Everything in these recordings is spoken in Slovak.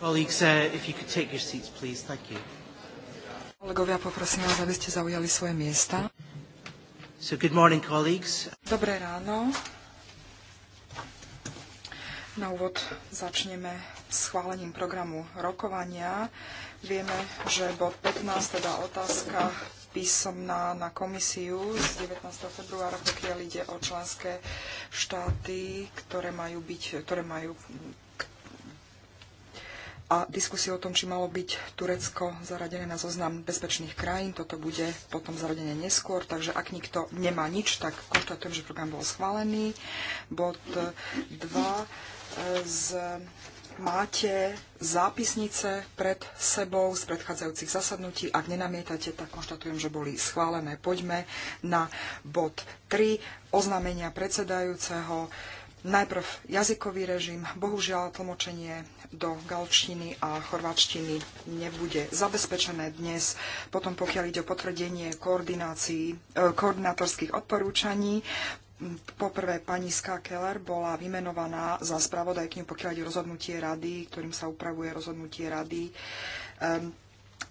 Uh, Kolegovia, poprosím vás, aby ste zaujali svoje miesta. So good morning, colleagues. Dobré ráno. Na úvod začneme schválením programu rokovania. Vieme, že bod 15, teda otázka písomná na komisiu z 19. februára, pokiaľ ide o členské štáty, ktoré majú, byť, ktoré majú a diskusiu o tom, či malo byť Turecko zaradené na zoznam bezpečných krajín. Toto bude potom zaradenie neskôr, takže ak nikto nemá nič, tak konštatujem, že program bol schválený. Bod 2 e, z máte zápisnice pred sebou z predchádzajúcich zasadnutí. Ak nenamietate, tak konštatujem, že boli schválené. Poďme na bod 3, oznámenia predsedajúceho. Najprv jazykový režim, bohužiaľ tlmočenie do galčtiny a chorváčtiny nebude zabezpečené dnes. Potom pokiaľ ide o potvrdenie koordinácií, e, koordinátorských odporúčaní, Poprvé, pani Ska Keller bola vymenovaná za spravodajkňu, pokiaľ ide rozhodnutie rady, ktorým sa upravuje rozhodnutie rady um,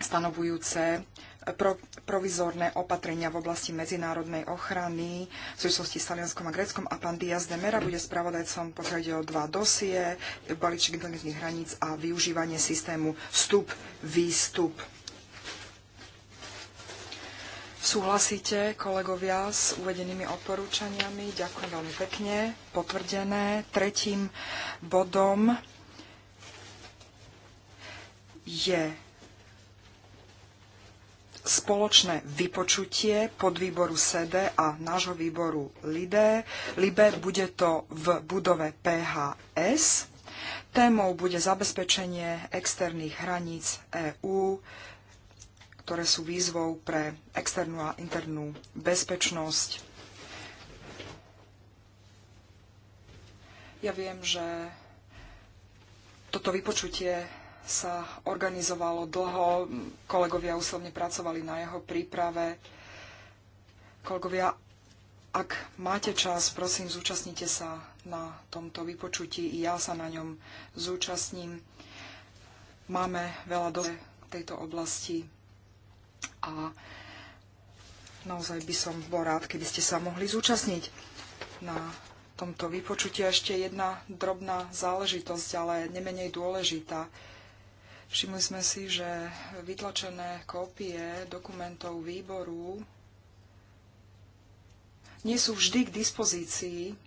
stanovujúce pro, provizorné opatrenia v oblasti medzinárodnej ochrany v súvislosti s Talianskom a Gréckom a pán Diaz de Mera bude spravodajcom pokiaľ ide o dva dosie, balíček inteligentných hraníc a využívanie systému vstup-výstup. Súhlasíte, kolegovia, s uvedenými odporúčaniami? Ďakujem veľmi pekne. Potvrdené. Tretím bodom je spoločné vypočutie pod výboru SEDE a nášho výboru LIDE. LIBE bude to v budove PHS. Témou bude zabezpečenie externých hraníc EÚ, ktoré sú výzvou pre externú a internú bezpečnosť. Ja viem, že toto vypočutie sa organizovalo dlho, kolegovia úslovne pracovali na jeho príprave. Kolegovia, ak máte čas, prosím, zúčastnite sa na tomto vypočutí. I ja sa na ňom zúčastním. Máme veľa do tejto oblasti a naozaj by som bol rád, keby ste sa mohli zúčastniť na tomto vypočutí. Ešte jedna drobná záležitosť, ale nemenej dôležitá. Všimli sme si, že vytlačené kópie dokumentov výboru nie sú vždy k dispozícii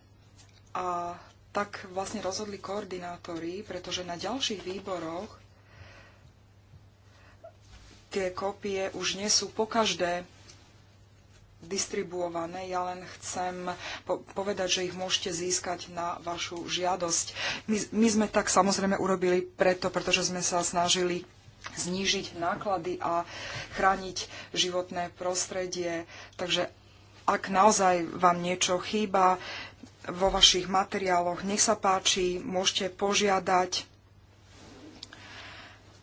a tak vlastne rozhodli koordinátori, pretože na ďalších výboroch tie kópie už nie sú po každé distribuované. Ja len chcem povedať, že ich môžete získať na vašu žiadosť. My, my sme tak samozrejme urobili preto, pretože sme sa snažili znížiť náklady a chrániť životné prostredie. Takže ak naozaj vám niečo chýba vo vašich materiáloch, nech sa páči, môžete požiadať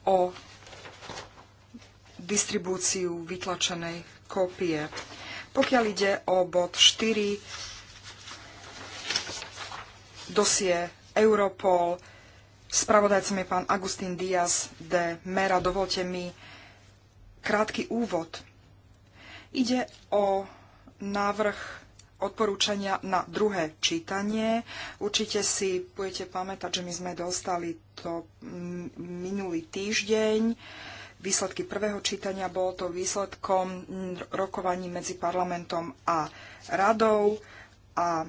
o distribúciu vytlačenej kópie. Pokiaľ ide o bod 4, dosie Europol, spravodajcom je pán Agustín Díaz de Mera. Dovolte mi krátky úvod. Ide o návrh odporúčania na druhé čítanie. Určite si budete pamätať, že my sme dostali to minulý týždeň výsledky prvého čítania, bolo to výsledkom rokovaní medzi parlamentom a radou a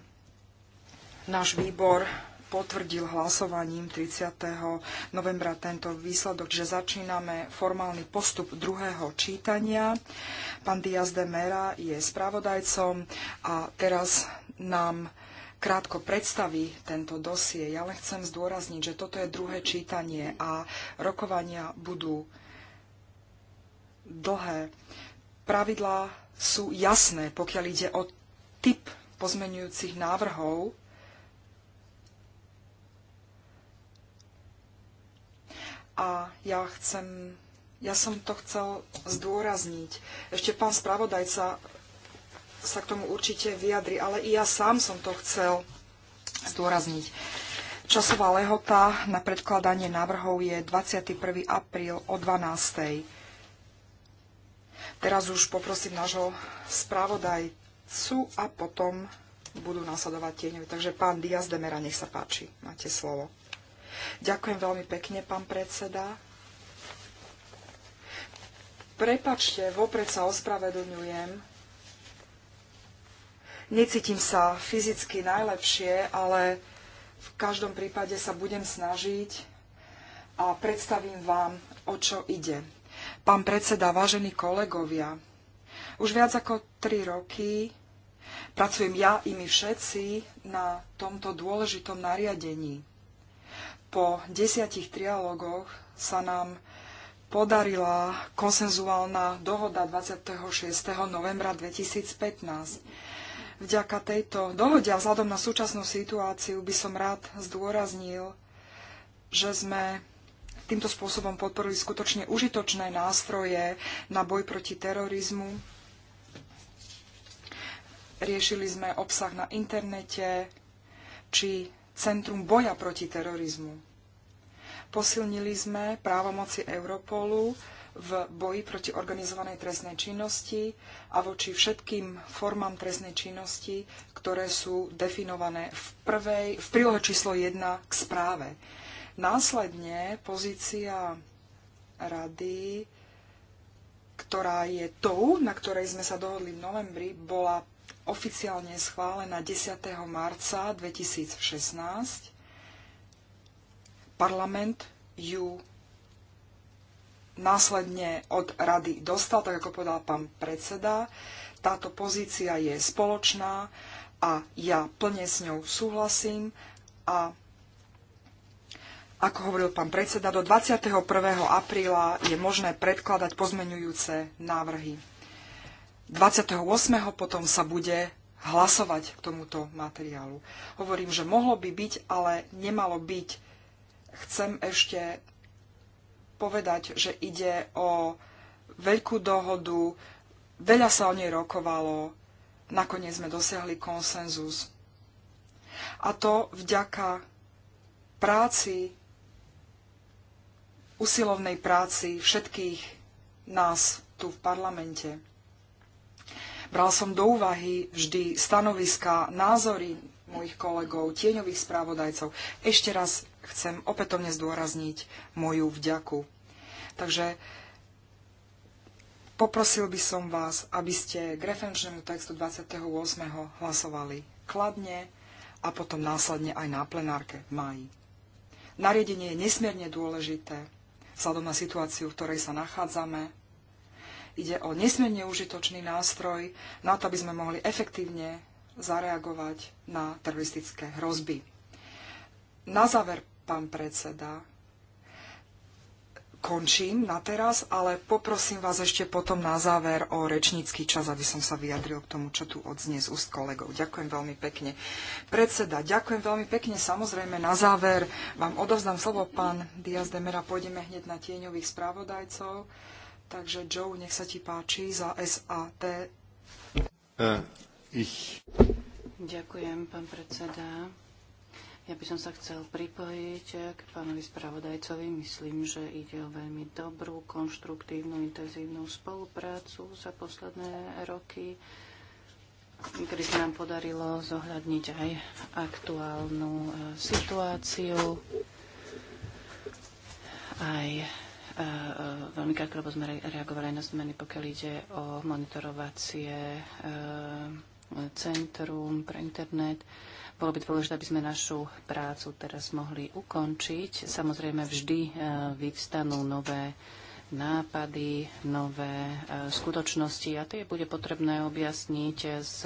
náš výbor potvrdil hlasovaním 30. novembra tento výsledok, že začíname formálny postup druhého čítania. Pán Diaz de Mera je spravodajcom a teraz nám krátko predstaví tento dosie. Ja len chcem zdôrazniť, že toto je druhé čítanie a rokovania budú dlhé. Pravidlá sú jasné, pokiaľ ide o typ pozmenujúcich návrhov. A ja chcem, ja som to chcel zdôrazniť. Ešte pán spravodajca sa k tomu určite vyjadri, ale i ja sám som to chcel zdôrazniť. Časová lehota na predkladanie návrhov je 21. apríl o 12. Teraz už poprosím nášho spravodajcu a potom budú následovať tieňovi. Takže pán Diaz Demera, nech sa páči. Máte slovo. Ďakujem veľmi pekne, pán predseda. Prepačte, vopred sa ospravedlňujem. Necítim sa fyzicky najlepšie, ale v každom prípade sa budem snažiť a predstavím vám, o čo ide. Pán predseda, vážení kolegovia, už viac ako tri roky pracujem ja i my všetci na tomto dôležitom nariadení. Po desiatich trialógoch sa nám podarila konsenzuálna dohoda 26. novembra 2015. Vďaka tejto dohode a vzhľadom na súčasnú situáciu by som rád zdôraznil, že sme týmto spôsobom podporili skutočne užitočné nástroje na boj proti terorizmu. Riešili sme obsah na internete či Centrum boja proti terorizmu. Posilnili sme právomoci Europolu v boji proti organizovanej trestnej činnosti a voči všetkým formám trestnej činnosti, ktoré sú definované v, prvej, v prílohe číslo 1 k správe Následne pozícia rady, ktorá je tou, na ktorej sme sa dohodli v novembri, bola oficiálne schválená 10. marca 2016. Parlament ju následne od rady dostal, tak ako povedal pán predseda. Táto pozícia je spoločná a ja plne s ňou súhlasím a ako hovoril pán predseda, do 21. apríla je možné predkladať pozmenujúce návrhy. 28. potom sa bude hlasovať k tomuto materiálu. Hovorím, že mohlo by byť, ale nemalo byť. Chcem ešte povedať, že ide o veľkú dohodu, veľa sa o nej rokovalo, nakoniec sme dosiahli konsenzus. A to vďaka práci usilovnej práci všetkých nás tu v parlamente. Bral som do úvahy vždy stanoviska, názory mojich kolegov, tieňových správodajcov. Ešte raz chcem opätovne zdôrazniť moju vďaku. Takže poprosil by som vás, aby ste k referenčnému textu 28. hlasovali kladne a potom následne aj na plenárke v máji. Nariadenie je nesmierne dôležité vzhľadom na situáciu, v ktorej sa nachádzame. Ide o nesmierne užitočný nástroj na to, aby sme mohli efektívne zareagovať na teroristické hrozby. Na záver, pán predseda, končím na teraz, ale poprosím vás ešte potom na záver o rečnícky čas, aby som sa vyjadril k tomu, čo tu odznie z úst kolegov. Ďakujem veľmi pekne. Predseda, ďakujem veľmi pekne. Samozrejme, na záver vám odovzdám slovo, pán Diaz Demera. Pôjdeme hneď na tieňových správodajcov. Takže Joe, nech sa ti páči za SAT. Uh, eh, ich. Ďakujem, pán predseda. Ja by som sa chcel pripojiť k pánovi spravodajcovi. Myslím, že ide o veľmi dobrú, konštruktívnu, intenzívnu spoluprácu za posledné roky, kedy sa nám podarilo zohľadniť aj aktuálnu e, situáciu, aj e, e, veľmi krátko, lebo sme reagovali aj na zmeny, pokiaľ ide o monitorovacie centrum pre internet. Bolo by dôležité, aby sme našu prácu teraz mohli ukončiť. Samozrejme, vždy e, vyvstanú nové nápady, nové e, skutočnosti a tie bude potrebné objasniť s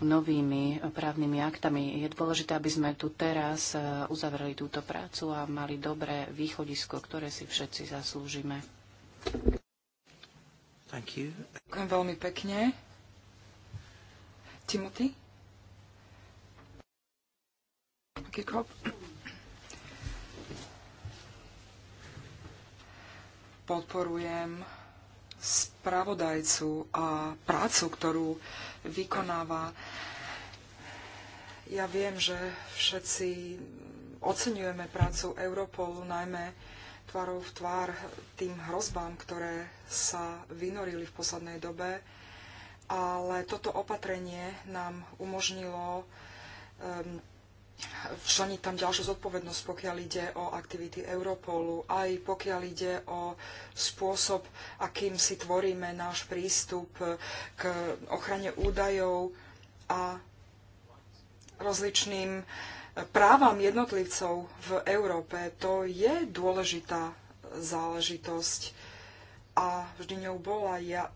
novými právnymi aktami. Je dôležité, aby sme tu teraz e, uzavreli túto prácu a mali dobré východisko, ktoré si všetci zaslúžime. Thank you. Ďakujem veľmi pekne. Timothy? Kirchhoff. Podporujem spravodajcu a prácu, ktorú vykonáva. Ja viem, že všetci oceňujeme prácu Europolu, najmä tvarov v tvár tým hrozbám, ktoré sa vynorili v poslednej dobe, ale toto opatrenie nám umožnilo um, včleniť tam ďalšiu zodpovednosť, pokiaľ ide o aktivity Europolu, aj pokiaľ ide o spôsob, akým si tvoríme náš prístup k ochrane údajov a rozličným právam jednotlivcov v Európe. To je dôležitá záležitosť a vždy ňou bola. Ja,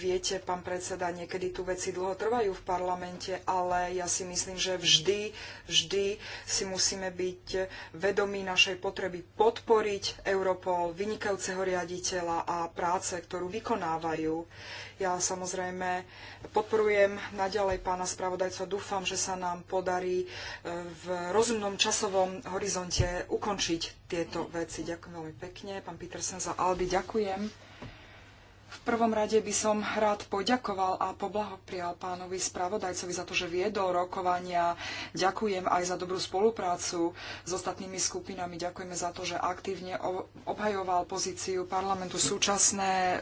Viete, pán predseda, niekedy tu veci dlho trvajú v parlamente, ale ja si myslím, že vždy, vždy si musíme byť vedomí našej potreby podporiť Europol, vynikajúceho riaditeľa a práce, ktorú vykonávajú. Ja samozrejme podporujem naďalej pána spravodajca. Dúfam, že sa nám podarí e, v rozumnom časovom horizonte ukončiť tieto veci. Ďakujem veľmi pekne. Pán Petersen za Aldy, ďakujem. V prvom rade by som rád poďakoval a poblahoprial pánovi spravodajcovi za to, že viedol rokovania. Ďakujem aj za dobrú spoluprácu s ostatnými skupinami. Ďakujeme za to, že aktívne obhajoval pozíciu parlamentu. Súčasné eh,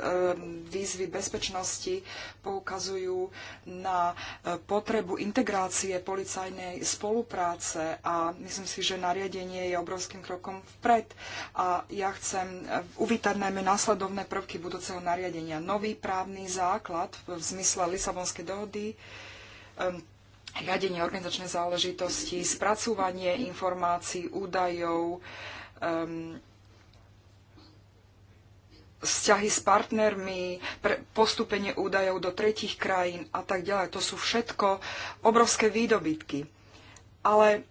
výzvy bezpečnosti poukazujú na eh, potrebu integrácie policajnej spolupráce a myslím si, že nariadenie je obrovským krokom vpred a ja chcem eh, uvítať najmä následovné prvky budúceho nariadenia míňa. Nový právny základ v zmysle Lisabonskej dohody riadenie organizačnej záležitosti, spracúvanie informácií, údajov, vzťahy s partnermi, postupenie údajov do tretich krajín a tak ďalej. To sú všetko obrovské výdobytky. Ale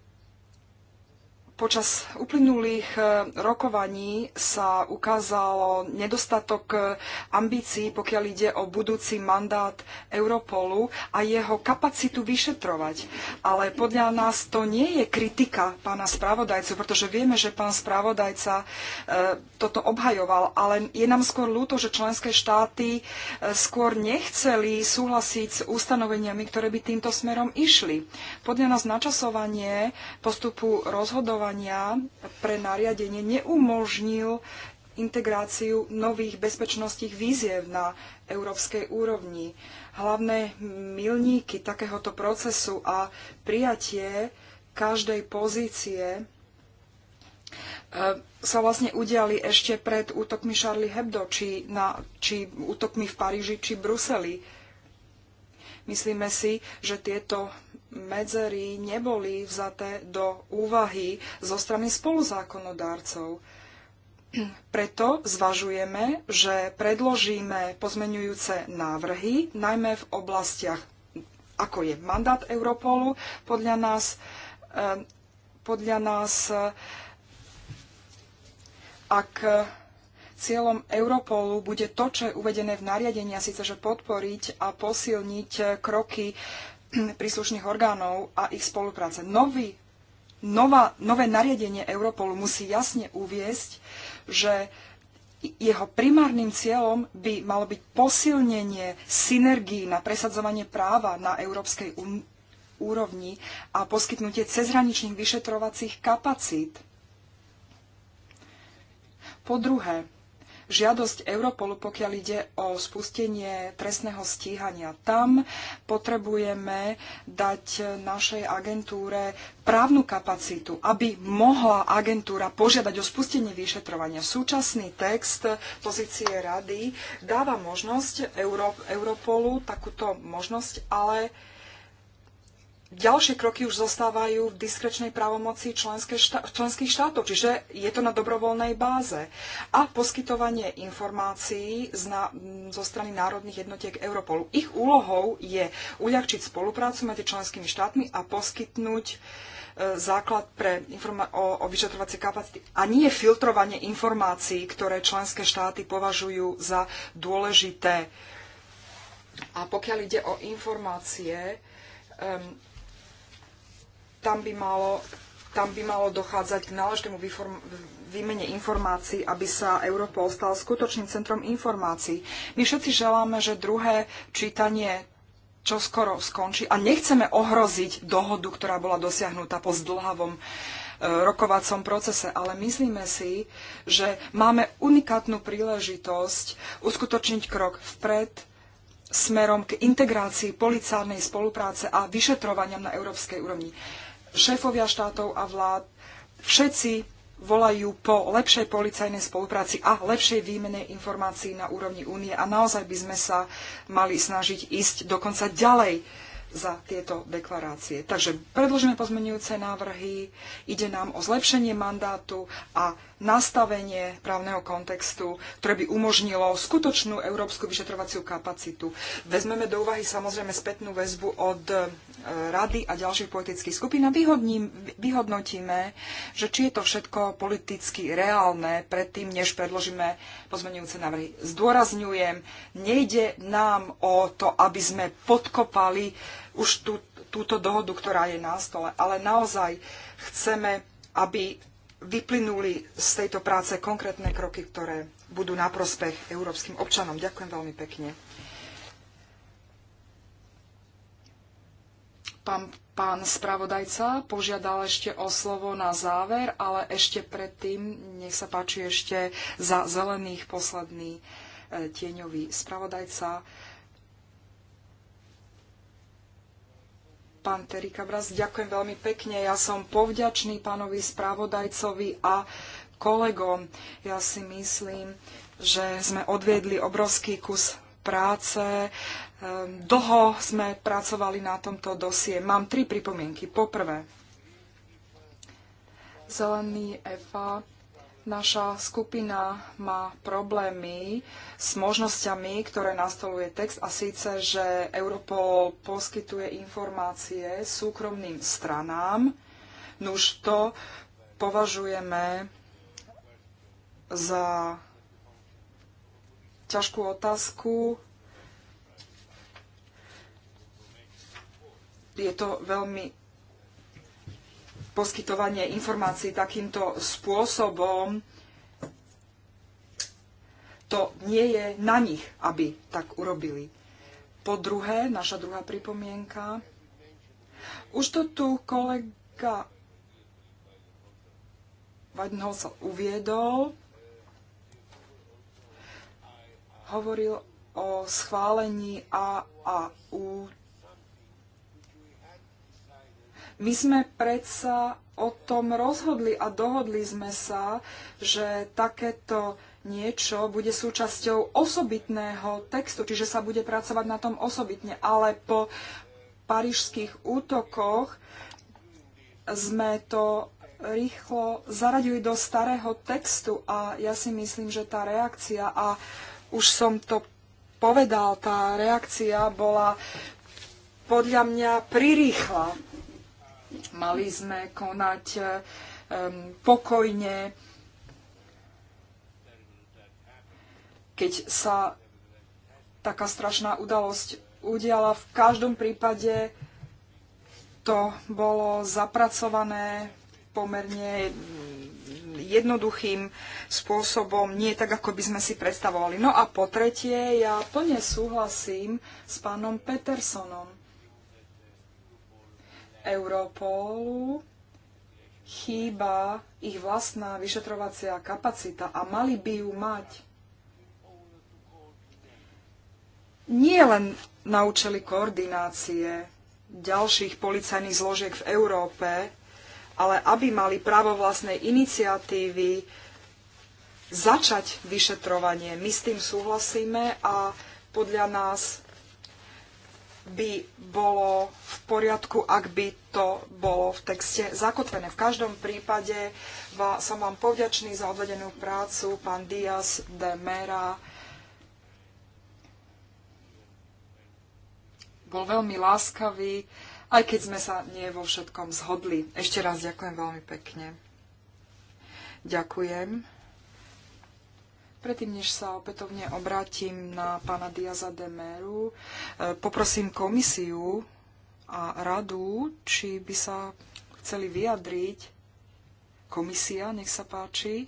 počas uplynulých e, rokovaní sa ukázalo nedostatok e, ambícií, pokiaľ ide o budúci mandát Europolu a jeho kapacitu vyšetrovať. Ale podľa nás to nie je kritika pána spravodajcu, pretože vieme, že pán spravodajca e, toto obhajoval, ale je nám skôr ľúto, že členské štáty skôr nechceli súhlasiť s ustanoveniami, ktoré by týmto smerom išli. Podľa nás načasovanie postupu rozhodovania vypracovania pre nariadenie neumožnil integráciu nových bezpečnostných výziev na európskej úrovni. Hlavné milníky takéhoto procesu a prijatie každej pozície e, sa vlastne udiali ešte pred útokmi Charlie Hebdo, či, na, či útokmi v Paríži, či Bruseli. Myslíme si, že tieto medzery neboli vzaté do úvahy zo strany spoluzákonodárcov. Preto zvažujeme, že predložíme pozmenujúce návrhy, najmä v oblastiach, ako je mandát Europolu, podľa nás, eh, podľa nás eh, ak Cieľom Europolu bude to, čo je uvedené v nariadení, a síce, že podporiť a posilniť kroky príslušných orgánov a ich spolupráce. Nový, nová, nové nariadenie Europolu musí jasne uviesť, že jeho primárnym cieľom by malo byť posilnenie synergií na presadzovanie práva na európskej úrovni a poskytnutie cezhraničných vyšetrovacích kapacít. Po druhé, žiadosť Europolu, pokiaľ ide o spustenie trestného stíhania. Tam potrebujeme dať našej agentúre právnu kapacitu, aby mohla agentúra požiadať o spustenie vyšetrovania. Súčasný text pozície rady dáva možnosť Euró Europolu takúto možnosť, ale Ďalšie kroky už zostávajú v diskrečnej právomoci členských štátov, čiže je to na dobrovoľnej báze. A poskytovanie informácií zo strany národných jednotiek Europolu. Ich úlohou je uľahčiť spoluprácu medzi členskými štátmi a poskytnúť e, základ pre o, o vyšetrovacie kapacity a nie filtrovanie informácií, ktoré členské štáty považujú za dôležité. A pokiaľ ide o informácie, um, tam by malo, tam by malo dochádzať k náležitému výmene informácií, aby sa Europol stal skutočným centrom informácií. My všetci želáme, že druhé čítanie čo skoro skončí a nechceme ohroziť dohodu, ktorá bola dosiahnutá po zdlhavom e, rokovacom procese, ale myslíme si, že máme unikátnu príležitosť uskutočniť krok vpred smerom k integrácii policárnej spolupráce a vyšetrovaniam na európskej úrovni šéfovia štátov a vlád, všetci volajú po lepšej policajnej spolupráci a lepšej výmene informácií na úrovni únie a naozaj by sme sa mali snažiť ísť dokonca ďalej za tieto deklarácie. Takže predložíme pozmenujúce návrhy, ide nám o zlepšenie mandátu a nastavenie právneho kontextu, ktoré by umožnilo skutočnú európsku vyšetrovaciu kapacitu. Vezmeme do úvahy samozrejme spätnú väzbu od e, rady a ďalších politických skupín a vyhodnotíme, že či je to všetko politicky reálne predtým, než predložíme pozmenujúce návrhy. Zdôrazňujem, nejde nám o to, aby sme podkopali už tú, túto dohodu, ktorá je na stole, ale naozaj chceme, aby vyplynuli z tejto práce konkrétne kroky, ktoré budú na prospech európskym občanom. Ďakujem veľmi pekne. Pán, pán spravodajca požiadal ešte o slovo na záver, ale ešte predtým, nech sa páči ešte za zelených posledný e, tieňový spravodajca. pán Terika Ďakujem veľmi pekne. Ja som povďačný pánovi spravodajcovi a kolegom. Ja si myslím, že sme odviedli obrovský kus práce. Ehm, dlho sme pracovali na tomto dosie. Mám tri pripomienky. Poprvé, zelený EFA Naša skupina má problémy s možnosťami, ktoré nastoluje text a síce, že Europol poskytuje informácie súkromným stranám. Nuž to považujeme za ťažkú otázku. Je to veľmi poskytovanie informácií takýmto spôsobom, to nie je na nich, aby tak urobili. Po druhé, naša druhá pripomienka. Už to tu kolega sa uviedol. Hovoril o schválení AAU my sme predsa o tom rozhodli a dohodli sme sa, že takéto niečo bude súčasťou osobitného textu, čiže sa bude pracovať na tom osobitne. Ale po parížských útokoch sme to rýchlo zaradili do starého textu a ja si myslím, že tá reakcia, a už som to povedal, tá reakcia bola podľa mňa prirýchla Mali sme konať um, pokojne, keď sa taká strašná udalosť udiala. V každom prípade to bolo zapracované pomerne jednoduchým spôsobom, nie tak, ako by sme si predstavovali. No a po tretie, ja plne súhlasím s pánom Petersonom. Europolu chýba ich vlastná vyšetrovacia kapacita a mali by ju mať nie len na účely koordinácie ďalších policajných zložiek v Európe, ale aby mali právo vlastnej iniciatívy začať vyšetrovanie. My s tým súhlasíme a podľa nás by bolo v poriadku, ak by to bolo v texte zakotvené. V každom prípade som vám povďačný za odvedenú prácu, pán Diaz de Mera. Bol veľmi láskavý, aj keď sme sa nie vo všetkom zhodli. Ešte raz ďakujem veľmi pekne. Ďakujem. Predtým, než sa opätovne obrátim na pána Diaza de Meru, e, poprosím komisiu a radu, či by sa chceli vyjadriť. Komisia, nech sa páči.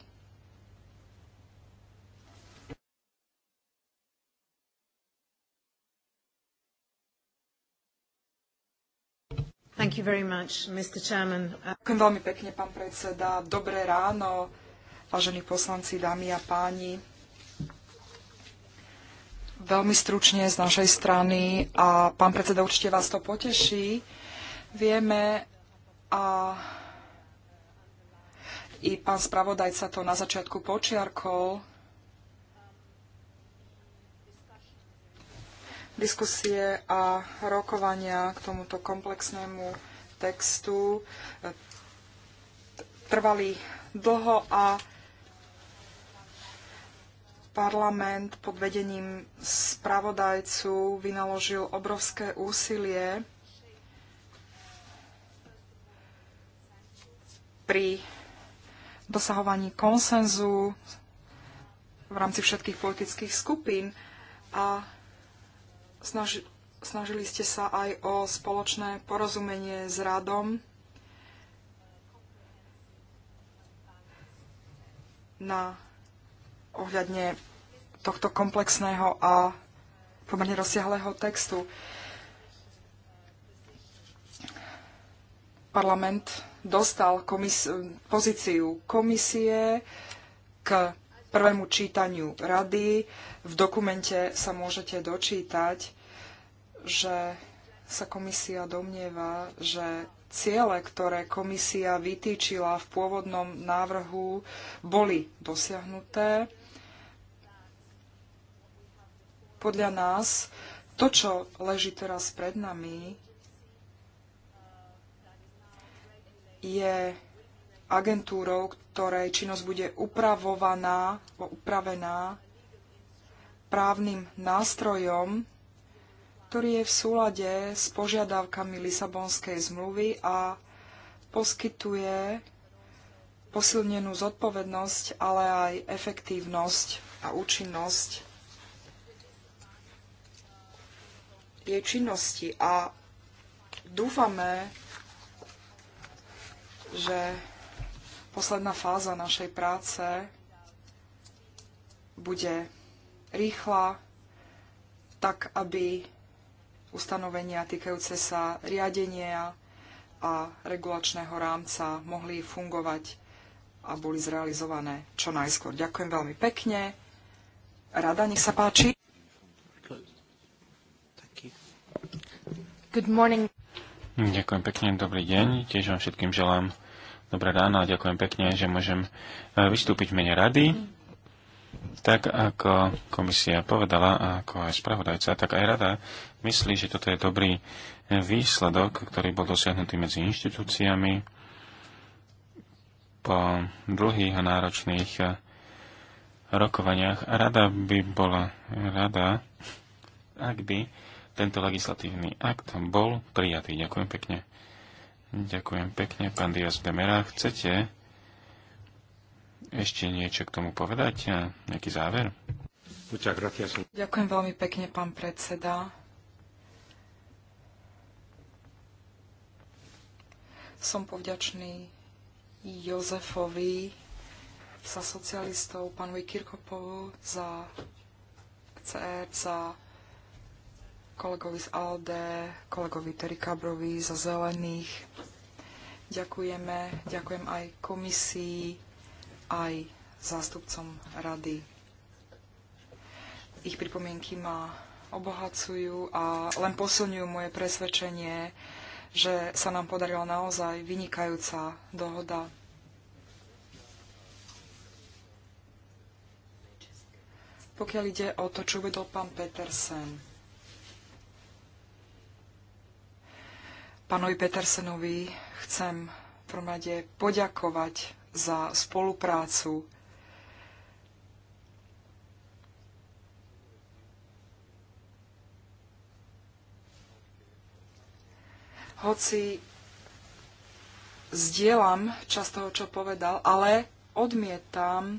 Thank you very much, Mr. Chairman. Ďakujem veľmi pekne, pán predseda. Dobré ráno vážení poslanci, dámy a páni. Veľmi stručne z našej strany a pán predseda určite vás to poteší. Vieme a i pán spravodajca to na začiatku počiarkol, diskusie a rokovania k tomuto komplexnému textu eh, trvali dlho a parlament pod vedením spravodajcu vynaložil obrovské úsilie pri dosahovaní konsenzu v rámci všetkých politických skupín a snaži, snažili ste sa aj o spoločné porozumenie s radom na ohľadne tohto komplexného a pomerne rozsiahlého textu. Parlament dostal komis- pozíciu komisie k prvému čítaniu rady. V dokumente sa môžete dočítať, že sa komisia domnieva, že ciele, ktoré komisia vytýčila v pôvodnom návrhu, boli dosiahnuté podľa nás to, čo leží teraz pred nami, je agentúrou, ktorej činnosť bude upravovaná, upravená právnym nástrojom, ktorý je v súlade s požiadavkami Lisabonskej zmluvy a poskytuje posilnenú zodpovednosť, ale aj efektívnosť a účinnosť jej činnosti a dúfame, že posledná fáza našej práce bude rýchla, tak aby ustanovenia týkajúce sa riadenia a regulačného rámca mohli fungovať a boli zrealizované čo najskôr. Ďakujem veľmi pekne. Rada, nech sa páči. Good morning. Ďakujem pekne, dobrý deň. Tiež vám všetkým želám dobré ráno a ďakujem pekne, že môžem e, vystúpiť v mene rady. Tak ako komisia povedala a ako aj spravodajca, tak aj rada myslí, že toto je dobrý e, výsledok, ktorý bol dosiahnutý medzi inštitúciami po dlhých a náročných e, rokovaniach. Rada by bola rada, ak by tento legislatívny akt bol prijatý. Ďakujem pekne. Ďakujem pekne, pán Dias Demera. Chcete ešte niečo k tomu povedať? Nejaký záver? Ďakujem veľmi pekne, pán predseda. Som povďačný Jozefovi sa socialistov, pánovi Kirkopovu za CR, za kolegovi z ALDE, kolegovi Terry Kabrovi za Zelených. Ďakujeme, ďakujem aj komisii, aj zástupcom rady. Ich pripomienky ma obohacujú a len posilňujú moje presvedčenie, že sa nám podarila naozaj vynikajúca dohoda. Pokiaľ ide o to, čo uvedol pán Petersen, Pánovi Petersenovi chcem v prvom rade poďakovať za spoluprácu. Hoci zdieľam čas toho, čo povedal, ale odmietam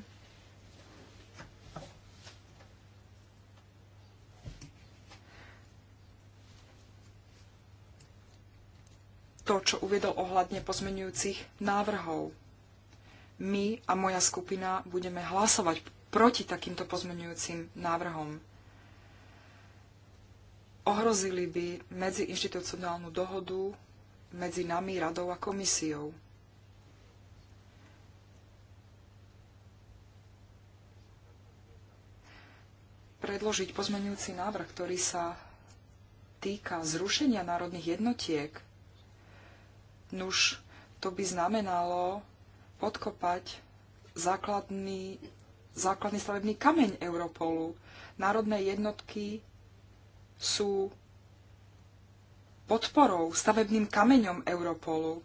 to, čo uviedol ohľadne pozmenujúcich návrhov. My a moja skupina budeme hlasovať proti takýmto pozmenujúcim návrhom. Ohrozili by medziinštitucionálnu dohodu medzi nami, radou a komisiou. Predložiť pozmenujúci návrh, ktorý sa týka zrušenia národných jednotiek Nuž, to by znamenalo podkopať základný, základný stavebný kameň Europolu. Národné jednotky sú podporou, stavebným kameňom Europolu.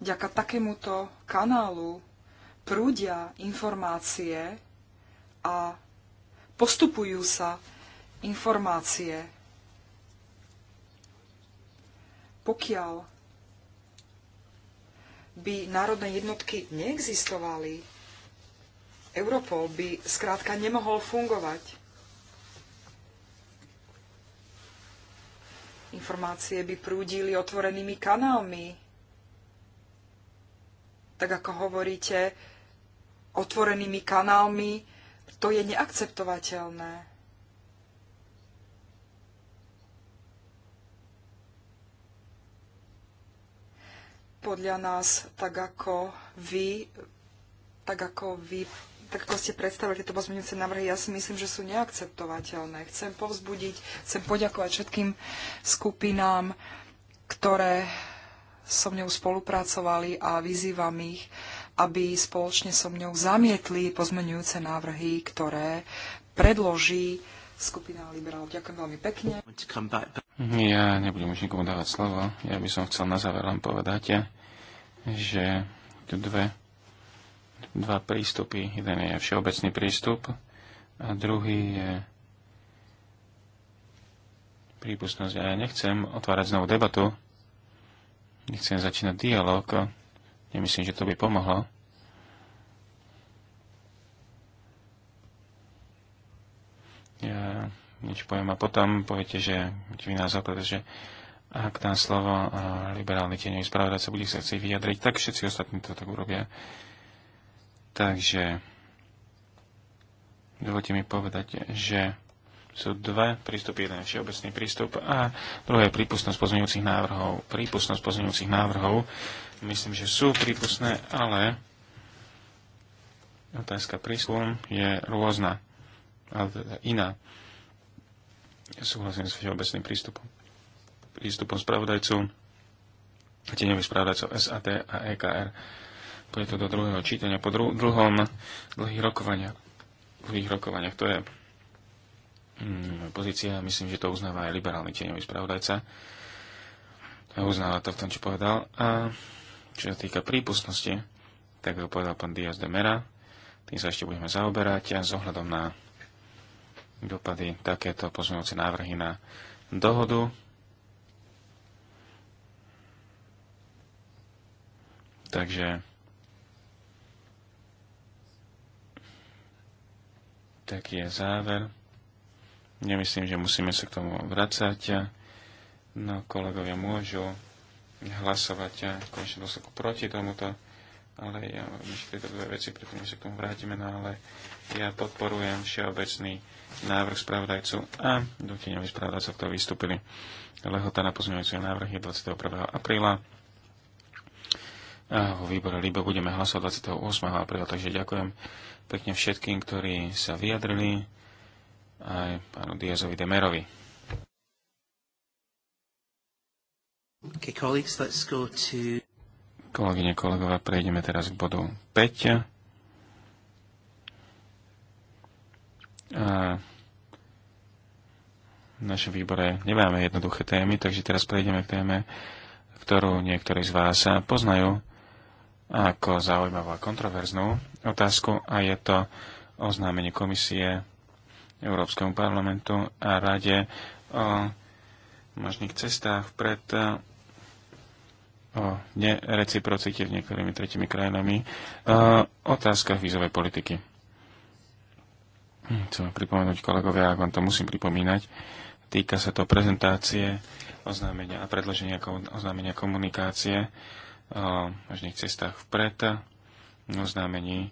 Vďaka takémuto kanálu prúdia informácie a postupujú sa informácie. Pokiaľ by národné jednotky neexistovali, Europol by skrátka nemohol fungovať. Informácie by prúdili otvorenými kanálmi. Tak ako hovoríte, otvorenými kanálmi, to je neakceptovateľné. podľa nás, tak ako vy, tak ako vy tak ako ste predstavili tieto pozmeňujúce návrhy, ja si myslím, že sú neakceptovateľné. Chcem povzbudiť, chcem poďakovať všetkým skupinám, ktoré so mnou spolupracovali a vyzývam ich, aby spoločne so mnou zamietli pozmeňujúce návrhy, ktoré predloží skupina liberálov. Ďakujem veľmi pekne. Ja nebudem už nikomu dávať slovo. Ja by som chcel na záver len povedať, že tu dve, dva prístupy. Jeden je všeobecný prístup a druhý je prípustnosť. Ja nechcem otvárať znovu debatu, nechcem začínať dialog. Nemyslím, že to by pomohlo. ja niečo poviem a potom poviete, že vy názor, pretože ak tam slovo liberálny tieňový spravodajca bude sa chcieť vyjadriť, tak všetci ostatní to tak urobia. Takže dovolte mi povedať, že sú dva prístupy. Jeden je všeobecný prístup a druhé je prípustnosť pozmeňujúcich návrhov. Prípustnosť pozmeňujúcich návrhov myslím, že sú prípustné, ale otázka príslu je rôzna iná. Súhlasím s všeobecným prístupom. Prístupom spravodajcu, tieňových spravodajcov SAT a EKR. je to do druhého čítania po dru- dlhom, dlhých rokovaniach. Dlhých rokovaniach. To je hmm, pozícia, myslím, že to uznáva aj liberálny tieňový spravodajca. A uznáva to v tom, čo povedal. A čo sa týka prípustnosti, tak to povedal pán Diaz de Mera, tým sa ešte budeme zaoberať a zohľadom na dopady takéto pozmeňujúce návrhy na dohodu. Takže taký je záver. Nemyslím, že musíme sa k tomu vracať. No, kolegovia môžu hlasovať v konečnom proti tomuto, ale ja myslím, že tieto dve veci, pretože sa k tomu vrátime, no ale ja podporujem všeobecný návrh spravodajcu a dotiňových spravodajcov, ktorí vystúpili. Lehota na návrh je 21. apríla. A vo výbore LIBO budeme hlasovať 28. apríla, takže ďakujem pekne všetkým, ktorí sa vyjadrili, aj pánu Diazovi Demerovi. Okay, colleagues, let's go to... Kolegyne, kolegovia, prejdeme teraz k bodu 5 v našom výbore nemáme jednoduché témy, takže teraz prejdeme k téme, ktorú niektorí z vás poznajú ako zaujímavú a kontroverznú otázku a je to oznámenie komisie Európskemu parlamentu a rade o možných cestách pred o nereciprocite v niektorými tretimi krajinami, o otázkach vízovej politiky. Chcem pripomenúť kolegovia, ak vám to musím pripomínať. Týka sa to prezentácie, oznámenia a predloženia oznámenia komunikácie o možných cestách vpred, oznámení,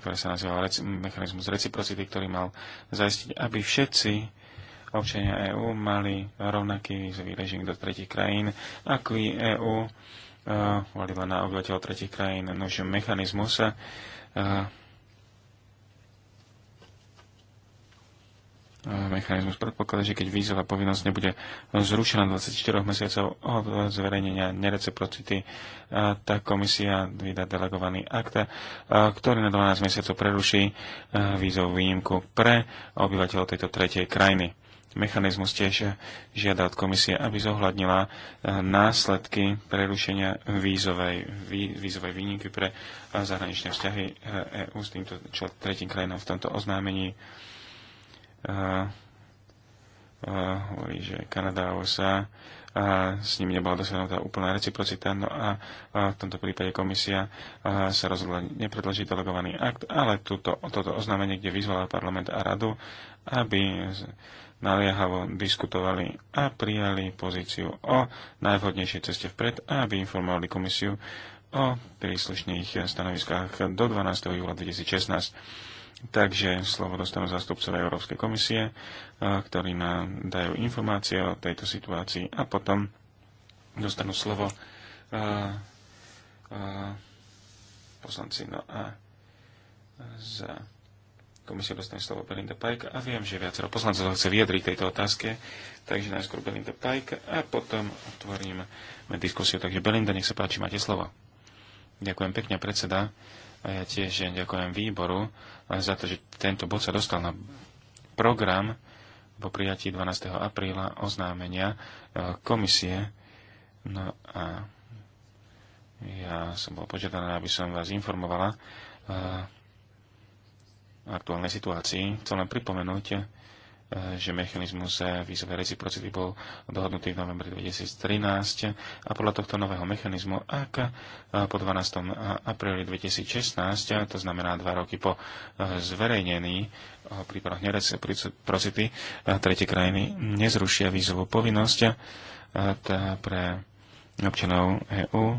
ktoré sa nazýva reci, mechanizmus reciprocity, ktorý mal zaistiť, aby všetci občania EÚ mali rovnaký vízový režim do tretich krajín, ako i EÚ volila na obyvateľov tretich krajín. Nož mechanizmus mechanizmus predpokladá, že keď vízová povinnosť nebude zrušená 24 mesiacov od zverejnenia nereciprocity, tak komisia vydá delegovaný akt, ktorý na 12 mesiacov preruší vízovú výnimku pre obyvateľov tejto tretej krajiny. Mechanizmus tiež žiada od komisie, aby zohľadnila následky prerušenia vízovej, vízovej výnimky pre zahraničné vzťahy EÚ e s týmto tretím krajinom v tomto oznámení hovorí, že Kanada a USA a s nimi nebola dosiahnutá úplná reciprocita, no a, a v tomto prípade komisia a, sa rozhodla nepredložiť delegovaný akt, ale túto, toto oznámenie, kde vyzvala parlament a radu, aby naliehavo diskutovali a prijali pozíciu o najvhodnejšej ceste vpred a aby informovali komisiu o príslušných stanoviskách do 12. júla 2016. Takže slovo dostanú zastupcovia Európskej komisie, ktorí nám dajú informácie o tejto situácii a potom dostanú slovo a, a, poslanci. No a za komisiu dostane slovo Belinda Pajk a viem, že viacero poslancov sa chce vyjadriť tejto otázke, takže najskôr Belinda Pajk a potom otvoríme diskusiu. Takže Belinda, nech sa páči, máte slovo. Ďakujem pekne, predseda. A ja tiež ďakujem výboru za to, že tento bod sa dostal na program po prijatí 12. apríla oznámenia e, komisie. No a ja som bol požiadaný, aby som vás informovala o e, aktuálnej situácii. Chcem len pripomenúť, Eh, že mechanizmus eh, vízovej reciprocity bol dohodnutý v novembri 2013 a podľa tohto nového mechanizmu, ak eh, po 12. apríli 2016, to znamená dva roky po zverejnení o prípadoch nereciprocity, tretie krajiny nezrušia vízovú povinnosť pre občanov EÚ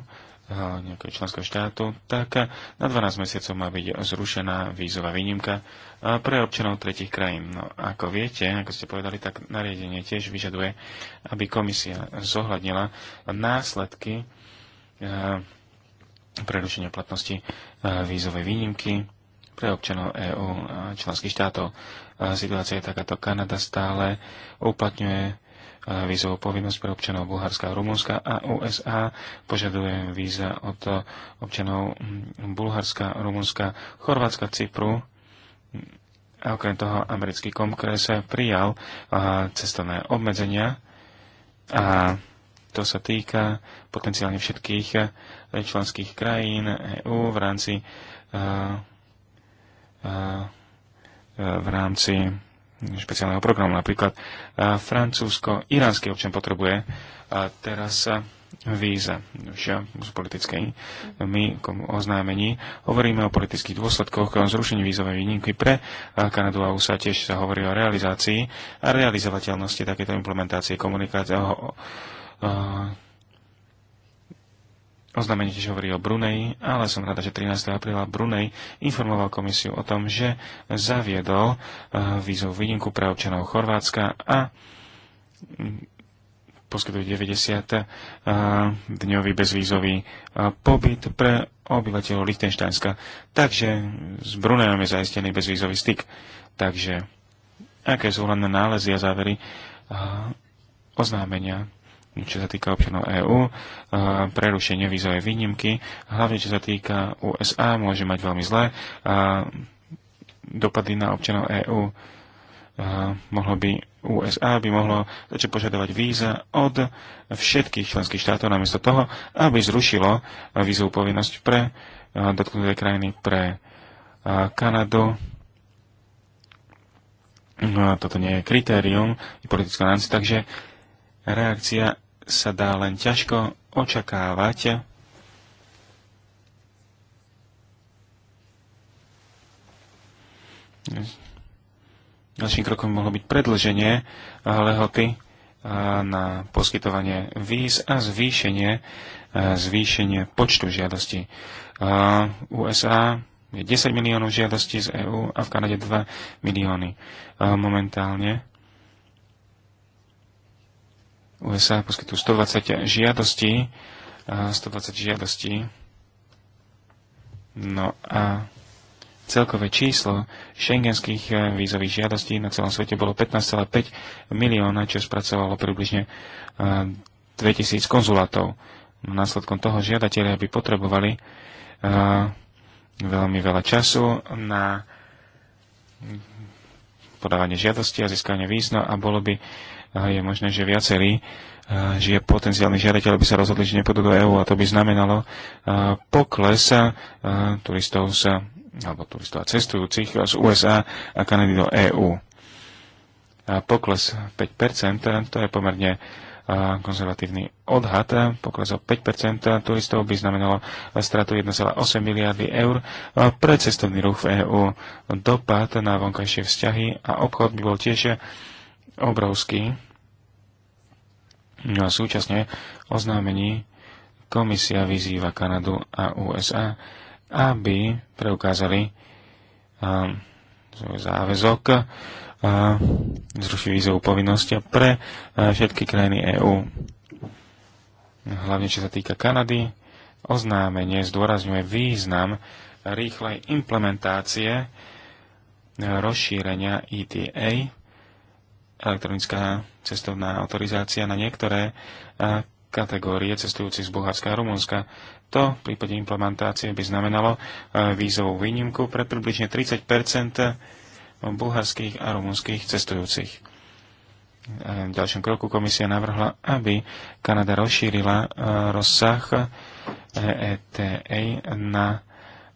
nejakého členského štátu, tak na 12 mesiacov má byť zrušená vízová výnimka pre občanov tretich krajín. No, ako viete, ako ste povedali, tak nariadenie tiež vyžaduje, aby komisia zohľadnila následky prerušenia platnosti vízovej výnimky pre občanov EÚ a členských štátov. Situácia je takáto. Kanada stále uplatňuje vízovú povinnosť pre občanov Bulharska, a Rumunska a USA. Požaduje víza od občanov Bulharska, Rumunska, Chorvátska, Cypru. A okrem toho americký kongres prijal cestovné obmedzenia a to sa týka potenciálne všetkých členských krajín EÚ v rámci v rámci špeciálneho programu. Napríklad francúzsko-iránsky občan potrebuje teraz víza z politickej. My oznámení hovoríme o politických dôsledkoch o zrušení vízovej výnimky pre Kanadu a USA. Tiež sa hovorí o realizácii a realizovateľnosti takéto implementácie komunikácie Oznámenie tiež hovorí o Brunei, ale som rada, že 13. apríla Brunei informoval komisiu o tom, že zaviedol eh, vízovú výnimku pre občanov Chorvátska a mm, poskytujú 90 eh, dňový bezvízový eh, pobyt pre obyvateľov Lichtensteinska. Takže s Brunejom je zaistený bezvízový styk. Takže aké sú hlavné nálezy a závery oznámenia čo sa týka občanov EÚ, eh, prerušenie vízovej výnimky, hlavne čo sa týka USA, môže mať veľmi zlé dopady na občanov EÚ. Eh, mohlo by USA by mohlo začať požadovať víza od všetkých členských štátov, namiesto toho, aby zrušilo vízovú povinnosť pre eh, dotknuté krajiny, pre Kanadu, No, toto nie je kritérium, je politická rámci, takže reakcia sa dá len ťažko očakávať. Ďalším krokom mohlo byť predlženie lehoty na poskytovanie víz a zvýšenie, zvýšenie počtu žiadostí. USA je 10 miliónov žiadostí z EÚ a v Kanade 2 milióny momentálne. USA poskytujú 120 žiadostí, 120 žiadostí. No a celkové číslo šengenských e, vízových žiadostí na celom svete bolo 15,5 milióna, čo spracovalo približne 2000 e, konzulátov. No, následkom toho žiadatelia by potrebovali e, veľmi veľa času na podávanie žiadosti a získanie vízno a bolo by je možné, že viacerí že potenciálni žiadateľ by sa rozhodli, že nepôjdu do EÚ a to by znamenalo pokles turistov z, alebo turistov a cestujúcich z USA a Kanady do EÚ. Pokles 5%, to je pomerne konzervatívny odhad, pokles o 5% turistov by znamenalo stratu 1,8 miliardy eur pre cestovný ruch v EÚ. Dopad na vonkajšie vzťahy a obchod by bol tiež obrovský, No a súčasne oznámení komisia vyzýva Kanadu a USA, aby preukázali um, svoj záväzok uh, zrušiť vízovú povinnosť pre uh, všetky krajiny EÚ. Hlavne čo sa týka Kanady, oznámenie zdôrazňuje význam rýchlej implementácie uh, rozšírenia ETA elektronická cestovná autorizácia na niektoré kategórie cestujúcich z Bulharska a Rumunska. To v prípade implementácie by znamenalo vízovú výnimku pre približne 30 bulharských a rumunských cestujúcich. V ďalšom kroku komisia navrhla, aby Kanada rozšírila rozsah ETA e e na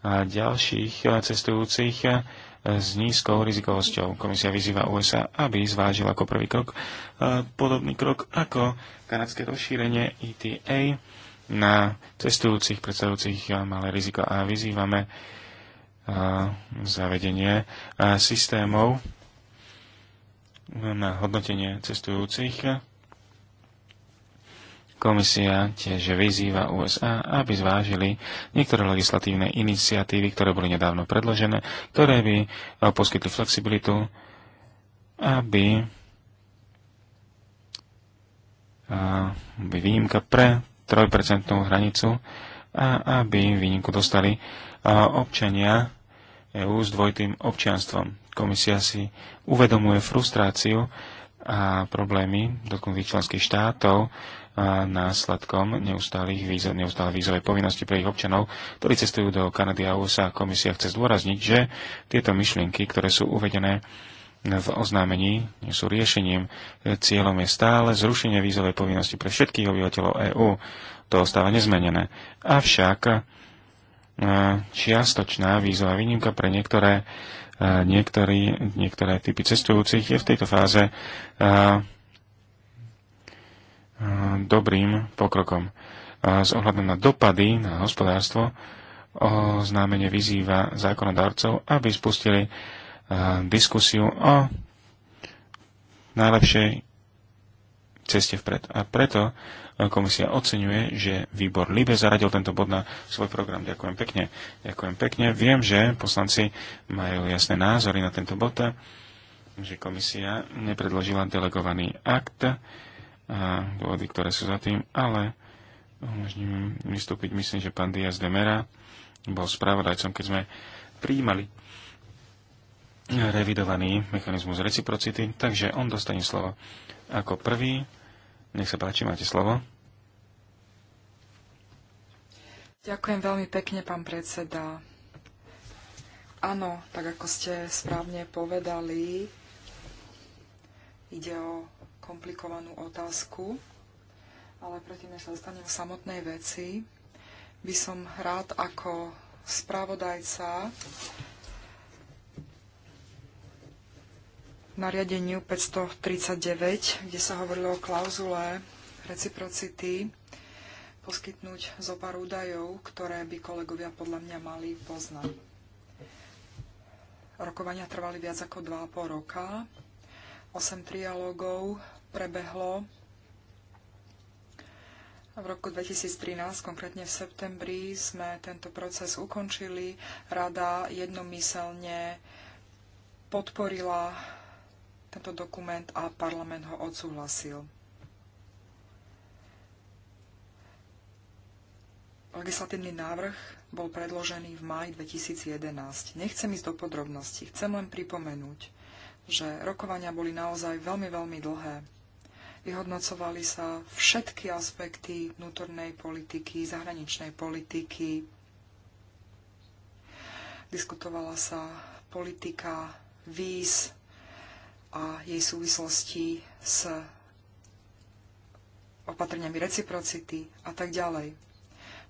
ďalších cestujúcich s nízkou rizikovosťou. Komisia vyzýva USA, aby zvážil ako prvý krok e, podobný krok ako kanadské rozšírenie ETA na cestujúcich predstavujúcich e, malé riziko a vyzývame e, zavedenie systémov na hodnotenie cestujúcich Komisia tiež vyzýva USA, aby zvážili niektoré legislatívne iniciatívy, ktoré boli nedávno predložené, ktoré by eh, poskytli flexibilitu, aby eh, by výnimka pre 3% hranicu a aby výnimku dostali eh, občania EÚ s dvojitým občianstvom. Komisia si uvedomuje frustráciu a problémy dotknutých členských štátov, následkom neustálých výzov, neustále vízovej povinnosti pre ich občanov, ktorí cestujú do Kanady a USA. Komisia chce zdôrazniť, že tieto myšlienky, ktoré sú uvedené v oznámení, nie sú riešením. Cieľom je stále zrušenie vízovej povinnosti pre všetkých obyvateľov EÚ. To ostáva nezmenené. Avšak e, čiastočná vízová výnimka pre niektoré, e, niektorý, niektoré typy cestujúcich je v tejto fáze e, Eh, dobrým pokrokom. S ohľadom na dopady na hospodárstvo oznámenie vyzýva zákonodárcov, aby spustili eh, diskusiu o najlepšej ceste vpred. A preto eh, komisia oceňuje, že výbor Libe zaradil tento bod na svoj program. Ďakujem pekne. Ďakujem pekne. Viem, že poslanci majú jasné názory na tento bod, že komisia nepredložila delegovaný akt a dôvody, ktoré sú za tým, ale umožním vystúpiť, myslím, že pán Diaz de Mera bol spravodajcom, keď sme prijímali revidovaný mechanizmus reciprocity, takže on dostane slovo ako prvý. Nech sa páči, máte slovo. Ďakujem veľmi pekne, pán predseda. Áno, tak ako ste správne povedali, ide o komplikovanú otázku, ale predtým, než sa dostanem k samotnej veci, by som rád ako spravodajca nariadeniu 539, kde sa hovorilo o klauzule reciprocity, poskytnúť zo pár údajov, ktoré by kolegovia podľa mňa mali poznať. Rokovania trvali viac ako 2,5 roka 8 trialógov prebehlo v roku 2013, konkrétne v septembri, sme tento proces ukončili. Rada jednomyselne podporila tento dokument a parlament ho odsúhlasil. Legislatívny návrh bol predložený v maj 2011. Nechcem ísť do podrobností, chcem len pripomenúť, že rokovania boli naozaj veľmi, veľmi dlhé. Vyhodnocovali sa všetky aspekty vnútornej politiky, zahraničnej politiky. Diskutovala sa politika víz a jej súvislosti s opatreniami reciprocity a tak ďalej.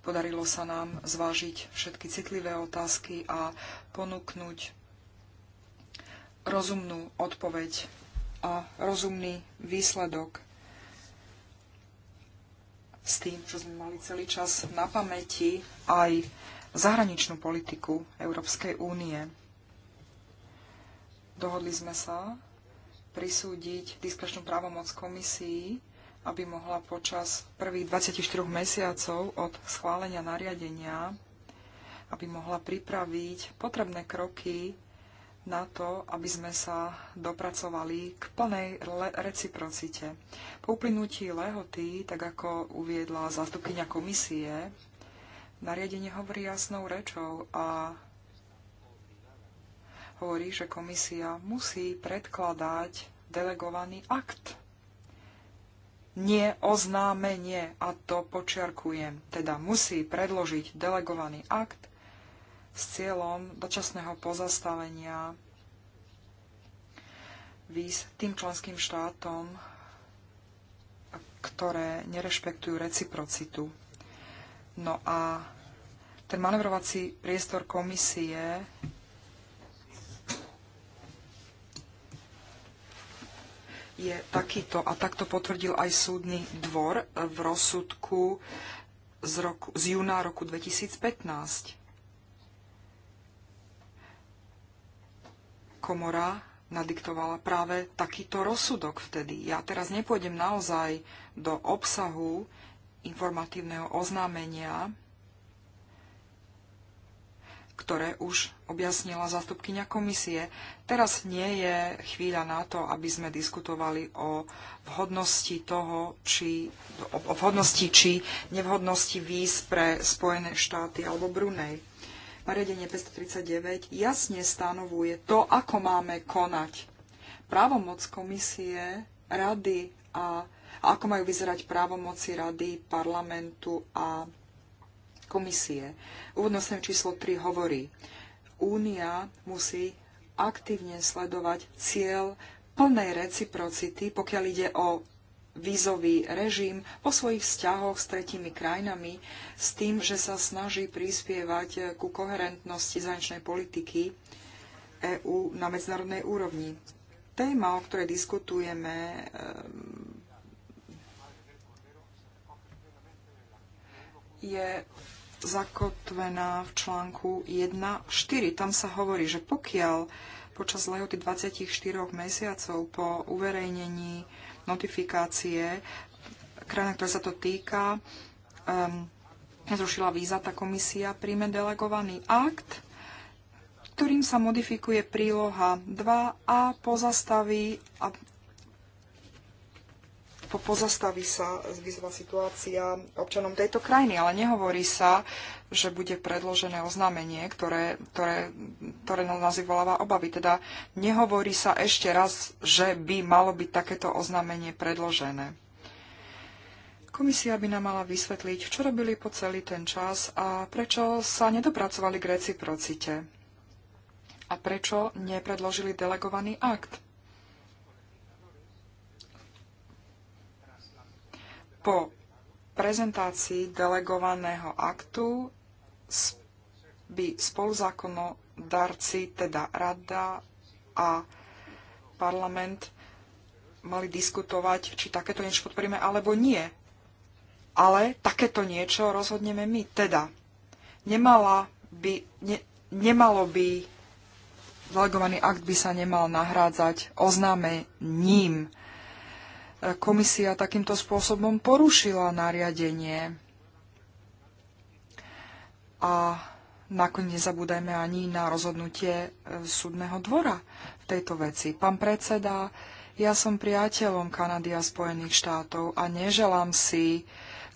Podarilo sa nám zvážiť všetky citlivé otázky a ponúknuť rozumnú odpoveď a rozumný výsledok s tým, čo sme mali celý čas na pamäti, aj zahraničnú politiku Európskej únie. Dohodli sme sa prisúdiť diskrečnú právomoc komisii, aby mohla počas prvých 24 mesiacov od schválenia nariadenia, aby mohla pripraviť potrebné kroky na to, aby sme sa dopracovali k plnej reciprocite. Po uplynutí lehoty, tak ako uviedla zástupkynia komisie, nariadenie hovorí jasnou rečou a hovorí, že komisia musí predkladať delegovaný akt. Nie oznámenie, a to počiarkujem, teda musí predložiť delegovaný akt s cieľom dočasného pozastavenia výz tým členským štátom, ktoré nerešpektujú reciprocitu. No a ten manevrovací priestor komisie je takýto a takto potvrdil aj súdny dvor v rozsudku z, roku, z júna roku 2015. komora nadiktovala práve takýto rozsudok vtedy. Ja teraz nepôjdem naozaj do obsahu informatívneho oznámenia, ktoré už objasnila zastupkyňa komisie. Teraz nie je chvíľa na to, aby sme diskutovali o vhodnosti toho, či, o vhodnosti či nevhodnosti víz pre Spojené štáty alebo Brunei. Nariadenie 539 jasne stanovuje to, ako máme konať. Právomoc komisie, rady a, a ako majú vyzerať právomoci rady, parlamentu a komisie. Úvodnostné číslo 3 hovorí, Únia musí aktívne sledovať cieľ plnej reciprocity, pokiaľ ide o vízový režim po svojich vzťahoch s tretimi krajinami s tým, že sa snaží prispievať ku koherentnosti zahraničnej politiky EÚ na medzinárodnej úrovni. Téma, o ktorej diskutujeme, ehm, je zakotvená v článku 1.4. Tam sa hovorí, že pokiaľ počas lehoty 24 mesiacov po uverejnení notifikácie krajina, ktorá sa to týka, um, zrušila víza, tá komisia príjme delegovaný akt, ktorým sa modifikuje príloha 2 a pozastaví pozastaví sa zvýzva situácia občanom tejto krajiny, ale nehovorí sa, že bude predložené oznámenie, ktoré, ktoré, ktoré nás vyvoláva obavy. Teda nehovorí sa ešte raz, že by malo byť takéto oznámenie predložené. Komisia by nám mala vysvetliť, čo robili po celý ten čas a prečo sa nedopracovali k reciprocite. A prečo nepredložili delegovaný akt. Po prezentácii delegovaného aktu by spoluzákonodarci, teda rada a parlament, mali diskutovať, či takéto niečo podporíme alebo nie. Ale takéto niečo rozhodneme my. Teda nemala by, ne, nemalo by delegovaný akt by sa nemal nahrádzať oznámením komisia takýmto spôsobom porušila nariadenie. A nakoniec nezabúdajme ani na rozhodnutie e, súdneho dvora v tejto veci. Pán predseda, ja som priateľom Kanady a Spojených štátov a neželám si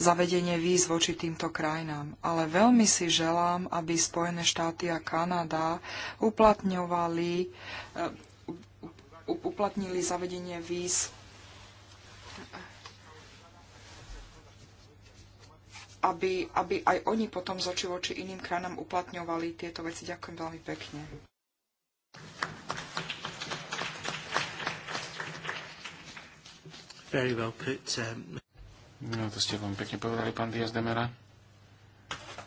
zavedenie víz voči týmto krajinám, ale veľmi si želám, aby Spojené štáty a Kanada uplatňovali, e, uplatnili zavedenie víz aby, aby aj oni potom z oči voči iným krajinám uplatňovali tieto veci. Ďakujem veľmi pekne. Very well put, um... No, to ste veľmi pekne povedali, pán Diaz Demera.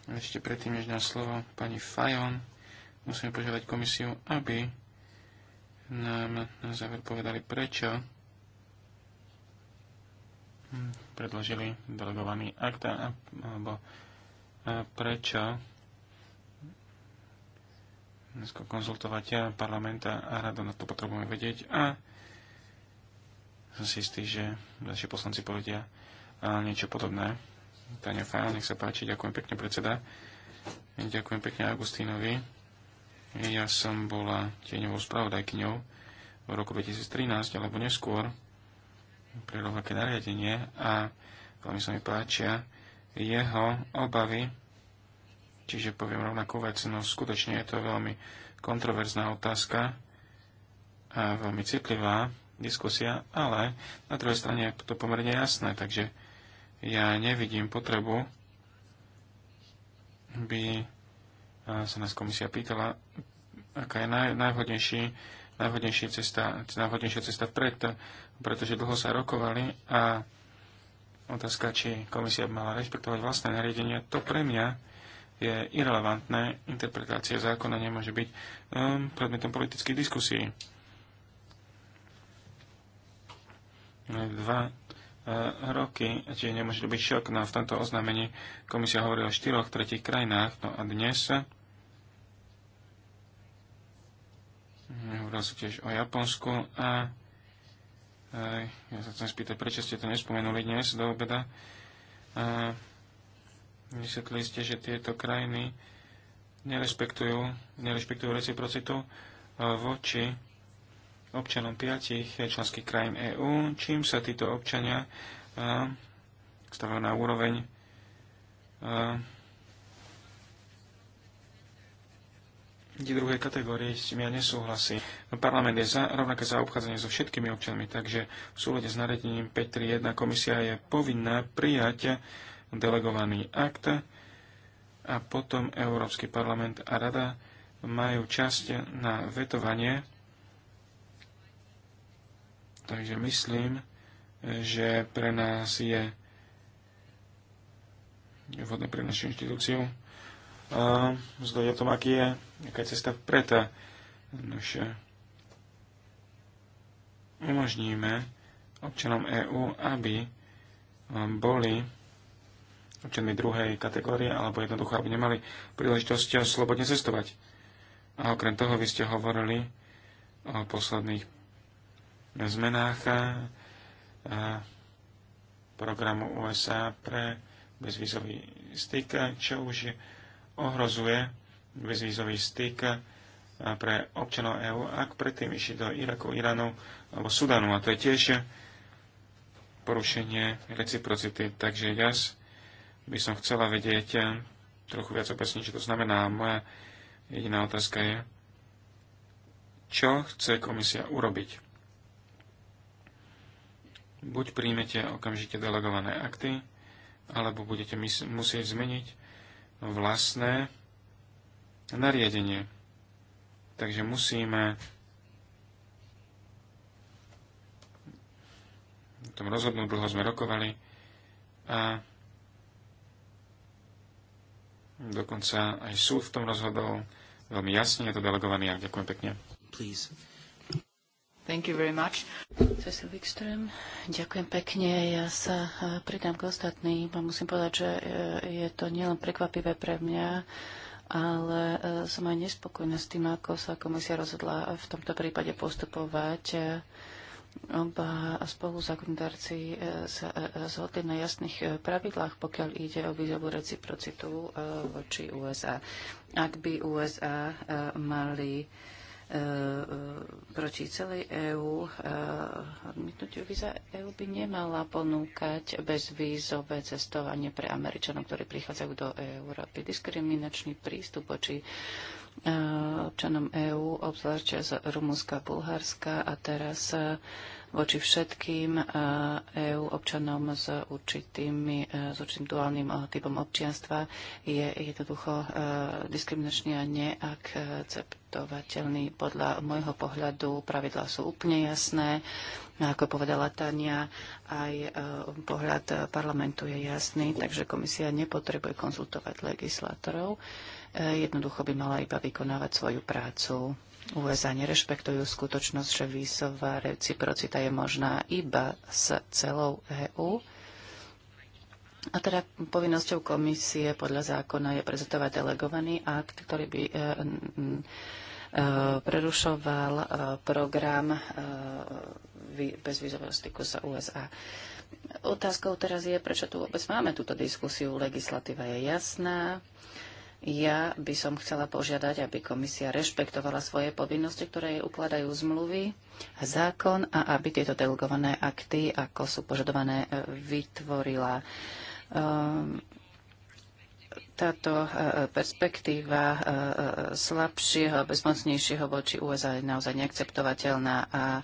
Ešte predtým, než dám slovo pani Fajon, musíme požiadať komisiu, aby nám na záver povedali, prečo predložili delegovaný akt alebo prečo konzultovať parlamenta a rado no na to potrebujeme vedieť a som si istý, že naši poslanci povedia niečo podobné. Tania Faja, nech sa páči, ďakujem pekne predseda. Ďakujem pekne Agustínovi. Ja som bola tieňovou spravodajkyňou v roku 2013 alebo neskôr pre nariadenie a veľmi sa mi páčia jeho obavy, čiže poviem rovnakú vec, no skutočne je to veľmi kontroverzná otázka a veľmi citlivá diskusia, ale na druhej strane je to pomerne jasné, takže ja nevidím potrebu, by sa nás komisia pýtala, aká je naj, najvhodnejší najvhodnejšia cesta, najvhodnejšia cesta pred, pretože dlho sa rokovali a otázka, či komisia by mala rešpektovať vlastné nariadenia, to pre mňa je irrelevantné. Interpretácia zákona nemôže byť um, predmetom politických diskusí. Dva uh, roky, čiže nemôže to byť šok. No v tomto oznámení komisia hovorí o štyroch tretich krajinách, no a dnes Hovoril sa tiež o Japonsku a ja sa chcem spýtať, prečo ste to nespomenuli dnes do obeda. A vysvetlili ste, že tieto krajiny nerespektujú, nerespektujú reciprocitu voči občanom piatich členských krajín EÚ, čím sa títo občania stavajú na úroveň tie druhé kategórie s tým ja nesúhlasím. Parlament je za rovnaké zaobchádzanie so všetkými občanmi, takže v súlade s nariadením 531 komisia je povinná prijať delegovaný akt a potom Európsky parlament a rada majú časť na vetovanie. Takže myslím, že pre nás je vhodné pre našu inštitúciu zdoj tom, aký je, aká je cesta vpred. Nož, umožníme občanom EÚ, aby um, boli občanmi druhej kategórie, alebo jednoducho, aby nemali príležitosť slobodne cestovať. A okrem toho, vy ste hovorili o posledných zmenách a, programu USA pre bezvizový styk, čo už je ohrozuje bezvýzový styk eh, pre občanov EÚ, ak predtým išli do Iraku, Iránu alebo Sudanu. A to je tiež porušenie reciprocity. Takže ja by som chcela vedieť eh, trochu viac obecne, čo to znamená. A Moja jediná otázka je, čo chce komisia urobiť. Buď príjmete okamžite delegované akty, alebo budete musieť zmeniť vlastné nariadenie. Takže musíme o tom rozhodnúť, dlho sme rokovali a dokonca aj súd v tom rozhodol veľmi jasne, je to delegovaný a Ďakujem pekne. Please. Thank you very much. Cecil Wikström, ďakujem pekne. Ja sa e, pridám k ostatným a musím povedať, že e, je to nielen prekvapivé pre mňa, ale e, som aj nespokojná s tým, ako sa komisia rozhodla v tomto prípade postupovať. Oba spoluzákonodárci sa zhodli na jasných pravidlách, pokiaľ ide o vízovú reciprocitu voči USA. Ak by USA mali E, e, proti celej EÚ. E, Odmietnutiu víza EÚ by nemala ponúkať bezvízové cestovanie pre Američanov, ktorí prichádzajú do Európy. Diskriminačný prístup voči občanom EÚ, obzvlášť z Rumunska a Bulharska a teraz voči všetkým EU eh, občanom s, určitými, eh, s určitým duálnym eh, typom občianstva je jednoducho diskriminačný a neakceptovateľný. Podľa môjho pohľadu pravidlá sú úplne jasné. Ako povedala Tania, aj pohľad parlamentu je jasný, takže komisia nepotrebuje konzultovať legislátorov. Jednoducho by mala iba vykonávať svoju prácu USA nerešpektujú skutočnosť, že výsová reciprocita je možná iba s celou EÚ. A teda povinnosťou komisie podľa zákona je prezentovať delegovaný akt, ktorý by e, e, prerušoval e, program e, bezvizového styku sa USA. Otázkou teraz je, prečo tu vôbec máme túto diskusiu. Legislatíva je jasná ja by som chcela požiadať, aby komisia rešpektovala svoje povinnosti, ktoré jej ukladajú zmluvy a zákon a aby tieto delegované akty, ako sú požadované, e, vytvorila. Ehm, táto e, perspektíva e, slabšieho a bezmocnejšieho voči USA je naozaj neakceptovateľná a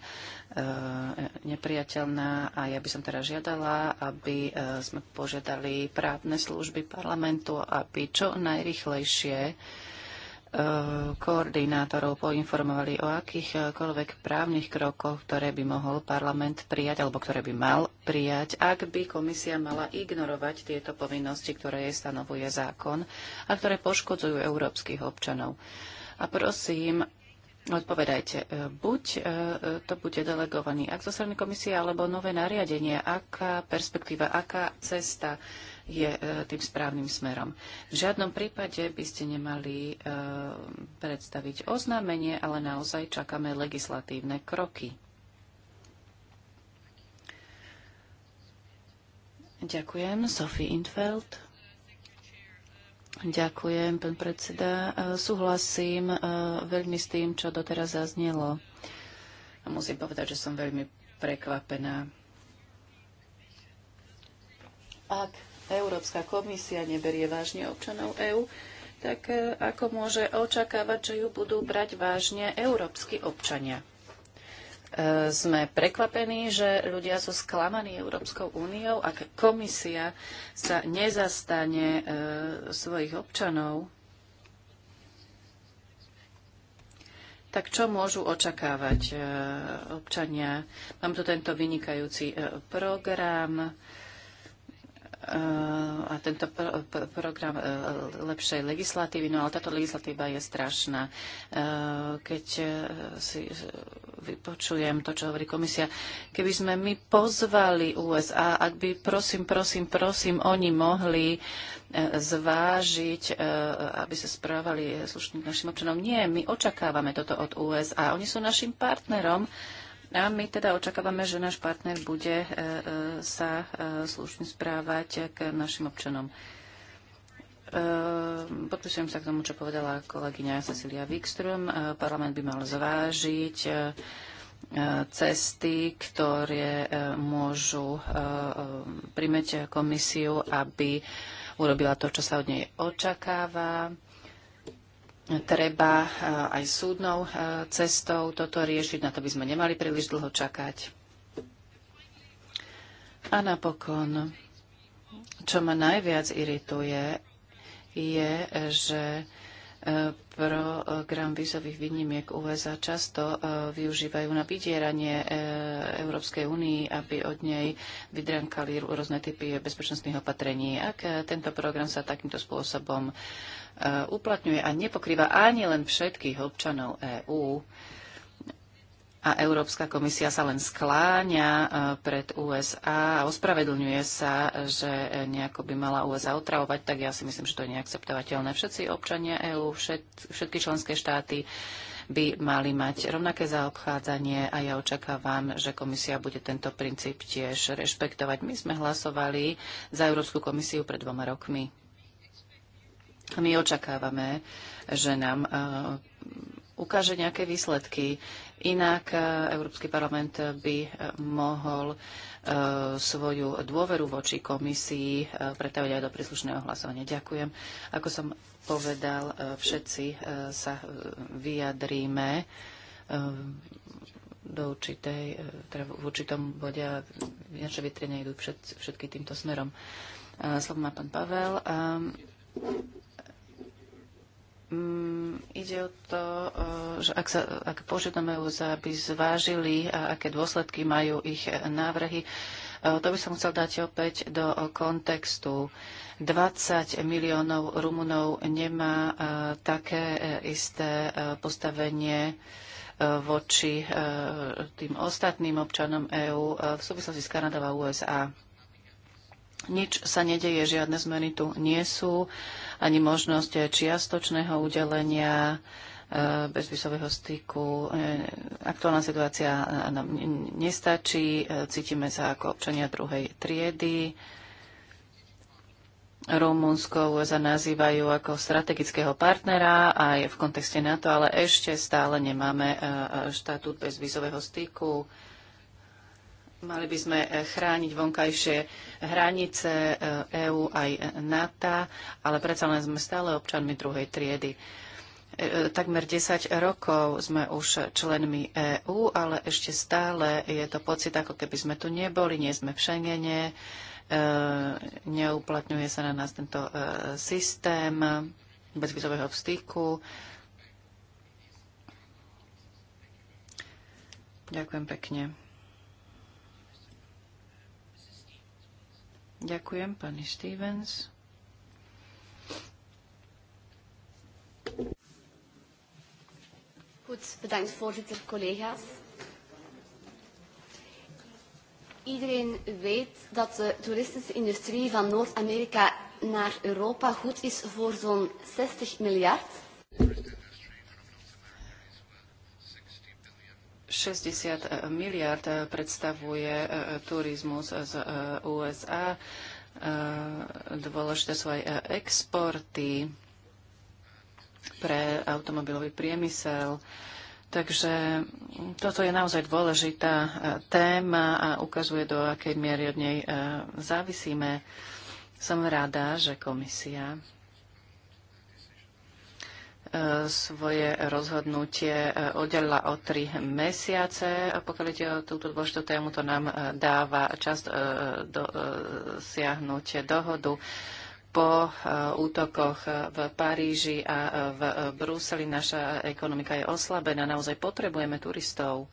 E, nepriateľná a ja by som teda žiadala, aby e, sme požiadali právne služby parlamentu, aby čo najrychlejšie e, koordinátorov poinformovali o akýchkoľvek právnych krokoch, ktoré by mohol parlament prijať alebo ktoré by mal prijať, ak by komisia mala ignorovať tieto povinnosti, ktoré jej stanovuje zákon a ktoré poškodzujú európskych občanov. A prosím, Odpovedajte, e, buď e, e, to bude delegovaný akt zo strany komisie, alebo nové nariadenie, aká perspektíva, aká cesta je tým správnym smerom. V žiadnom prípade by ste nemali predstaviť oznámenie, ale naozaj čakáme legislatívne kroky. Ďakujem. Sophie Infeld. Ďakujem, pán predseda. E, súhlasím e, veľmi s tým, čo doteraz zaznelo. A musím povedať, že som veľmi prekvapená. Ak Európska komisia neberie vážne občanov EÚ, tak e, ako môže očakávať, že ju budú brať vážne európsky občania? E, sme prekvapení, že ľudia sú sklamaní Európskou úniou, ak komisia sa nezastane e, svojich občanov. tak čo môžu očakávať e, občania? Mám tu tento vynikajúci program, Eh, a tento pro, pro, program eh, lepšej legislatívy, no ale táto legislatíva je strašná. Eh, keď si vypočujem to, čo hovorí komisia, keby sme my pozvali USA, ak by prosím, prosím, prosím, oni mohli zvážiť, aby sa správali slušne k našim občanom. Nie, my očakávame toto od USA. Oni sú našim partnerom. A my teda očakávame, že náš partner bude e, e, sa e, slušne správať k našim občanom. Podpisujem sa k tomu, čo povedala kolegyňa Cecilia Wikström. Parlament by mal zvážiť cesty, ktoré môžu primeť komisiu, aby urobila to, čo sa od nej očakáva treba e, aj súdnou e, cestou toto riešiť. Na to by sme nemali príliš dlho čakať. A napokon, čo ma najviac irituje, je, že e, program vízových výnimiek USA často využívajú na vydieranie Európskej únii, aby od nej vydrankali rôzne typy bezpečnostných opatrení. Ak tento program sa takýmto spôsobom E, uplatňuje a nepokrýva ani len všetkých občanov EÚ. A Európska komisia sa len skláňa e, pred USA a ospravedlňuje sa, že nejako by mala USA otravovať, tak ja si myslím, že to je neakceptovateľné. Všetci občania EÚ, všet, všetky členské štáty by mali mať rovnaké zaobchádzanie a ja očakávam, že komisia bude tento princíp tiež rešpektovať. My sme hlasovali za Európsku komisiu pred dvoma rokmi. My očakávame, že nám e, ukáže nejaké výsledky. Inak e, Európsky parlament by e, mohol svoju dôveru voči komisii pretaviť aj do príslušného hlasovania. Ďakujem. Ako som povedal, všetci sa vyjadríme do určitej, teda v určitom bode a naše vytrenia idú všetky týmto smerom. Slovo má pán Pavel. Mm, ide o to, e, že ak, sa, ak požiadame USA, aby zvážili, a aké dôsledky majú ich návrhy, e, to by som chcel dať opäť do kontextu. 20 miliónov Rumunov nemá e, také isté postavenie voči tým ostatným občanom EÚ v súvislosti s Kanadou a USA. Nič sa nedeje, žiadne zmeny tu nie sú, ani možnosť čiastočného udelenia e, bezvisového styku. E, aktuálna situácia nám nestačí, e, cítime sa ako občania druhej triedy. Rumunsko USA nazývajú ako strategického partnera a je v kontexte NATO, ale ešte stále nemáme štatút bezvízového styku. Mali by sme eh, chrániť vonkajšie hranice EÚ eh, e aj NATO, ale predsa len sme stále občanmi druhej triedy. Eh, takmer 10 rokov sme už členmi EÚ, ale ešte stále je to pocit, ako keby sme tu neboli, nie sme v Schengene, neuplatňuje sa na nás tento systém bezvizového vstýku. Ďakujem pekne. Ďakujem, pani Stevens. Goed, bedankt voorzitter, collega's. Iedereen weet dat de toeristische industrie van Noord-Amerika naar Europa goed is voor zo'n 60 miljard. 60 e, miliard e, predstavuje e, turizmus z USA. Dôležité sú aj exporty pre automobilový priemysel. Takže toto je naozaj dôležitá téma a ukazuje, do akej miery od nej závisíme. Som rada, že komisia E, svoje rozhodnutie e, oddelila o tri mesiace. Pokiaľ ide o túto dôležitú tému, to nám e, dáva čas dosiahnuť dohodu po útokoch v Paríži a v Bruseli. Naša ekonomika je oslabená, naozaj potrebujeme turistov.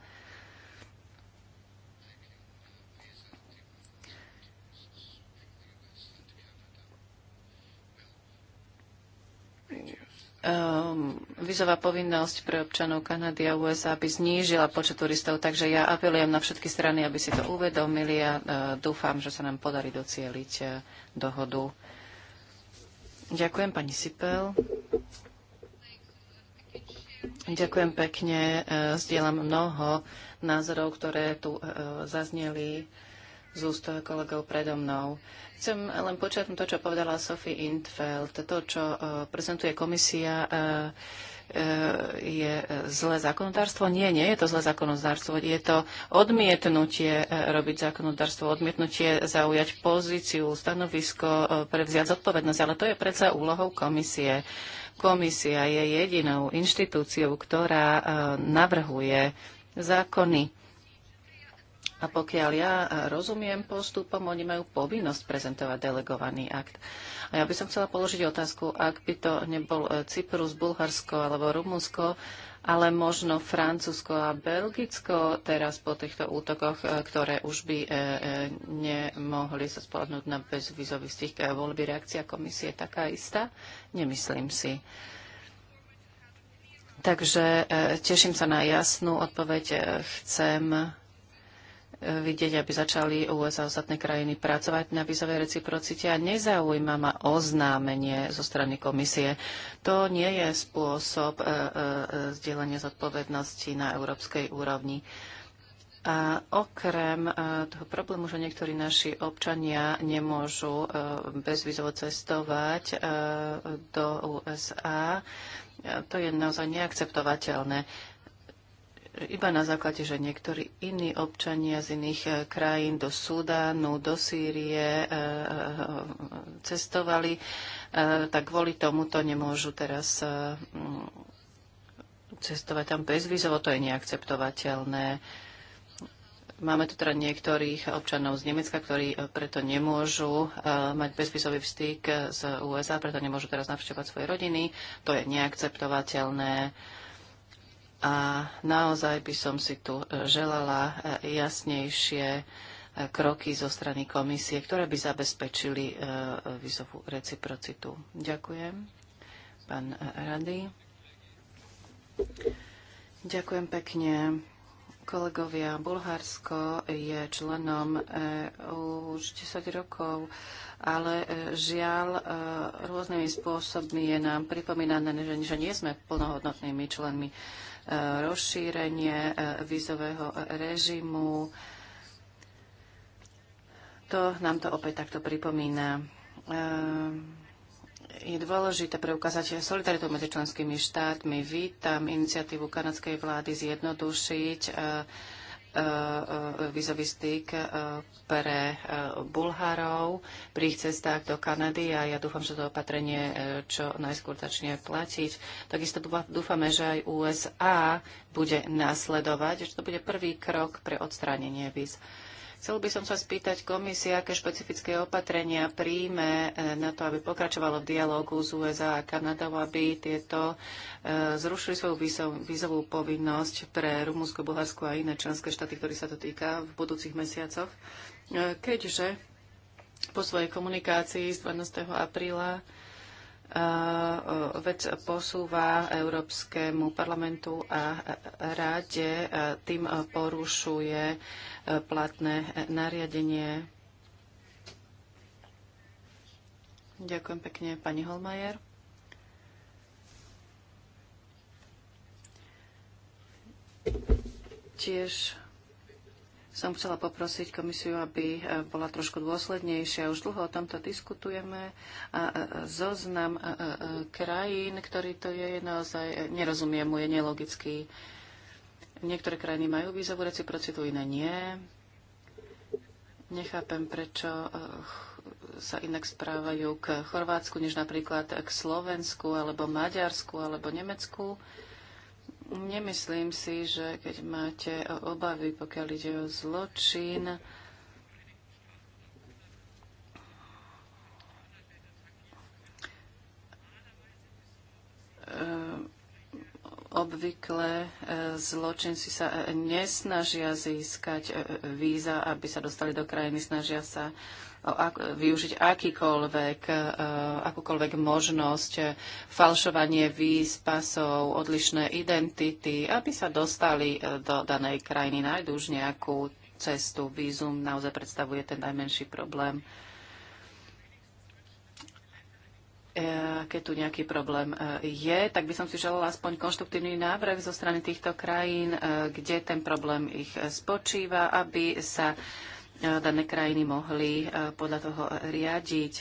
um, ehm, vizová povinnosť pre občanov Kanady a USA by znížila počet turistov, takže ja apelujem na všetky strany, aby si to uvedomili a uh, dúfam, že sa nám podarí docieliť uh, dohodu. Ďakujem pani Sipel. Ďakujem pekne. E, zdieľam mnoho názorov, ktoré tu zazneli z úst kolegov predo mnou. Chcem len počiatnúť to, čo povedala Sophie Intfeld. To, čo e, prezentuje komisia, e, e, je zlé zákonodárstvo? Nie, nie je to zlé zákonodárstvo. Je to odmietnutie robiť zákonodárstvo, odmietnutie zaujať pozíciu, stanovisko, prevziať zodpovednosť. Ale to je predsa úlohou komisie. Komisia je jedinou inštitúciou, ktorá navrhuje zákony a pokiaľ ja rozumiem postupom, oni majú povinnosť prezentovať delegovaný akt. A ja by som chcela položiť otázku, ak by to nebol e, Cyprus, Bulharsko alebo Rumunsko, ale možno Francúzsko a Belgicko teraz po týchto útokoch, e, ktoré už by e, nemohli sa spolahnúť na bezvizový stih. Bol by reakcia komisie taká istá? Nemyslím si. Takže teším sa na jasnú odpoveď. Chcem vidieť, aby začali USA a ostatné krajiny pracovať na vízovej reciprocite a nezaujíma ma oznámenie zo strany komisie. To nie je spôsob e, e, zdieľania zodpovednosti na európskej úrovni. A okrem e, toho problému, že niektorí naši občania nemôžu bezvizovo cestovať do USA, to je naozaj neakceptovateľné iba na základe, že niektorí iní občania z iných eh, krajín do Sudánu, do Sýrie eh, eh, cestovali, tak kvôli tomuto nemôžu teraz mm, cestovať tam bezvízovo, to je neakceptovateľné. Máme tu teda niektorých občanov z Nemecka, ktorí preto nemôžu mať bezvizový vstýk z USA, preto nemôžu teraz navštevovať svoje rodiny. To je neakceptovateľné. A naozaj by som si tu e, želala e, jasnejšie e, kroky zo strany komisie, ktoré by zabezpečili vysokú reciprocitu. Ďakujem. Pán Rady. Ďakujem pekne. Kolegovia, Bulharsko je členom EU už 10 rokov, ale žiaľ rôznymi spôsobmi je nám pripomínané, že nie sme plnohodnotnými členmi rozšírenie e, vízového režimu. To nám to opäť takto pripomína. E, je dôležité preukázať solidaritu medzi členskými štátmi. Vítam iniciatívu kanadskej vlády zjednodušiť e, Eh, eh, vizový styk eh, pre Bulharov pri ich cestách do Kanady a ja dúfam, že to opatrenie čo najskôr začne platiť. Takisto dúfame, že aj USA bude nasledovať, že to bude prvý krok pre odstránenie víz. Chcel by som sa spýtať komisie, aké špecifické opatrenia príjme eh, na to, aby pokračovalo v dialógu s USA a Kanadou, aby tieto eh, zrušili svoju vízovú povinnosť pre Rumunsko, Bulharsko a iné členské štáty, ktoré sa to týka v budúcich mesiacoch. Eh, keďže po svojej komunikácii z 12. apríla Eh, vec posúva Európskemu parlamentu a ráde, eh, tým porušuje eh, platné nariadenie. Ďakujem pekne, pani Holmajer. Tiež som chcela poprosiť komisiu, aby e, bola trošku dôslednejšia. Už dlho o tomto diskutujeme a e, e, zoznam krajín, ktorý to je naozaj, nerozumiem mu, je nelogický. Niektoré krajiny majú vízovú reciprocitu, iné nie. Nechápem, prečo sa inak správajú k Chorvátsku, než napríklad k Slovensku, alebo Maďarsku, alebo Nemecku. Nemyslím si, že keď máte obavy, pokiaľ ide o zločin, eh, obvykle eh, zločinci sa eh, nesnažia získať víza, aby sa dostali do krajiny, snažia sa využiť akýkoľvek, e, akúkoľvek možnosť e, falšovanie víz, pasov, odlišné identity, aby sa dostali e, do danej krajiny. Nájdú už nejakú cestu. Vízum naozaj predstavuje ten najmenší problém. keď tu nejaký problém je, tak by som si želala aspoň konštruktívny návrh zo strany týchto krajín, kde ten problém ich spočíva, aby sa E, dané krajiny mohli e, podľa toho riadiť.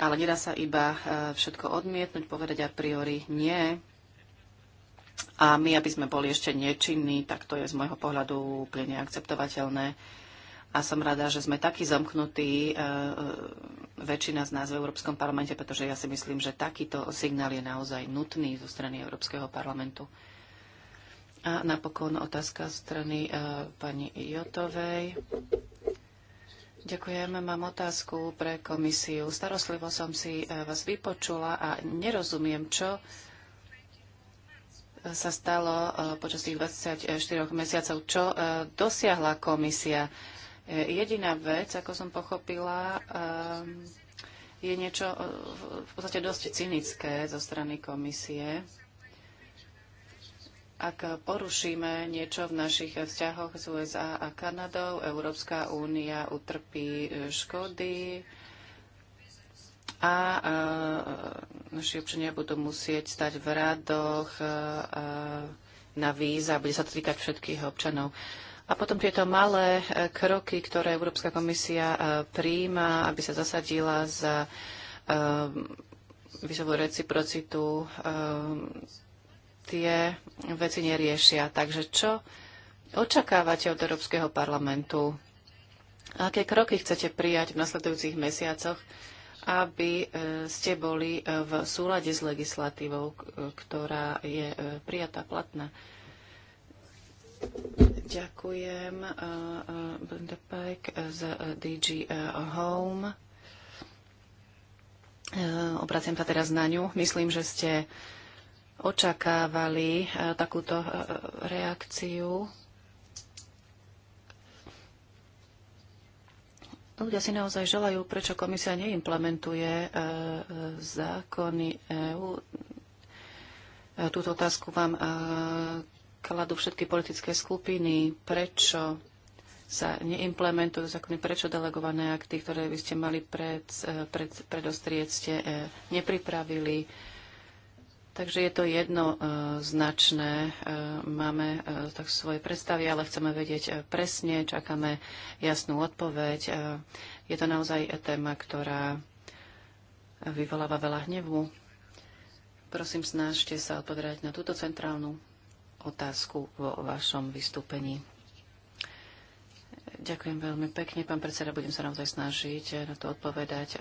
Ale nedá sa iba e, všetko odmietnúť, povedať a priori nie. A my, aby sme boli ešte nečinní, tak to je z môjho pohľadu úplne neakceptovateľné. A som rada, že sme takí zomknutí, väčšina z nás v Európskom parlamente, pretože ja si myslím, že takýto signál je naozaj nutný zo strany Európskeho parlamentu. A napokon otázka strany pani Jotovej. Ďakujem. Mám otázku pre komisiu. Starostlivo som si e, vás vypočula a nerozumiem, čo sa stalo e, počas tých 24 mesiacov. Čo e, dosiahla komisia? Jediná vec, ako som pochopila, je niečo v podstate dosť cynické zo strany komisie. Ak porušíme niečo v našich vzťahoch s USA a Kanadou, Európska únia utrpí e, škody a e, naši občania budú musieť stať v radoch e, na víza, bude sa to týkať všetkých občanov. A potom tieto malé kroky, ktoré Európska komisia príjma, aby sa zasadila za vysovú reciprocitu tie veci neriešia. Takže čo očakávate od Európskeho parlamentu? Aké kroky chcete prijať v nasledujúcich mesiacoch, aby e, ste boli e, v súlade s legislatívou, e, ktorá je prijatá platná? Ďakujem Brenda Pajk z DG Home. Obraciam sa teraz na ňu. Myslím, že ste očakávali eh, takúto eh, reakciu. Ľudia si naozaj želajú, prečo komisia neimplementuje eh, zákony EÚ. Túto otázku vám kladú všetky politické skupiny. Prečo sa neimplementujú zákony, prečo delegované akty, ktoré by ste mali pred, pred, predostrieť, ste nepripravili Takže je to jednoznačné. E, e, máme e, tak svoje predstavy, ale chceme vedieť presne, čakáme jasnú odpoveď. Je to naozaj téma, ktorá vyvoláva veľa hnevu. Prosím, snažte sa odpovedať na túto centrálnu otázku vo vašom vystúpení. Ďakujem veľmi pekne, pán predseda. Budem sa naozaj snažiť na to odpovedať.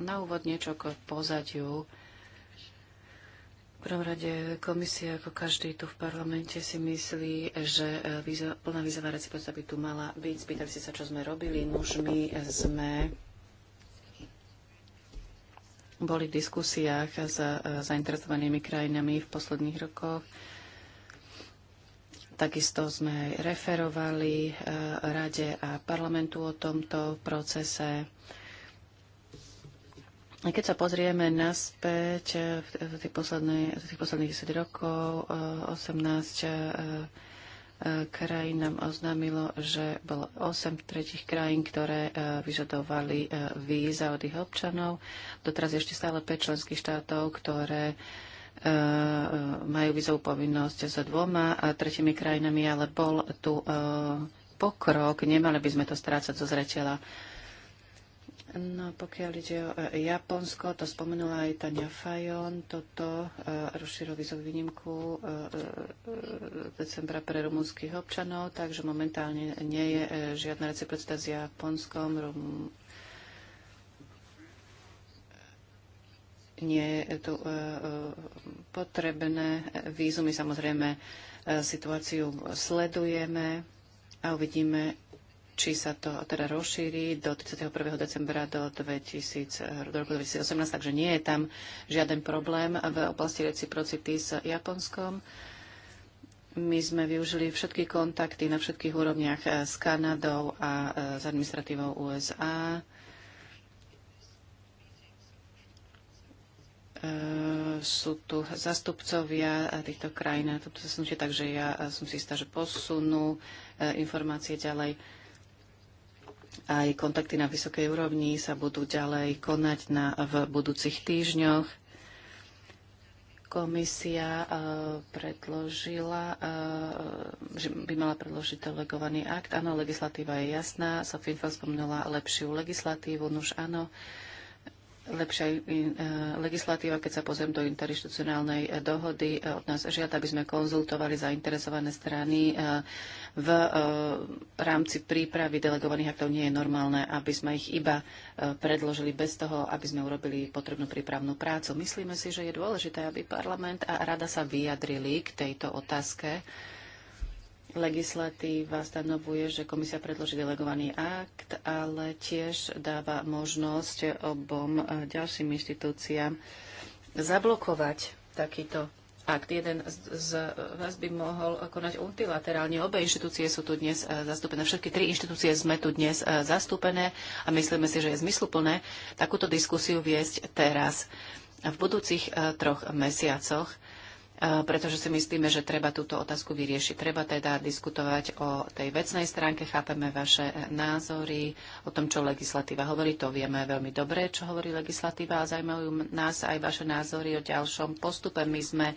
Na úvod niečo k pozadiu prvom rade komisia, ako každý tu v parlamente, si myslí, že e, víza, plná vízová reciprocita by tu mala byť. Spýtali ste sa, čo sme robili. Nuž my sme boli v diskusiách s e, zainteresovanými krajinami v posledných rokoch. Takisto sme referovali e, Rade a parlamentu o tomto procese a keď sa pozrieme naspäť eh, v tých, posledných, v tých posledných 10 rokov, 18 eh, eh, krajín nám oznámilo, že bolo 8 tretich krajín, ktoré vyžadovali víza od ich občanov. Doteraz ešte stále 5 členských štátov, ktoré majú vízovú povinnosť so dvoma tretimi krajinami, ale bol tu pokrok, nemali by sme to strácať zo zreteľa. No, pokiaľ ide o e, Japonsko, to spomenula aj Tania Fajon, toto e, rozšíril vizovú výnimku e, decembra pre rumúnskych občanov, takže momentálne nie je žiadna reciprocita s Japonskom. Rum... Nie je tu potrebné výzumy, samozrejme situáciu sledujeme a uvidíme, či sa to teda rozšíri do 31. decembra do, 2000, do roku 2018, takže nie je tam žiaden problém v oblasti reciprocity s Japonskom. My sme využili všetky kontakty na všetkých úrovniach eh, s Kanadou a eh, s administratívou USA. Eh, sú tu zastupcovia týchto krajín takže ja som si istá, že posunú informácie ďalej. Aj kontakty na vysokej úrovni sa budú ďalej konať na, v budúcich týždňoch. Komisia e, predložila, e, že by mala predložiť delegovaný akt. Áno, legislatíva je jasná. Sofín spomenula lepšiu legislatívu. Nuž áno, lepšia e, legislatíva, keď sa pozriem do interinstitucionálnej e, dohody, e, od nás žiada, aby sme konzultovali zainteresované strany v rámci prípravy delegovaných aktov. Nie je normálne, aby sme ich iba predložili bez toho, aby sme urobili potrebnú prípravnú prácu. Myslíme si, že je dôležité, aby parlament a rada sa vyjadrili k tejto otázke Legislatíva stanovuje, že komisia predloží delegovaný akt, ale tiež dáva možnosť obom ďalším inštitúciám zablokovať takýto akt. Jeden z, vás by mohol konať ultilaterálne. Obe inštitúcie sú tu dnes e, zastúpené. Všetky tri inštitúcie sme tu dnes e, zastúpené a myslíme si, že je zmysluplné takúto diskusiu viesť teraz. V budúcich e, troch mesiacoch pretože si myslíme, že treba túto otázku vyriešiť. Treba teda diskutovať o tej vecnej stránke, chápeme vaše názory, o tom, čo legislatíva hovorí, to vieme veľmi dobre, čo hovorí legislatíva a zaujímajú nás aj vaše názory o ďalšom postupe. My sme e,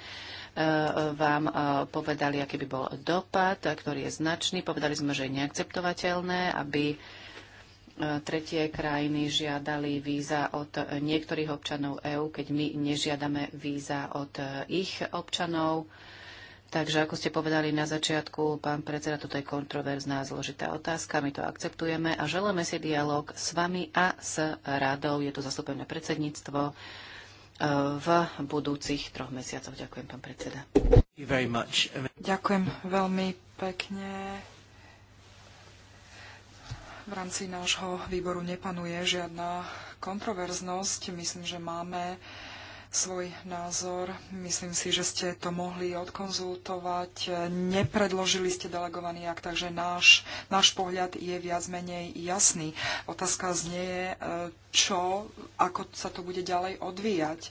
vám e, povedali, aký by bol dopad, ktorý je značný. Povedali sme, že je neakceptovateľné, aby E, tretie krajiny žiadali víza od niektorých občanov EÚ, keď my nežiadame víza od e, ich občanov. Takže ako ste povedali na začiatku, pán predseda, toto je kontroverzná zložitá otázka, my to akceptujeme a želáme si dialog s vami a s radou. Je tu zastúpené predsedníctvo e, v budúcich troch mesiacoch. Ďakujem, pán predseda. Ďakujem veľmi pekne v rámci nášho výboru nepanuje žiadna kontroverznosť. Myslím, že máme svoj názor. Myslím si, že ste to mohli odkonzultovať. Nepredložili ste delegovaný ak, takže náš, náš pohľad je viac menej jasný. Otázka znie, e, čo, ako sa to bude ďalej odvíjať.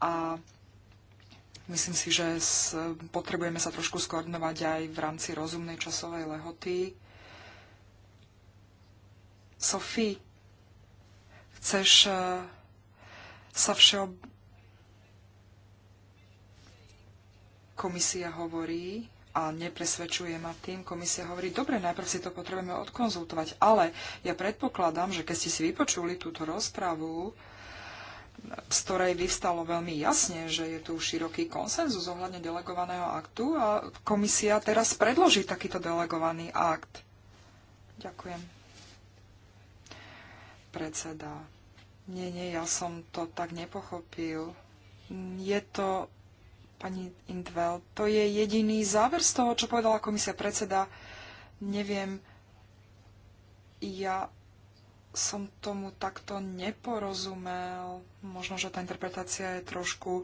A myslím si, že potrebujeme sa trošku skoordinovať aj v rámci rozumnej časovej lehoty. Sofie, chceš eh, sa všeo... Komisia hovorí, a nepresvedčuje ma tým, komisia hovorí, dobre, najprv si to potrebujeme odkonzultovať, ale ja predpokladám, že keď ste si vypočuli túto rozpravu, z ktorej vyvstalo veľmi jasne, že je tu široký konsenzus ohľadne delegovaného aktu a komisia teraz predloží takýto delegovaný akt. Ďakujem. Predseda. Nie, nie, ja som to tak nepochopil. Je to, pani Intvel, to je jediný záver z toho, čo povedala komisia predseda. Neviem, ja som tomu takto neporozumel. Možno, že tá interpretácia je trošku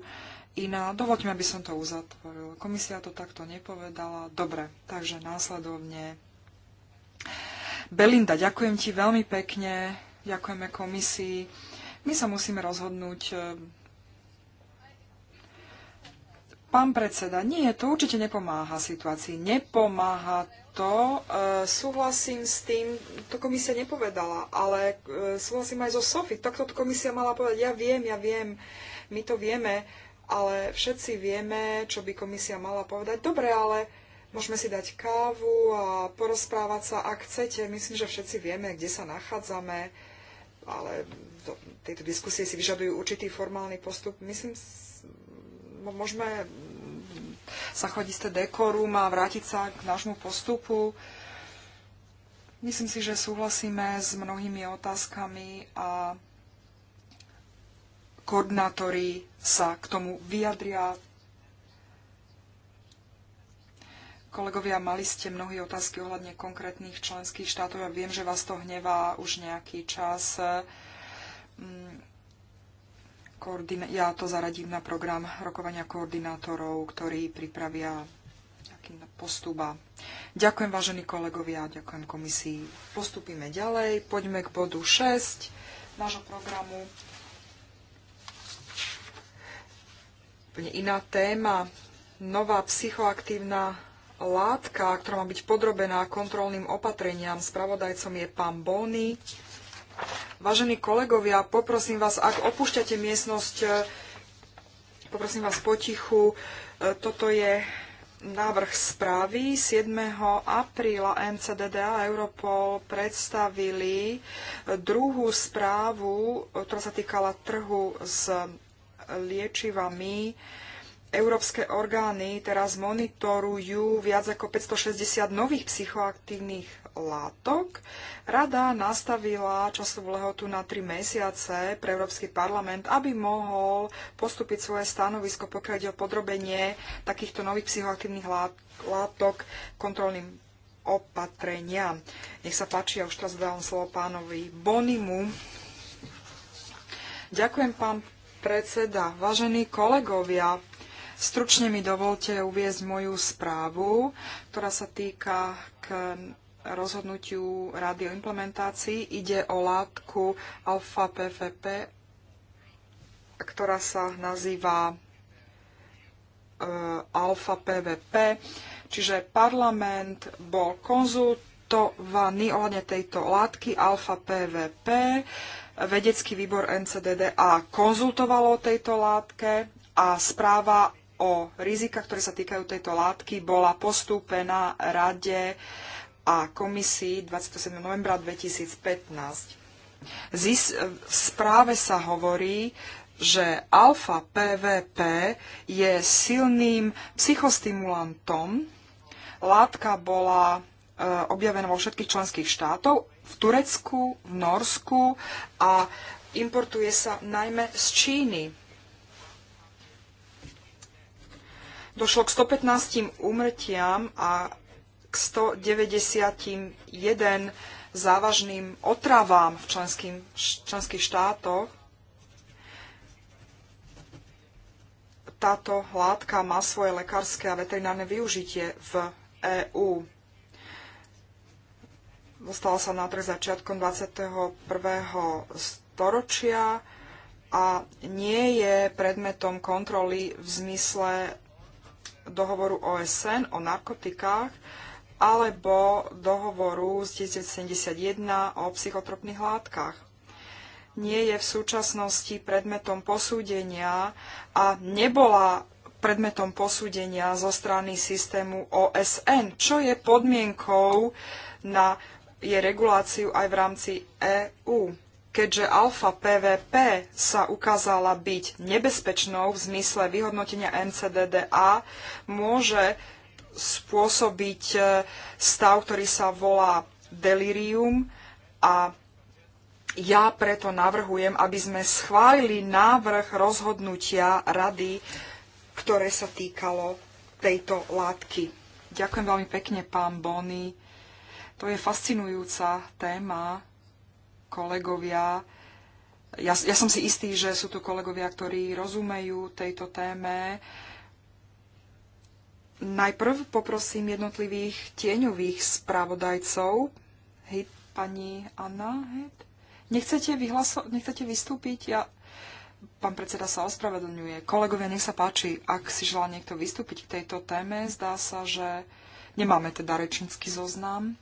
iná. Dovoľte mi, aby som to uzatvoril. Komisia to takto nepovedala. Dobre, takže následovne. Belinda, ďakujem ti veľmi pekne ďakujeme komisii. My sa musíme rozhodnúť. E, Pán predseda, nie, to určite nepomáha situácii. Nepomáha to. E, súhlasím s tým, to komisia nepovedala, ale e, súhlasím aj so Sofie. Takto to komisia mala povedať. Ja viem, ja viem, my to vieme, ale všetci vieme, čo by komisia mala povedať. Dobre, ale Môžeme si dať kávu a porozprávať sa, ak chcete. Myslím, že všetci vieme, kde sa nachádzame ale to, tieto diskusie si vyžadujú určitý formálny postup. Myslím, môžeme sa chodiť z dekorum a vrátiť sa k nášmu postupu. Myslím si, že súhlasíme s mnohými otázkami a koordinátori sa k tomu vyjadria Kolegovia, mali ste mnohé otázky ohľadne konkrétnych členských štátov. Ja viem, že vás to hnevá už nejaký čas. Mm, ja to zaradím na program rokovania koordinátorov, ktorí pripravia postúba. Ďakujem, vážení kolegovia, ďakujem komisii. Postupíme ďalej, poďme k bodu 6 nášho programu. iná téma, nová psychoaktívna látka, ktorá má byť podrobená kontrolným opatreniam. Spravodajcom je pán Bony. Vážení kolegovia, poprosím vás, ak opúšťate miestnosť, eh, poprosím vás potichu. Eh, toto je návrh správy 7. apríla NCDDA a Europol predstavili eh, druhú správu, ktorá sa týkala trhu s liečivami Európske orgány teraz monitorujú viac ako 560 nových psychoaktívnych látok. Rada nastavila časovú lehotu na 3 mesiace pre Európsky parlament, aby mohol postúpiť svoje stanovisko, pokiaľ ide o podrobenie takýchto nových psychoaktívnych látok kontrolným opatreniam. Nech sa páči, ja už teraz dávam slovo pánovi Bonimu. Ďakujem, pán predseda. Vážení kolegovia, Stručne mi dovolte uviezť moju správu, ktorá sa týka k rozhodnutiu Rady o implementácii. Ide o látku alfa PFP, ktorá sa nazýva e, alfa PVP. Čiže parlament bol konzultovaný ohľadne tejto látky alfa PVP. Vedecký výbor NCDDA konzultovalo o tejto látke a správa o rizikách, ktoré sa týkajú tejto látky, bola postúpená Rade a komisii 27. novembra 2015. E, v správe sa hovorí, že alfa PVP je silným psychostimulantom. Látka bola e, objavená vo všetkých členských štátov, v Turecku, v Norsku a importuje sa najmä z Číny Došlo k 115 úmrtiam a k 191 závažným otravám v členským, členských štátoch. Táto látka má svoje lekárske a veterinárne využitie v EÚ. Dostala sa na trh začiatkom 21. storočia a nie je predmetom kontroly v zmysle dohovoru OSN o narkotikách alebo dohovoru z 1971 o psychotropných látkach. Nie je v súčasnosti predmetom posúdenia a nebola predmetom posúdenia zo strany systému OSN, čo je podmienkou na jej reguláciu aj v rámci EÚ keďže alfa PVP sa ukázala byť nebezpečnou v zmysle vyhodnotenia NCDDA, môže spôsobiť e, stav, ktorý sa volá delirium a ja preto navrhujem, aby sme schválili návrh rozhodnutia rady, ktoré sa týkalo tejto látky. Ďakujem veľmi pekne, pán Bony. To je fascinujúca téma kolegovia. Ja, ja som si istý, že sú tu kolegovia, ktorí rozumejú tejto téme. Najprv poprosím jednotlivých tieňových spravodajcov. Hej, pani Anna hej. Nechcete, vyhlaso- nechcete vystúpiť? Ja... Pán predseda sa ospravedlňuje. Kolegovia, nech sa páči, ak si želá niekto vystúpiť k tejto téme, zdá sa, že nemáme teda rečnícky zoznam.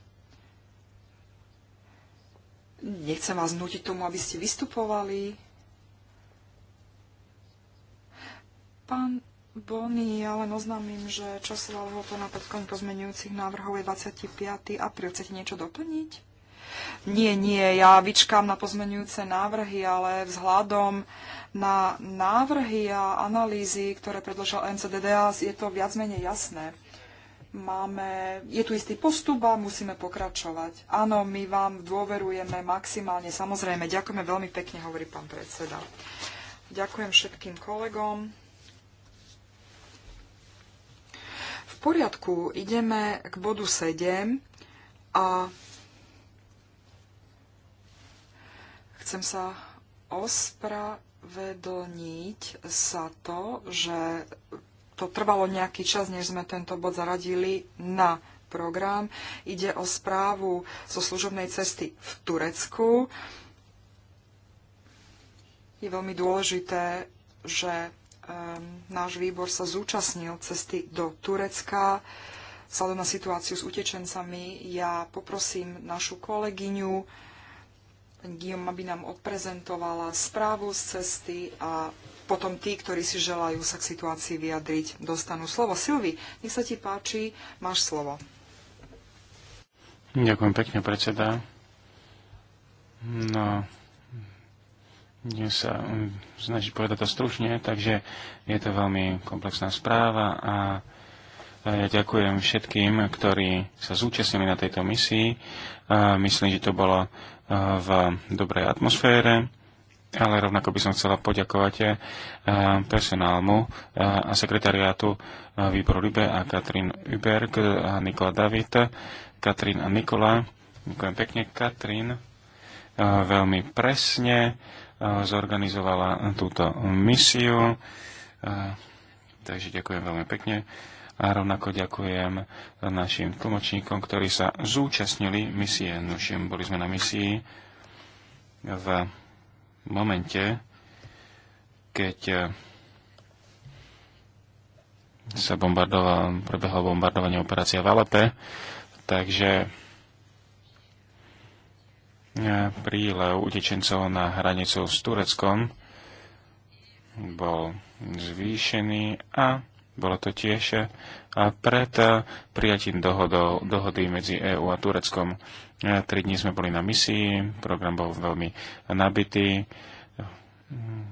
Nechcem vás nutiť tomu, aby ste vystupovali. Pán Bonny, ja len oznámim, že časová lhota na podklad pozmenujúcich návrhov je 25. apríl. Chcete niečo doplniť? Nie, nie, ja vyčkám na pozmenujúce návrhy, ale vzhľadom na návrhy a analýzy, ktoré predložil NCDDA, je to viac menej jasné máme, je tu istý postup a musíme pokračovať. Áno, my vám dôverujeme maximálne, samozrejme, ďakujeme veľmi pekne, hovorí pán predseda. Ďakujem všetkým kolegom. V poriadku, ideme k bodu 7 a chcem sa ospravedlniť sa to, že to trvalo nejaký čas, než sme tento bod zaradili na program. Ide o správu zo služobnej cesty v Turecku. Je veľmi dôležité, že ehm, náš výbor sa zúčastnil cesty do Turecka. Vzhľadom na situáciu s utečencami, ja poprosím našu kolegyňu Guillaume, aby nám odprezentovala správu z cesty a potom tí, ktorí si želajú sa k situácii vyjadriť, dostanú slovo. Silvi, nech sa ti páči, máš slovo. Ďakujem pekne, predseda. No, budem sa um, snažiť povedať to stručne, takže je to veľmi komplexná správa a ja ďakujem všetkým, ktorí sa zúčastnili na tejto misii. Myslím, že to bolo v dobrej atmosfére ale rovnako by som chcela poďakovať eh, personálmu eh, a sekretariátu eh, výboru Libe a Katrin Uberg a Nikola David, Katrin a Nikola. Ďakujem pekne, Katrin. Veľmi presne zorganizovala túto misiu. Takže ďakujem veľmi pekne. A rovnako ďakujem našim tlmočníkom, ktorí sa zúčastnili misie. Nožím, boli sme na misii v momente, keď eh, sa bombardoval, prebehlo bombardovanie operácia v Alepe, takže eh, prílev utečencov na hranicu s Tureckom bol zvýšený a bolo to tiež a eh, pred eh, prijatím dohodou, dohody medzi EÚ a Tureckom. Eh, tri dní sme boli na misii, program bol veľmi nabitý. Mm.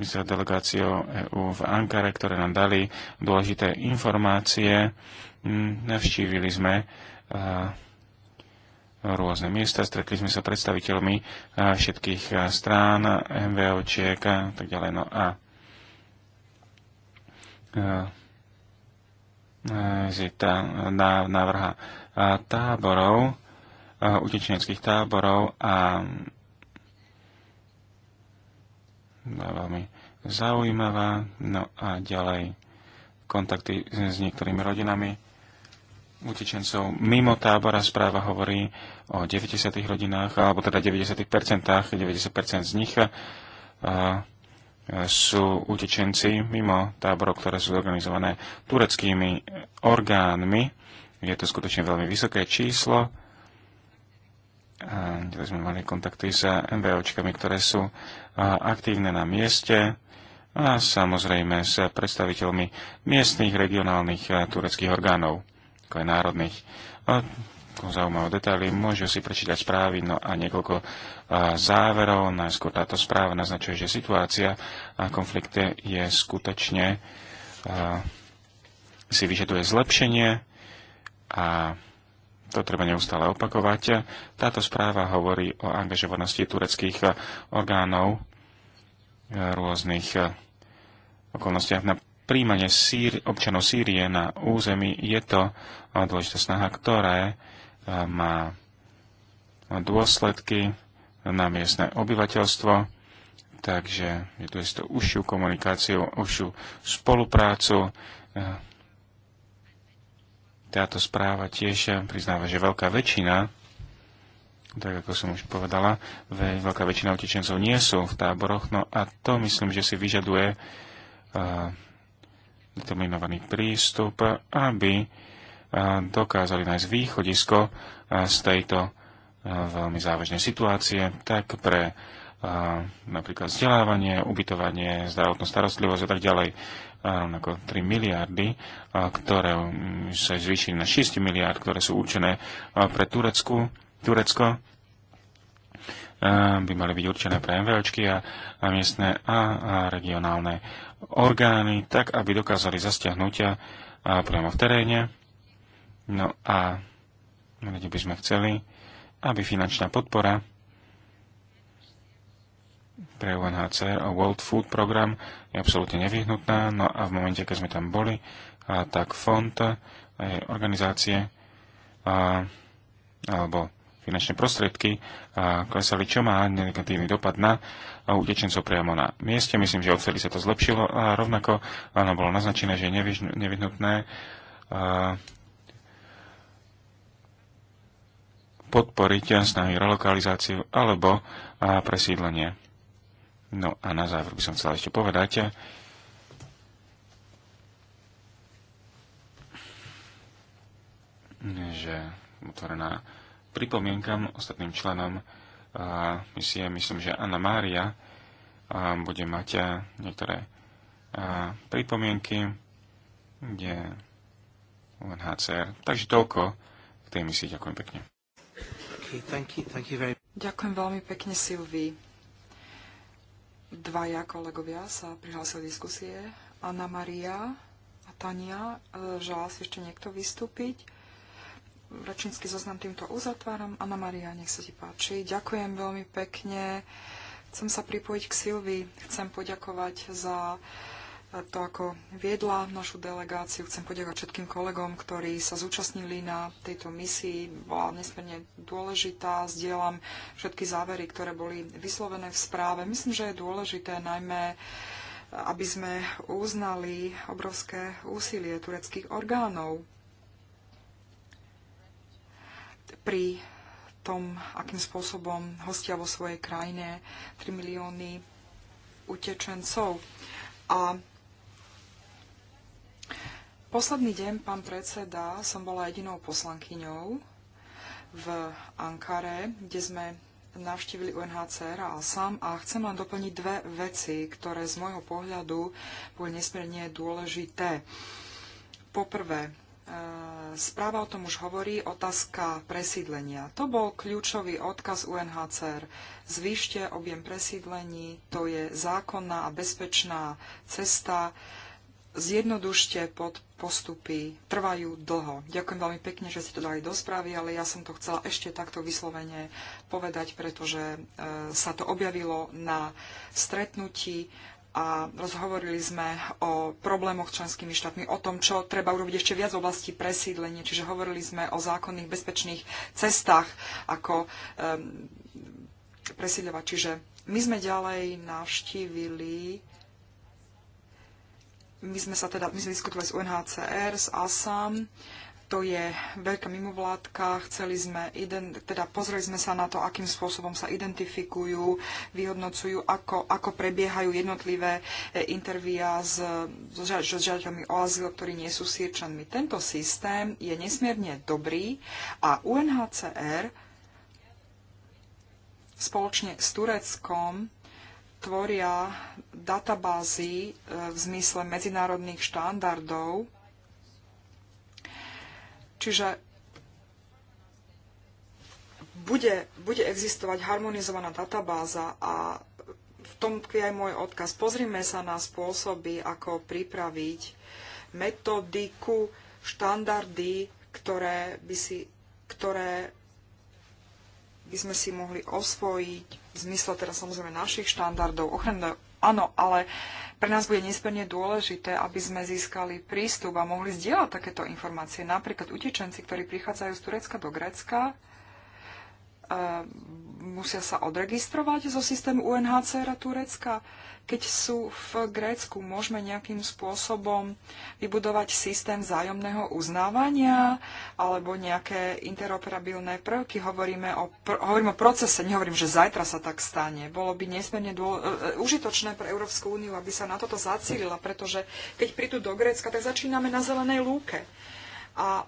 My sme delegáciou EÚ v Ankare, ktoré nám dali dôležité informácie. Mm, navštívili sme rôzne miesta, stretli sme sa predstaviteľmi všetkých strán, MVOčiek a tak ďalej. No a zita, návrha táborov, utečeneckých táborov a no, veľmi zaujímavá. No a ďalej kontakty s niektorými rodinami utečencov mimo tábora správa hovorí o 90 rodinách, alebo teda 90%, 90% z nich. A, sú utečenci mimo táborov, ktoré sú organizované tureckými orgánmi. Je to skutočne veľmi vysoké číslo. A kde sme mali kontakty s MBOčkami, ktoré sú aktívne na mieste a samozrejme s predstaviteľmi miestnych, regionálnych tureckých orgánov, ako aj národných. A zaujímavé detaily, môžu si prečítať správy no a niekoľko záverov. Najskôr táto správa naznačuje, že situácia a konflikte je skutočne si vyžaduje zlepšenie a to treba neustále opakovať. Táto správa hovorí o angažovanosti tureckých orgánov rôznych okolnostiach na príjmanie občanov Sýrie na území. Je to dôležitá snaha, ktoré má dôsledky na miestne obyvateľstvo, takže je tu isto užšiu komunikáciu, užšiu spoluprácu. Táto správa tiež priznáva, že veľká väčšina, tak ako som už povedala, veľká väčšina utečencov nie sú v táboroch, no a to myslím, že si vyžaduje determinovaný prístup, aby dokázali nájsť východisko z tejto veľmi závažnej situácie, tak pre napríklad vzdelávanie, ubytovanie, zdravotnú starostlivosť a tak ďalej, rovnako 3 miliardy, ktoré sa zvýšili na 6 miliard, ktoré sú určené pre Turecku, Turecko, by mali byť určené pre MVOčky a, miestne a, regionálne orgány, tak aby dokázali zastiahnuť a priamo v teréne No a radi by sme chceli, aby finančná podpora pre UNHCR a World Food Program je absolútne nevyhnutná. No a v momente, keď sme tam boli, a tak fond a organizácie a, alebo finančné prostriedky a klesali, čo má negatívny dopad na utečencov priamo na mieste. Myslím, že odvtedy sa to zlepšilo a rovnako áno, bolo naznačené, že je nevyhnutné a, podporiť snahy relokalizáciu alebo presídlenie. No a na záver by som chcel ešte povedať, že otvorená pripomienkam ostatným členom misie, myslím, že Anna Mária bude mať niektoré pripomienky, kde UNHCR. Takže toľko k tej misii. Ďakujem pekne. Ďakujem veľmi pekne, Silvi. Dvaja kolegovia sa prihlásili diskusie. Anna Maria a Tania. E, želá si ešte niekto vystúpiť? Rečnícky zoznam týmto uzatváram. Anna Maria, nech sa ti páči. Ďakujem veľmi pekne. Chcem sa pripojiť k Silvi. Chcem poďakovať za to, ako viedla našu delegáciu. Chcem poďakovať všetkým kolegom, ktorí sa zúčastnili na tejto misii. Bola nesmierne dôležitá. Zdieľam všetky závery, ktoré boli vyslovené v správe. Myslím, že je dôležité najmä aby sme uznali obrovské úsilie tureckých orgánov pri tom, akým spôsobom hostia vo svojej krajine 3 milióny utečencov. A Posledný deň, pán predseda, som bola jedinou poslankyňou v Ankare, kde sme navštívili UNHCR a sám a chcem len doplniť dve veci, ktoré z môjho pohľadu boli nesmierne dôležité. Poprvé, e, správa o tom už hovorí, otázka presídlenia. To bol kľúčový odkaz UNHCR. Zvýšte objem presídlení, to je zákonná a bezpečná cesta zjednodušte pod postupy, trvajú dlho. Ďakujem veľmi pekne, že ste to dali do správy, ale ja som to chcela ešte takto vyslovene povedať, pretože e, sa to objavilo na stretnutí a rozhovorili sme o problémoch s členskými štátmi, o tom, čo treba urobiť ešte viac v oblasti presídlenia, čiže hovorili sme o zákonných bezpečných cestách, ako um, presídľovať. Čiže my sme ďalej navštívili my sme sa teda, my sme diskutovali s UNHCR, s ASAM, to je veľká mimovládka, chceli sme, teda pozreli sme sa na to, akým spôsobom sa identifikujú, vyhodnocujú, ako, ako prebiehajú jednotlivé e, intervíja s, s žiadateľmi o azyl, ktorí nie sú sírčanmi. Tento systém je nesmierne dobrý a UNHCR spoločne s Tureckom tvoria databázy e, v zmysle medzinárodných štandardov. Čiže bude, bude existovať harmonizovaná databáza a v tom je aj môj odkaz. Pozrime sa na spôsoby, ako pripraviť metodiku, štandardy, ktoré by, si, ktoré by sme si mohli osvojiť v zmysle teraz samozrejme našich štandardov ochranné, Áno, ale pre nás bude nesmierne dôležité, aby sme získali prístup a mohli zdieľať takéto informácie. Napríklad utečenci, ktorí prichádzajú z Turecka do Grécka, musia sa odregistrovať zo systému UNHCR Turecka? Keď sú v Grécku, môžeme nejakým spôsobom vybudovať systém vzájomného uznávania alebo nejaké interoperabilné prvky. Hovoríme o, pr- hovorím o procese, nehovorím, že zajtra sa tak stane. Bolo by nesmierne dôle- e, užitočné pre Európsku úniu, aby sa na toto zacílila, pretože keď prídu do Grécka, tak začíname na zelenej lúke. A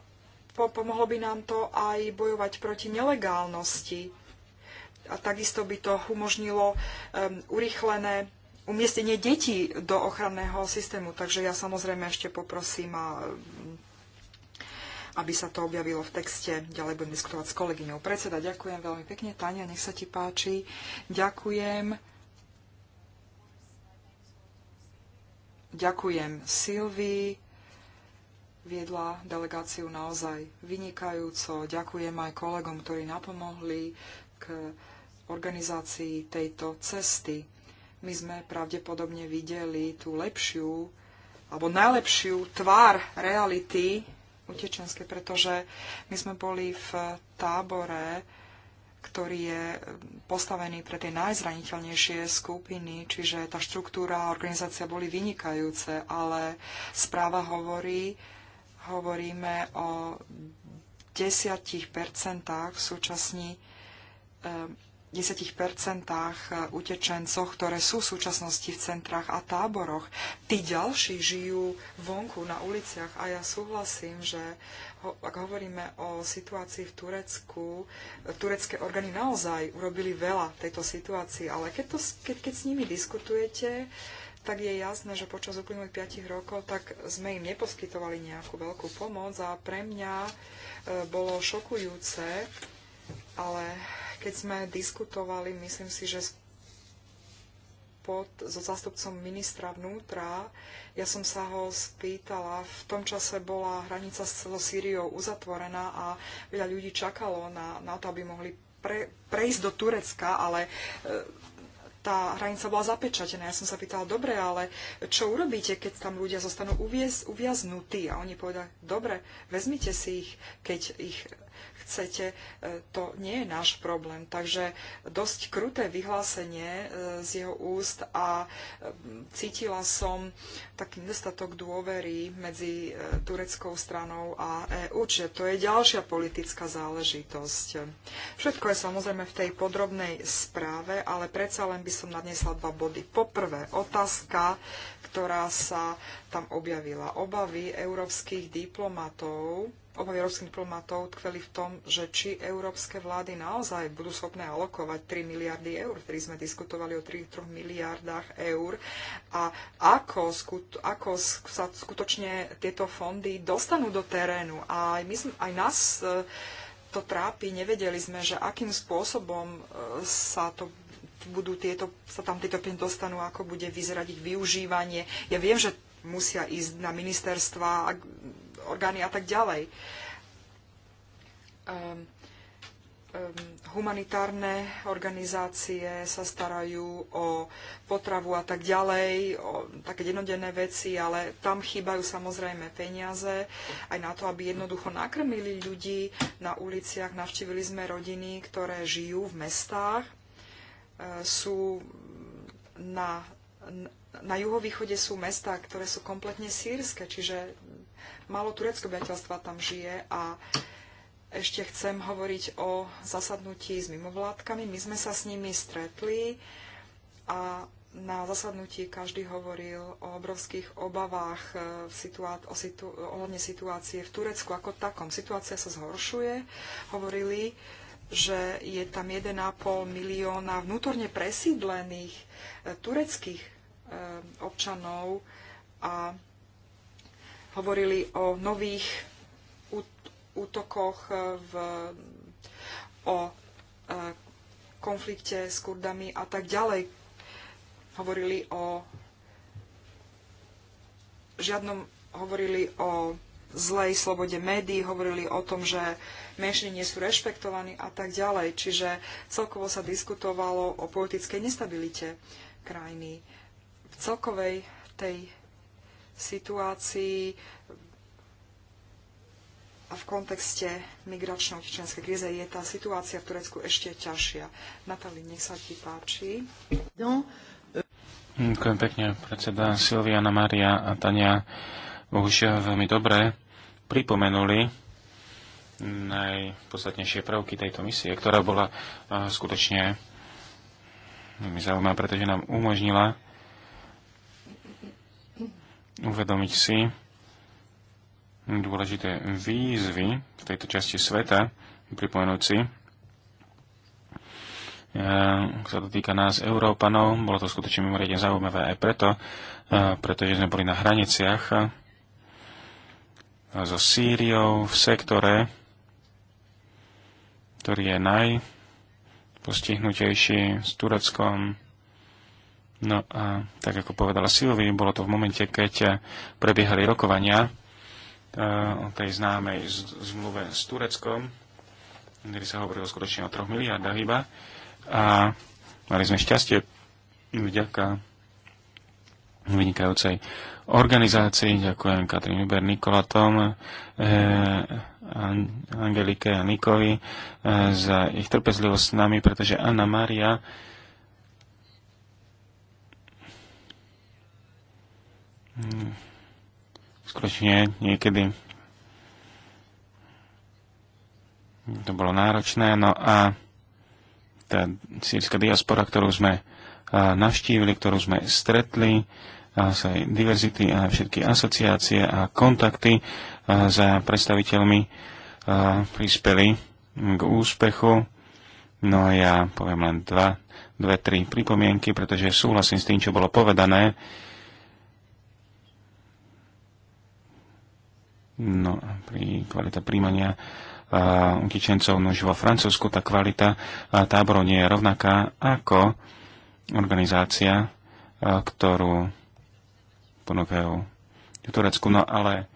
pomohlo by nám to aj bojovať proti nelegálnosti. A takisto by to umožnilo um, urychlené umiestnenie detí do ochranného systému. Takže ja samozrejme ešte poprosím, a, um, aby sa to objavilo v texte. Ďalej budem diskutovať s kolegyňou. Predseda, ďakujem veľmi pekne. Tania, nech sa ti páči. Ďakujem. Ďakujem Silvii viedla delegáciu naozaj vynikajúco. Ďakujem aj kolegom, ktorí napomohli k organizácii tejto cesty. My sme pravdepodobne videli tú lepšiu alebo najlepšiu tvár reality utečenskej, pretože my sme boli v tábore, ktorý je postavený pre tie najzraniteľnejšie skupiny, čiže tá štruktúra a organizácia boli vynikajúce, ale správa hovorí, hovoríme o 10% súčasní eh, percentách eh, utečencov, ktoré sú v súčasnosti v centrách a táboroch. Tí ďalší žijú vonku na uliciach a ja súhlasím, že ak hovoríme o situácii v Turecku, eh, turecké orgány naozaj urobili veľa tejto situácii, ale keď, to, keď, keď s nimi diskutujete, uh, tak je jasné, že počas uplynulých 5 rokov tak sme im neposkytovali nejakú veľkú pomoc a pre mňa e, bolo šokujúce, ale keď sme diskutovali, myslím si, že pod, so zástupcom ministra vnútra, ja som sa ho spýtala, v tom čase bola hranica s celou Sýriou uzatvorená a veľa ľudí čakalo na, na to, aby mohli pre, prejsť do Turecka, ale e, tá hranica bola zapečatená. Ja som sa pýtala, dobre, ale čo urobíte, keď tam ľudia zostanú uviaznutí? A oni povedali, dobre, vezmite si ich, keď ich chcete, e, to nie je náš problém. Takže dosť kruté vyhlásenie e, z jeho úst a e, cítila som taký nedostatok dôvery medzi tureckou stranou a EU, čiže to je ďalšia politická záležitosť. Všetko je samozrejme v tej podrobnej správe, ale predsa len by som nadnesla dva body. Poprvé, otázka, ktorá sa tam objavila. Obavy európskych diplomatov obavy európskych diplomatov tkveli v tom, že či európske vlády naozaj budú schopné alokovať 3 miliardy eur, ktorý sme diskutovali o 3, 3 miliardách eur a ako, skut, ako sa skutočne tieto fondy dostanú do terénu. A aj, aj nás e, to trápi, nevedeli sme, že akým spôsobom e, sa to budú tieto, sa tam tieto peniaze dostanú, ako bude vyzerať ich využívanie. Ja viem, že musia ísť na ministerstva, orgány a tak ďalej. Um, um, humanitárne organizácie sa starajú o potravu a tak ďalej, o také jednodenné veci, ale tam chýbajú samozrejme peniaze aj na to, aby jednoducho nakrmili ľudí na uliciach. Navštívili sme rodiny, ktoré žijú v mestách, ehm, sú na, na juhovýchode sú mesta, ktoré sú kompletne sírske, čiže malo turecké obyvateľstva tam žije a ešte chcem hovoriť o zasadnutí s mimovládkami. My sme sa s nimi stretli a na zasadnutí každý hovoril o obrovských obavách e, v o situ- ohľadne situácie v Turecku ako takom. Situácia sa zhoršuje. Hovorili, že je tam 1,5 milióna vnútorne presídlených e, tureckých e, občanov a hovorili o nových útokoch, e, v, o e, konflikte s Kurdami a tak ďalej. Hovorili o žiadnom, hovorili o zlej slobode médií, hovorili o tom, že menšiny nie sú rešpektovaní a tak ďalej. Čiže celkovo sa diskutovalo o politickej nestabilite krajiny. V celkovej tej situácii a v kontexte migračnej utečenskej kríze je tá situácia v Turecku ešte ťažšia. Natali, nech sa ti páči. Ďakujem pekne, predseda Silviana, Maria a Tania už veľmi dobre pripomenuli najposlednejšie prvky tejto misie, ktorá bola eh, skutočne veľmi zaujímavá, pretože nám umožnila uvedomiť si dôležité výzvy v tejto časti sveta, pripomenúť si, sa eh, to týka nás, Európanov. Bolo to skutočne mimoriadne zaujímavé aj preto, eh, pretože sme boli na hraniciach eh, so Sýriou v sektore, ktorý je najpostihnutejší s Tureckom, No a tak ako povedala Silvi, bolo to v momente, keď eh, prebiehali rokovania eh, o tej známej zmluve s Tureckom, kde sa hovorilo skutočne o troch miliardách iba. A mali sme šťastie vďaka vynikajúcej organizácii. Ďakujem Katrin Uber, Nikolatom, eh, Angelike a Nikovi za ich trpezlivosť s nami, pretože Anna Maria Hmm. skutočne niekedy to bolo náročné. No a tá sírska diaspora, ktorú sme navštívili, ktorú sme stretli, a sa aj diverzity a všetky asociácie a kontakty a za predstaviteľmi a prispeli k úspechu. No ja poviem len dva, dve, tri pripomienky, pretože súhlasím s tým, čo bolo povedané. No, pri kvalita príjmania utečencov no už vo Francúzsku, tá kvalita táborov nie je rovnaká ako organizácia, ktorú ponúkajú v Turecku. No ale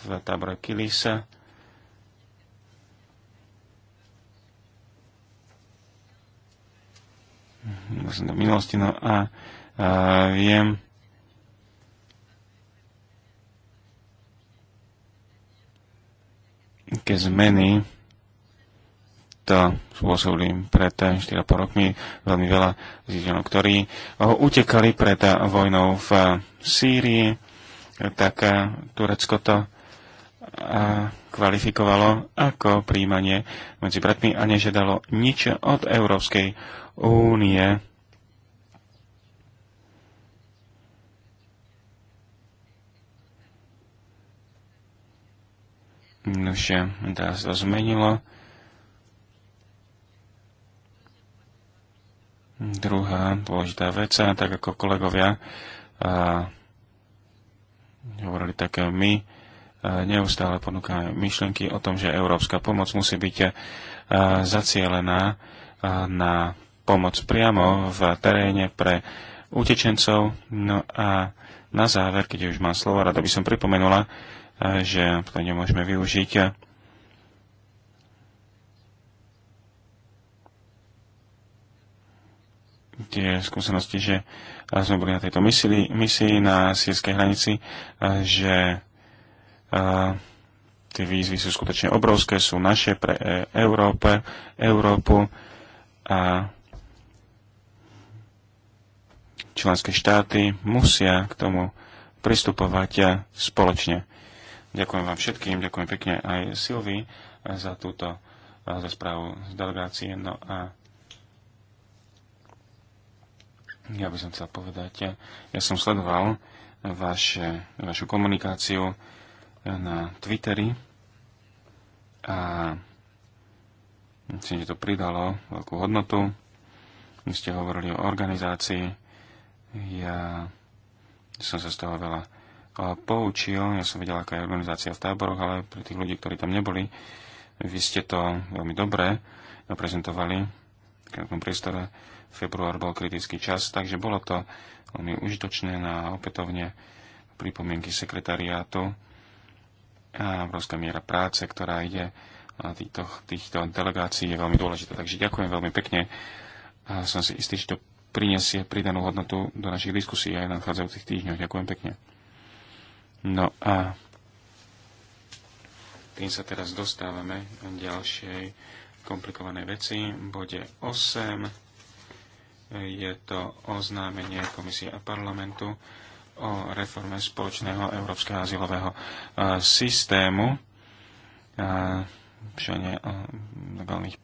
v tábore Kilis v hm, minulosti, no a, a viem, Ke zmeny to spôsobili pred 4,5 eh, rokmi veľmi veľa zíženov, ktorí eh, utekali pred eh, vojnou v Sýrii, tak Turecko to kvalifikovalo ako príjmanie medzi bratmi a nežiadalo nič od Európskej únie Už no teraz to zmenilo. Druhá dôležitá vec, a tak ako kolegovia a, hovorili také my, a, neustále ponúkame myšlienky o tom, že európska pomoc musí byť a, zacielená a, na pomoc priamo v teréne pre utečencov. No a na záver, keď už mám slovo, rada by som pripomenula, že to nemôžeme využiť. tie skúsenosti, že sme boli na tejto misii, misii na sírskej hranici, že tie výzvy sú skutočne obrovské, sú naše pre e, Európe, Európu a členské štáty musia k tomu pristupovať spoločne. Ďakujem vám všetkým, ďakujem pekne aj Silvi za túto eh, za správu z delegácie. No a ja by som chcel povedať, ja som sledoval vaš, vašu komunikáciu eh, na Twittery a myslím, že to pridalo veľkú hodnotu. Vy ste hovorili o organizácii. Ja som sa z toho veľa poučil. Ja som videl, aká je organizácia v táboroch, ale pre tých ľudí, ktorí tam neboli, vy ste to veľmi dobre prezentovali v krátkom priestore. Február bol kritický čas, takže bolo to veľmi užitočné na opätovne pripomienky sekretariátu a obrovská miera práce, ktorá ide týchto, týchto delegácií je veľmi dôležitá. Takže ďakujem veľmi pekne a som si istý, že to prinesie pridanú hodnotu do našich diskusí aj v nadchádzajúcich týždňoch. Ďakujem pekne. No a tým sa teraz dostávame k ďalšej komplikovanej veci. Bode 8 je to oznámenie Komisie a parlamentu o reforme spoločného európskeho azylového e, systému. E, šene eh, legálnych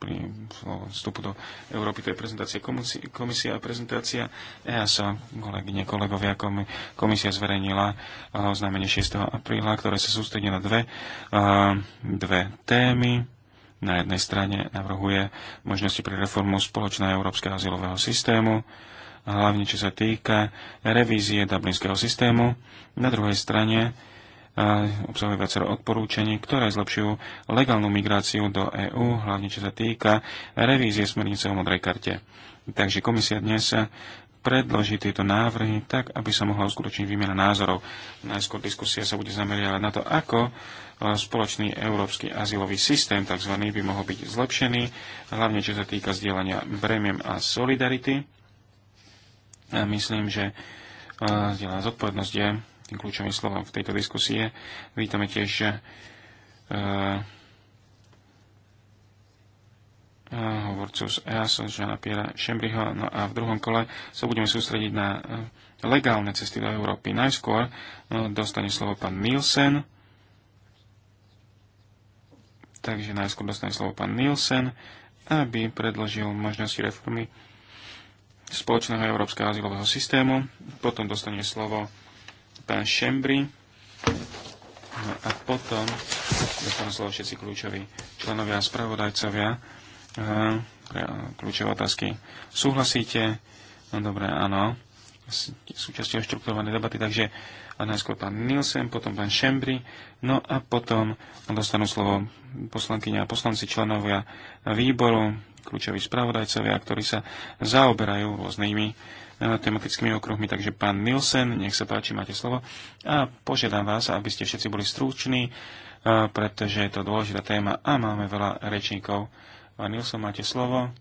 vstupu do Európy, to je prezentácia komisia, komisia a prezentácia EASA. Kolegyne, kolegovia, komisia zverejnila eh, oznámenie 6. apríla, ktoré sa sústredí na dve, eh, dve témy. Na jednej strane navrhuje možnosti pre reformu spoločného európskeho azylového systému, hlavne čo sa týka revízie dublinského systému. Na druhej strane obsahuje viacero odporúčaní, ktoré zlepšujú legálnu migráciu do EÚ, hlavne čo sa týka revízie smernice o modrej karte. Takže komisia dnes predloží tieto návrhy tak, aby sa mohla uskutočniť výmena názorov. Najskôr diskusia sa bude zameriavať na to, ako e, spoločný európsky azylový systém tzv. by mohol byť zlepšený, hlavne čo sa týka zdieľania bremiem a solidarity. Ja myslím, že e, zdieľaná zodpovednosť je tým kľúčovým slovom v tejto diskusie. Vítame tiež uh, uh, hovorcu z EASO, Žana Piera Šembriho. No a v druhom kole sa budeme sústrediť na uh, legálne cesty do Európy. Najskôr uh, dostane slovo pán Nielsen. Takže najskôr dostane slovo pán Nielsen, aby predložil možnosti reformy spoločného európskeho azylového systému. Potom dostane slovo pán Šembry. No a potom dostanú slovo všetci kľúčoví členovia a spravodajcovia. Eh, pre eh, kľúčové otázky. Súhlasíte? No dobré, áno. Súčasťou štrukturovanej debaty, takže a najskôr pán Nielsen, potom pán Šembry, no a potom dostanú slovo poslankyňa a poslanci členovia výboru, kľúčoví spravodajcovia, ktorí sa zaoberajú rôznymi E, tematickými okruhmi. Takže pán Nilsen, nech sa páči, máte slovo. A požiadam vás, aby ste všetci boli struční, e, pretože je to dôležitá téma a máme veľa rečníkov. Pán Nilsen, máte slovo.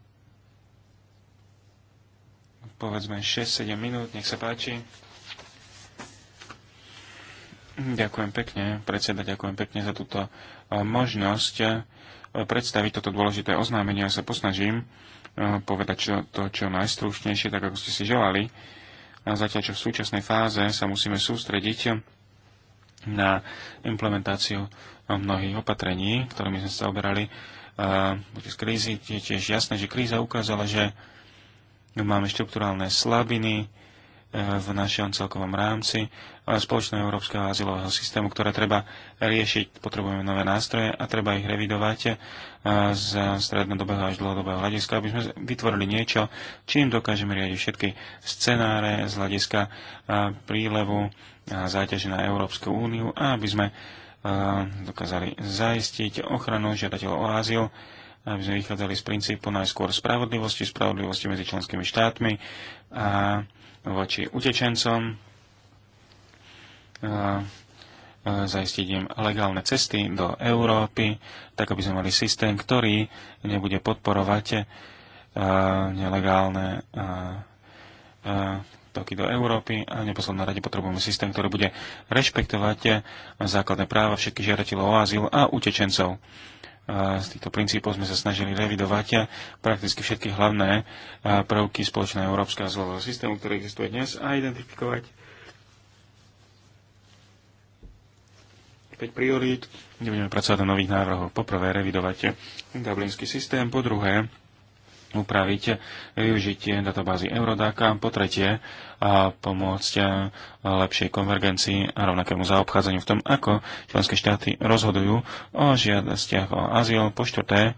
Povedzme 6-7 minút, nech sa páči. Ďakujem pekne, predseda, ďakujem pekne za túto e, možnosť predstaviť toto dôležité oznámenie. Ja sa posnažím E, povedať čo, to čo najstručnejšie, tak ako ste si želali. A zatiaľ, čo v súčasnej fáze sa musíme sústrediť na implementáciu mnohých opatrení, ktorými sme sa oberali e, z krízy. Je tiež jasné, že kríza ukázala, že máme štruktúrálne slabiny, v našom celkovom rámci spoločného európskeho azylového systému, ktoré treba riešiť. Potrebujeme nové nástroje a treba ich revidovať eh, z strednodobého až dlhodobého hľadiska, aby sme vytvorili niečo, čím dokážeme riadiť všetky scenáre z hľadiska eh, prílevu a záťaže na Európsku úniu a aby sme eh, dokázali zaistiť ochranu žiadateľov o azyl aby sme vychádzali z princípu najskôr spravodlivosti, spravodlivosti medzi členskými štátmi a voči utečencom, zaistiť im legálne cesty do Európy, tak aby sme mali systém, ktorý nebude podporovať nelegálne toky do Európy a neposledná rade potrebujeme systém, ktorý bude rešpektovať základné práva všetkých žiadateľov o azyl a utečencov z týchto princípov sme sa snažili revidovať prakticky všetky hlavné prvky spoločného európskeho azylového systému, ktorý existuje dnes, a identifikovať 5 priorít, kde budeme pracovať na nových návrhoch. Poprvé, revidovať dublinský systém, po druhé, upraviť využitie databázy Eurodaka, a po tretie a pomôcť e, lepšej konvergencii a rovnakému zaobchádzaniu v tom, ako členské štáty rozhodujú o žiadostiach o azyl. Po štvrté,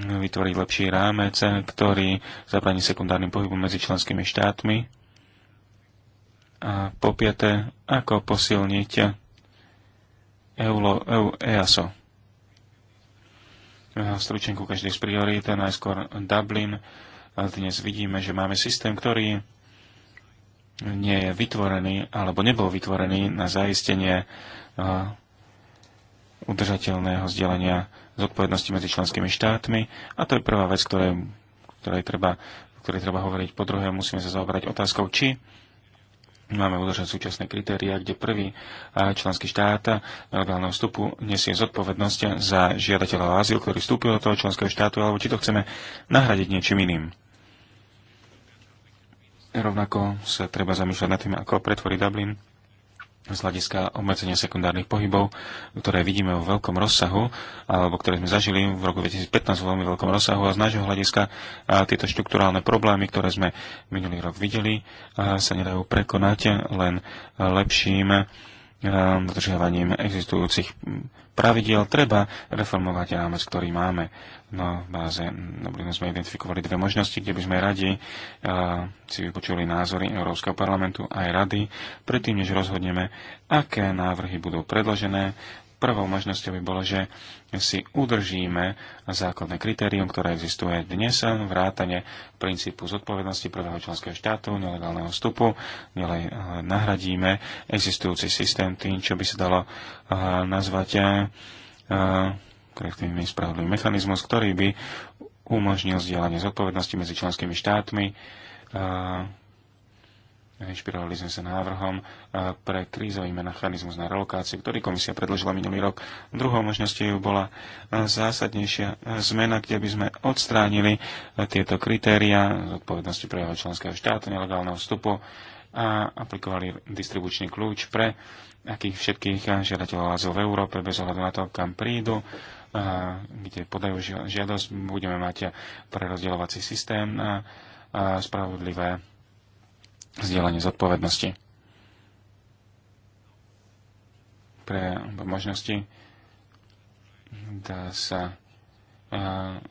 vytvoriť lepší rámec, ktorý zabraní sekundárnym pohybom medzi členskými štátmi. A po piaté, ako posilniť EULO, EU, EASO. Eh, stručenku každej z priorít, najskôr Dublin. Dnes vidíme, že máme systém, ktorý nie je vytvorený, alebo nebol vytvorený na zaistenie eh, udržateľného vzdelania zodpovednosti medzi členskými štátmi. A to je prvá vec, ktorej, ktorej treba, ktorej treba hovoriť. Po druhé, musíme sa zaoberať otázkou, či Máme udržať súčasné kritéria, kde prvý členský štát nelegálneho vstupu nesie zodpovednosť za žiadateľa o azyl, ktorý vstúpil do toho členského štátu, alebo či to chceme nahradiť niečím iným. Rovnako sa treba zamýšľať nad tým, ako pretvoriť Dublin z hľadiska obmedzenia sekundárnych pohybov, ktoré vidíme vo veľkom rozsahu, alebo ktoré sme zažili v roku 2015 vo veľmi veľkom rozsahu a z nášho hľadiska tieto štruktúrálne problémy, ktoré sme minulý rok videli, sa nedajú prekonať len lepším Um, dodržiavaním existujúcich pravidiel treba reformovať rámec, ktorý máme. No, v báze Dublinu sme identifikovali dve možnosti, kde by sme radi uh, si vypočuli názory Európskeho parlamentu aj rady, predtým, než rozhodneme, aké návrhy budú predložené Prvou možnosťou by bolo, že si udržíme základné kritérium, ktoré existuje dnes, vrátane princípu zodpovednosti prvého členského štátu, nelegálneho vstupu, ďalej eh, nahradíme existujúci systém tým, čo by sa dalo eh, nazvať eh, korektívny spravodlivý mechanizmus, ktorý by umožnil zdieľanie zodpovednosti medzi členskými štátmi, Inšpirovali sme sa návrhom e, pre krízový mechanizmus na relokáciu, ktorý komisia predložila minulý rok. Druhou možnosťou bola e, zásadnejšia e, zmena, kde by sme odstránili tieto kritéria odpovednosti jeho členského štátu, nelegálneho vstupu a aplikovali distribučný kľúč pre akých všetkých žiadateľov azyl v Európe, bez ohľadu na to, kam prídu, kde podajú žiadosť. Budeme mať prerozdeľovací systém a spravodlivé zdieľanie zodpovednosti. Pre možnosti dá sa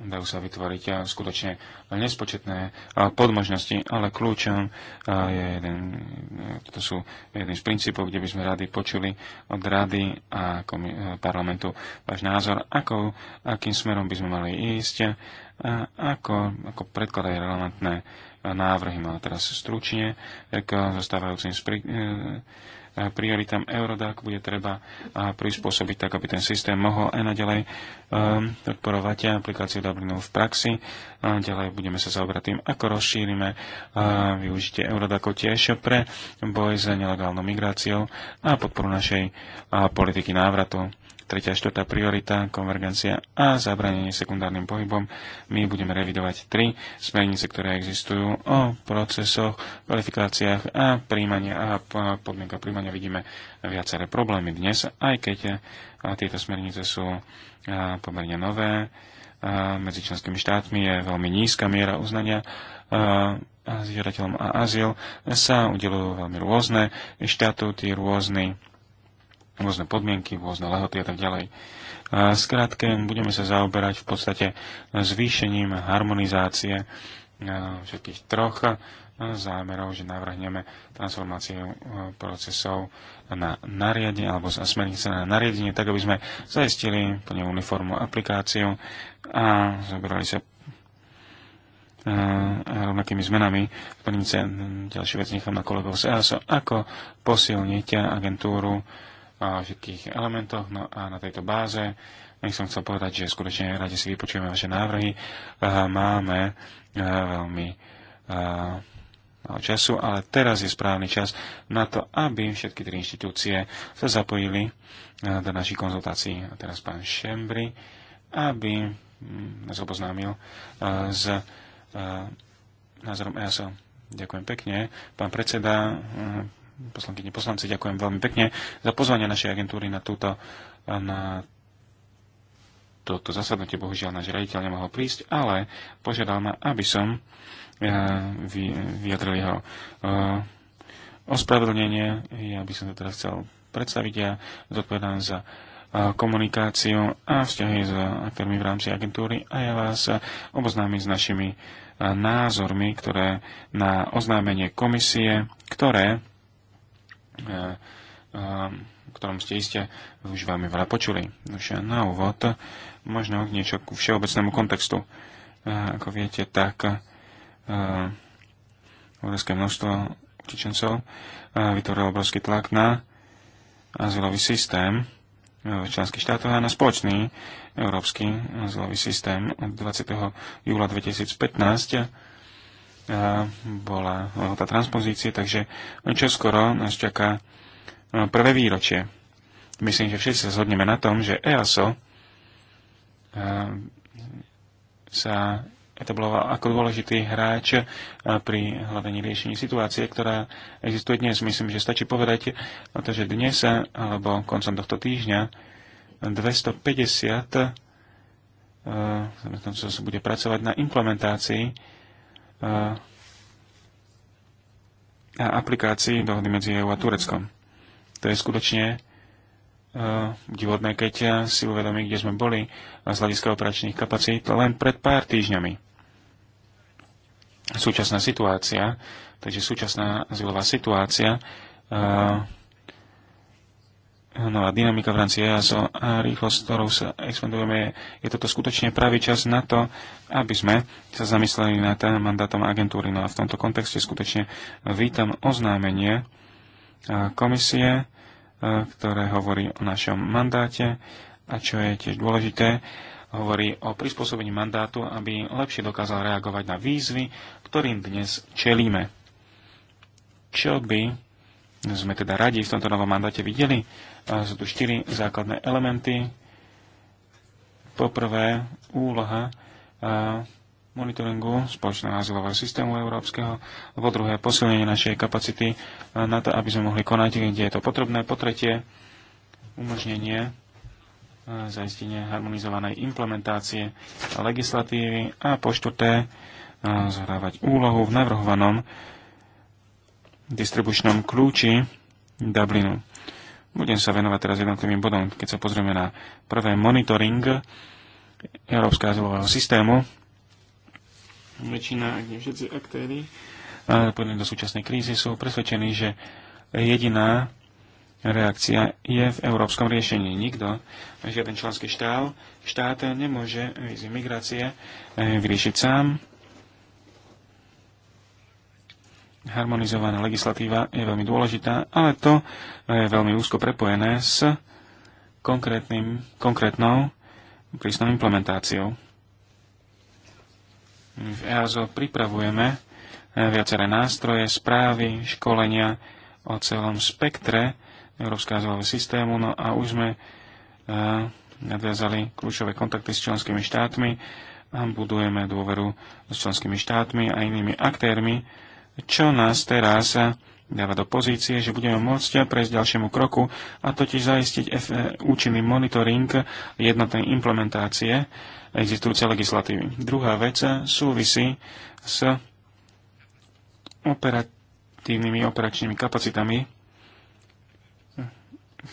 dajú sa vytvoriť skutočne nespočetné podmožnosti, ale kľúčom je jeden, toto sú jeden z princípov, kde by sme rady počuli od rady a parlamentu váš názor, ako, akým smerom by sme mali ísť ako, ako predkladajú relevantné návrhy. No ale teraz stručne k zostávajúcim spri, e, e, prioritám Eurodac bude treba prispôsobiť tak, aby ten systém mohol aj naďalej ehm, podporovať aplikáciu Dublinu v praxi. A ďalej budeme sa zaoberať tým, ako rozšírime využitie Eurodacu tiež pre boj s nelegálnou migráciou a podporu našej politiky návratu tretia štvrtá priorita, konvergencia a zabranenie sekundárnym pohybom. My budeme revidovať tri smernice, ktoré existujú o procesoch, kvalifikáciách a príjmania a podmienka príjmania vidíme viaceré problémy dnes, aj keď eh, tieto smernice sú eh, pomerne nové. Eh, medzi členskými štátmi je veľmi nízka miera uznania žiadateľom a azyl sa udelujú veľmi rôzne štatúty, rôzny rôzne podmienky, rôzne lehoty a tak ďalej. Skrátke, budeme sa zaoberať v podstate zvýšením harmonizácie všetkých troch zámerov, že navrhneme transformáciu procesov na nariadenie alebo smernice na nariadenie, tak aby sme zaistili plne uniformnú aplikáciu a zaoberali sa rovnakými zmenami plnice hm, Ďalšiu vec nechám na kolegov z EASO, ako posilniť agentúru a všetkých elementoch. No a na tejto báze My som chcel povedať, že skutočne rade si vypočujeme vaše návrhy. E, máme e, veľmi e, času, ale teraz je správny čas na to, aby všetky tri inštitúcie sa zapojili do našich konzultácií. A teraz pán Šembri, aby nás oboznámil s názorom EASO. Ďakujem pekne. Pán predseda, poslankyne, poslanci, ďakujem veľmi pekne za pozvanie našej agentúry na túto na toto zasadnutie. Bohužiaľ náš riaditeľ nemohol prísť, ale požiadal ma, aby som eh, vy, vyjadril jeho eh, ospravedlnenie. Ja by som to teraz chcel predstaviť. Ja zodpovedám za eh, komunikáciu a vzťahy s aktérmi v rámci agentúry a ja vás oboznámim s našimi názormi, ktoré na oznámenie komisie, ktoré E, e, o ktorom ste iste už veľmi veľa počuli. Už na úvod možno niečo ku všeobecnému kontextu. E, ako viete, tak obrovské množstvo utečencov vytvorilo obrovský tlak na azylový systém v členských štátoch a na spoločný európsky azylový systém od 20. júla 2015 bola e, tá transpozícia, takže čo skoro nás čaká e, prvé výročie. Myslím, že všetci sa zhodneme na tom, že EASO e, sa etabloval ako dôležitý hráč pri hľadaní riešení situácie, ktorá existuje dnes. Myslím, že stačí povedať že dnes alebo koncom tohto týždňa 250 zamestnancov sa bude pracovať na implementácii a, aplikácii dohody medzi EU a Tureckom. To je skutočne uh, e, divodné, keď ja si uvedomí, kde sme boli z hľadiska operačných kapacít len pred pár týždňami. Súčasná situácia, takže súčasná zilová situácia uh, nová dynamika v rámci EASO a rýchlosť, ktorou sa expandujeme, je toto skutočne pravý čas na to, aby sme sa zamysleli nad mandátom agentúry. No a v tomto kontexte skutočne vítam oznámenie komisie, ktoré hovorí o našom mandáte a čo je tiež dôležité, hovorí o prispôsobení mandátu, aby lepšie dokázal reagovať na výzvy, ktorým dnes čelíme. Čo by sme teda radi v tomto novom mandáte videli? Sú tu štyri základné elementy. Poprvé, úloha monitoringu spoločného azylového systému európskeho, po druhé posilnenie našej kapacity na to, aby sme mohli konať, kde je to potrebné, po tretie umožnenie zaistenie harmonizovanej implementácie legislatívy a po štvrté zhrávať úlohu v navrhovanom distribučnom kľúči Dublinu. Budem sa venovať teraz jednotlivým bodom. Keď sa pozrieme na prvé monitoring Európskeho azylového systému, väčšina, ak nie všetci aktéry, podľa do súčasnej krízy, sú presvedčení, že jediná reakcia je v európskom riešení. Nikto, žiaden členský štát, štát nemôže vízi migrácie e, vyriešiť sám. harmonizovaná legislatíva je veľmi dôležitá, ale to je veľmi úzko prepojené s konkrétnym, konkrétnou prísnou implementáciou. V EASO pripravujeme viaceré nástroje, správy, školenia o celom spektre Európskeho azylového systému, no a už sme e, nadviazali kľúčové kontakty s členskými štátmi a budujeme dôveru s členskými štátmi a inými aktérmi, čo nás teraz dáva do pozície, že budeme môcť prejsť ďalšiemu kroku a totiž zaistiť e, účinný monitoring jednotnej implementácie existujúcej legislatívy. Druhá vec súvisí s operatívnymi operačnými kapacitami.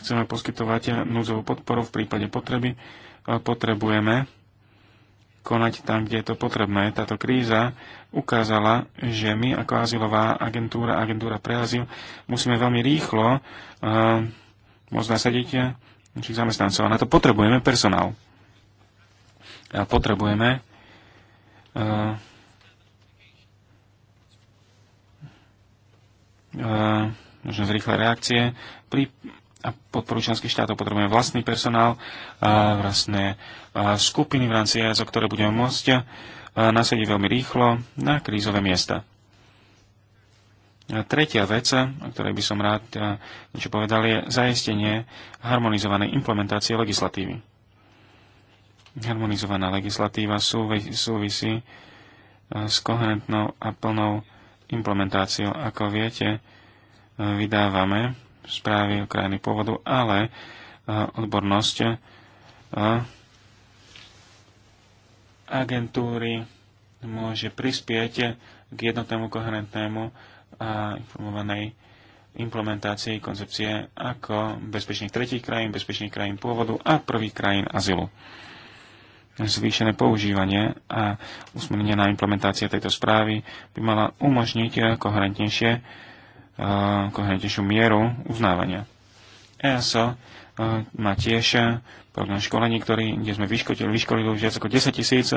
Chceme poskytovať núdzovú podporu v prípade potreby. Potrebujeme konať tam, kde je to potrebné. Táto kríza ukázala, že my ako azylová agentúra, agentúra pre azyl, musíme veľmi rýchlo uh, môcť nasadiť našich zamestnancov. A na to potrebujeme personál. A potrebujeme uh, uh, z rýchle reakcie pri a podporu členských štátov potrebujeme vlastný personál, a vlastné a skupiny v rámci EASO, ktoré budeme môcť nasadiť veľmi rýchlo na krízové miesta. A tretia vec, o ktorej by som rád niečo povedal, je zajistenie harmonizovanej implementácie legislatívy. Harmonizovaná legislatíva súvisí s koherentnou a plnou implementáciou. Ako viete, vydávame správy o krajiny pôvodu, ale eh, odbornosť eh, agentúry môže prispieť k jednotnému koherentnému a informovanej implementácii koncepcie ako bezpečných tretích krajín, bezpečných krajín pôvodu a prvých krajín azylu. Zvýšené používanie a usmernená implementácia tejto správy by mala umožniť koherentnejšie koherentnejšiu mieru uznávania. ESO e, má tiež e, program školení, ktorý, kde sme vyškolili, vyškolili už viac ako 10 tisíc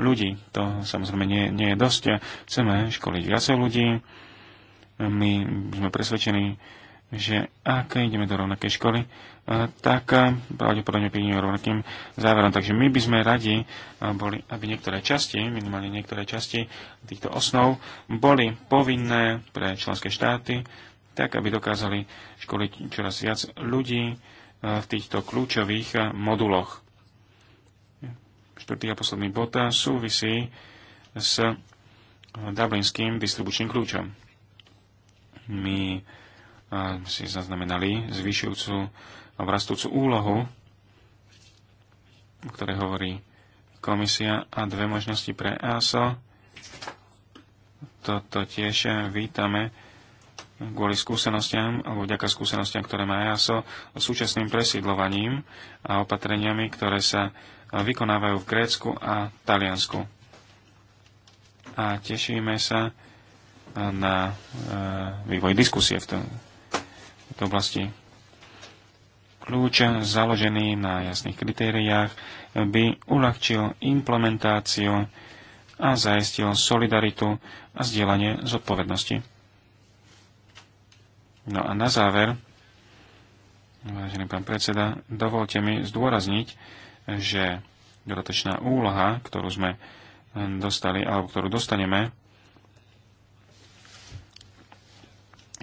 ľudí. To samozrejme nie, nie je dosť. Chceme školiť viacej ľudí. My sme presvedčení, že ak ideme do rovnakej školy, E, tak e, pravdepodobne príjme rovnakým záverom. Takže my by sme radi e, boli, aby niektoré časti, minimálne niektoré časti týchto osnov boli povinné pre členské štáty, tak aby dokázali školiť čoraz viac ľudí v týchto kľúčových moduloch. Štvrtý a posledný bod súvisí s dublinským distribučným kľúčom. My si zaznamenali zvyšujúcu rastúcu úlohu, o ktorej hovorí komisia a dve možnosti pre ASO. Toto tiež vítame kvôli skúsenostiam, alebo vďaka skúsenostiam, ktoré má EASO, súčasným presídlovaním a opatreniami, ktoré sa vykonávajú v Grécku a Taliansku. A tešíme sa na e, vývoj diskusie v, tej oblasti kľúč založený na jasných kritériách by uľahčil implementáciu a zaistil solidaritu a zdieľanie zodpovednosti. No a na záver, vážený pán predseda, dovolte mi zdôrazniť, že dodatočná úloha, ktorú sme dostali, alebo ktorú dostaneme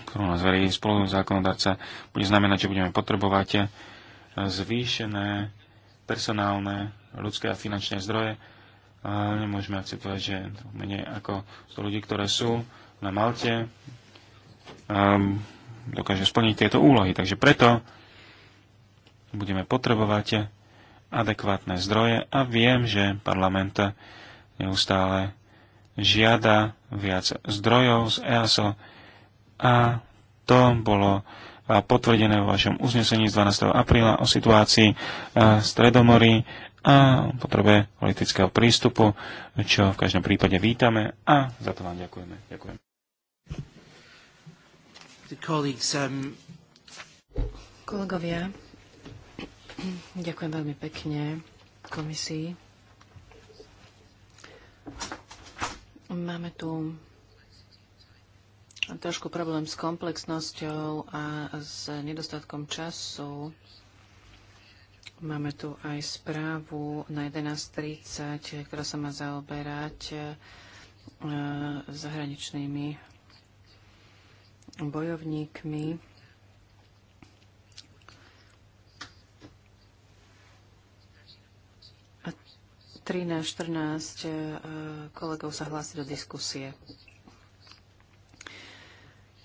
ktorú nás verí spolu zákonodárca, bude znamenať, že budeme potrebovať eh, zvýšené personálne, ľudské a finančné zdroje. Nemôžeme akceptovať, že menej ako 100 ľudí, ktoré sú na Malte, ehm, dokáže splniť tieto úlohy. Takže preto budeme potrebovať adekvátne zdroje a viem, že parlament neustále žiada viac zdrojov z EASO, a to bolo potvrdené vo vašom uznesení z 12. apríla o situácii Stredomorí a potrebe politického prístupu, čo v každom prípade vítame a za to vám ďakujeme. Ďakujem. Um, Kolegovia, ďakujem veľmi pekne komisii. Máme tu trošku problém s komplexnosťou a s nedostatkom času. Máme tu aj správu na 11.30, ktorá sa má zaoberať e, zahraničnými bojovníkmi. A 13, 14 e, kolegov sa hlási do diskusie.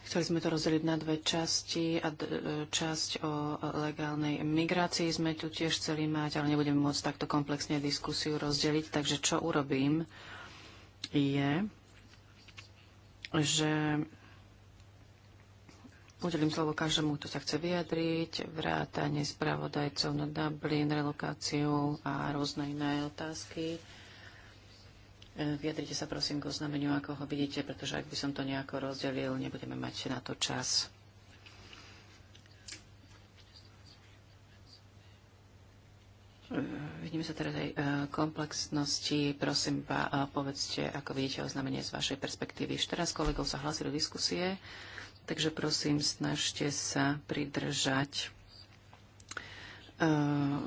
Chceli sme to rozdeliť na dve časti a e, časť o legálnej migrácii sme tu tiež chceli mať, ale nebudeme môcť takto komplexne diskusiu rozdeliť. Takže čo urobím je, že udelím slovo každému, kto sa chce vyjadriť, vrátanie spravodajcov na Dublin, relokáciu a rôzne iné otázky. E, vyjadrite sa prosím k oznámeniu, ako ho vidíte, pretože ak by som to nejako rozdelil, nebudeme mať na to čas. E, vidíme sa teraz aj e, komplexnosti. Prosím, pa, povedzte, ako vidíte oznámenie z vašej perspektívy. Ešte kolegov sa hlasí do diskusie, takže prosím, snažte sa pridržať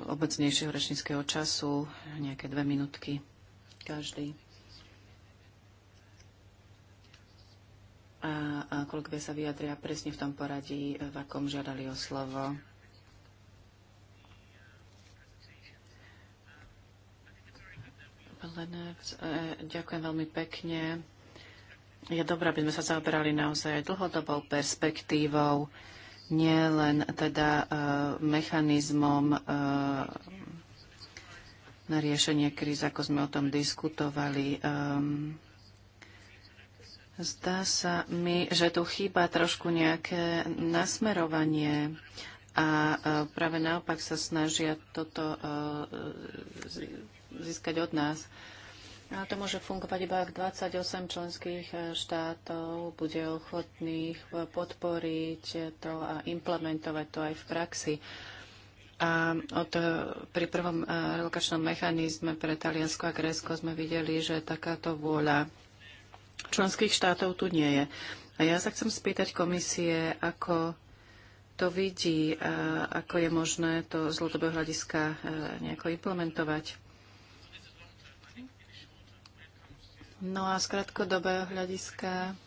obecnejšieho rečníckého času, nejaké dve minútky každý. a kolegovia sa vyjadria presne v tom poradí, v akom žiadali o slovo. E, ďakujem veľmi pekne. Je dobré, aby sme sa zaoberali naozaj dlhodobou perspektívou, nielen teda e, mechanizmom e, na riešenie kríz, ako sme o tom diskutovali. Um, Zdá sa mi, že tu chýba trošku nejaké nasmerovanie a e, práve naopak sa snažia toto e, získať od nás. A to môže fungovať iba ak 28 členských e, štátov bude ochotných podporiť to a implementovať to aj v praxi. A od, pri prvom relokačnom mechanizme pre Taliansko a Grécko sme videli, že takáto vôľa členských štátov tu nie je. A ja sa chcem spýtať komisie, ako to vidí, a ako je možné to z dlhodobého hľadiska e, nejako implementovať. No a z krátkodobého hľadiska,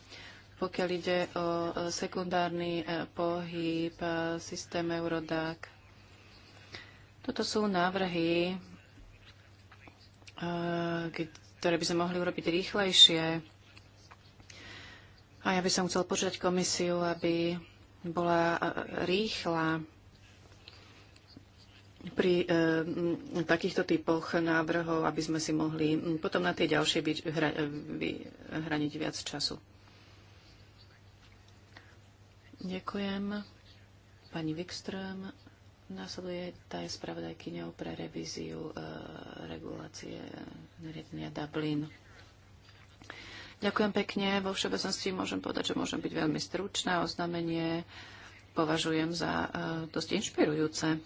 pokiaľ ide o e, sekundárny e, pohyb, systém Eurodac, toto sú návrhy, ktoré by sme mohli urobiť rýchlejšie a ja by som chcel požiadať komisiu, aby bola e, rýchla pri e, takýchto typoch návrhov, aby sme si mohli potom na tie ďalšie e, hraniť viac času. Ďakujem. Pani Wikström následuje, tá je spravodajkyňou pre revíziu e, regulácie nariadenia Dublin. Ďakujem pekne. Vo všeobecnosti môžem povedať, že môžem byť veľmi stručná. Oznámenie považujem za uh, dosť inšpirujúce,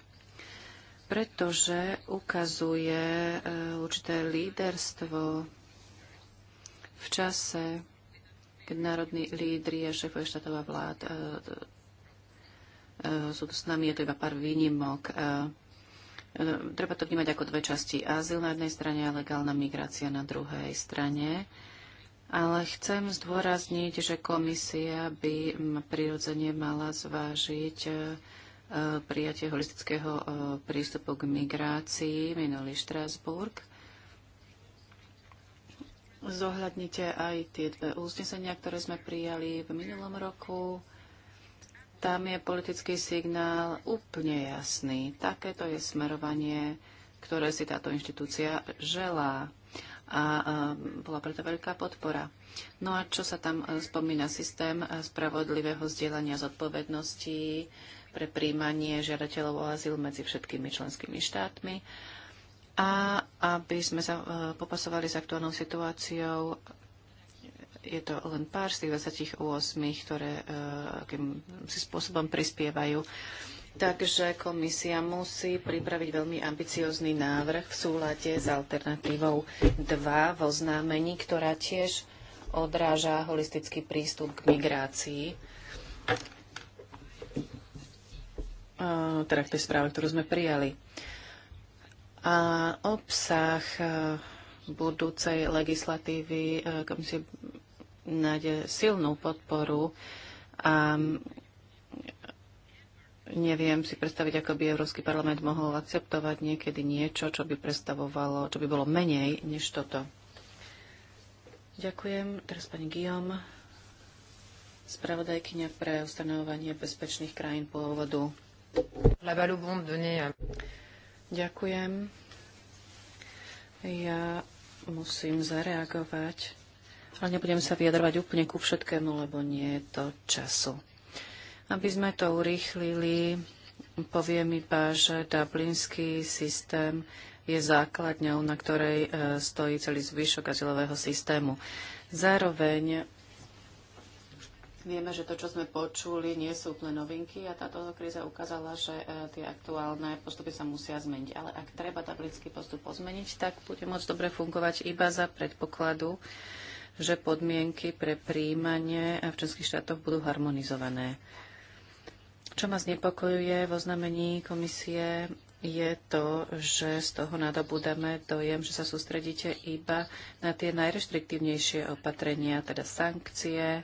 pretože ukazuje uh, určité líderstvo v čase, keď národní lídri a šéfovia štátová vlád uh, sú s nami, je to iba pár výnimok. Treba to vnímať ako dve časti. Azyl na jednej strane a legálna migrácia na druhej strane. Ale chcem zdôrazniť, že komisia by prirodzene mala zvážiť e, prijatie holistického e, prístupu k migrácii minulý Štrásburg. Zohľadnite aj tie dve uznesenia, ktoré sme prijali v minulom roku. Tam je politický signál úplne jasný. Takéto je smerovanie, ktoré si táto inštitúcia želá a bola preto veľká podpora. No a čo sa tam e, spomína systém e, spravodlivého zdieľania zodpovedností pre príjmanie žiadateľov o azyl medzi všetkými členskými štátmi a aby sme sa e, popasovali s aktuálnou situáciou je to len pár z tých 28, ktoré akým si spôsobom prispievajú Takže komisia musí pripraviť veľmi ambiciózny návrh v súlade s alternatívou 2 vo známení, ktorá tiež odráža holistický prístup k migrácii. Teda k tej správe, ktorú sme prijali. A obsah e, budúcej legislatívy e, komisie nájde silnú podporu a Neviem si predstaviť, ako by Európsky parlament mohol akceptovať niekedy niečo, čo by predstavovalo, čo by bolo menej než toto. Ďakujem. Teraz pani Guillaume, spravodajkynia pre ustanovovanie bezpečných krajín pôvodu. Ďakujem. Ja musím zareagovať, ale nebudem sa vyjadrovať úplne ku všetkému, lebo nie je to času. Aby sme to urýchlili, poviem iba, že dublinský systém je základňou, na ktorej e, stojí celý zvyšok azylového systému. Zároveň vieme, že to, čo sme počuli, nie sú úplne novinky a táto kríza ukázala, že e, tie aktuálne postupy sa musia zmeniť. Ale ak treba tablický postup pozmeniť, tak bude môcť dobre fungovať iba za predpokladu, že podmienky pre príjmanie v členských štátoch budú harmonizované. Čo ma znepokojuje v oznámení komisie je to, že z toho nadobúdame dojem, že sa sústredíte iba na tie najreštriktívnejšie opatrenia, teda sankcie,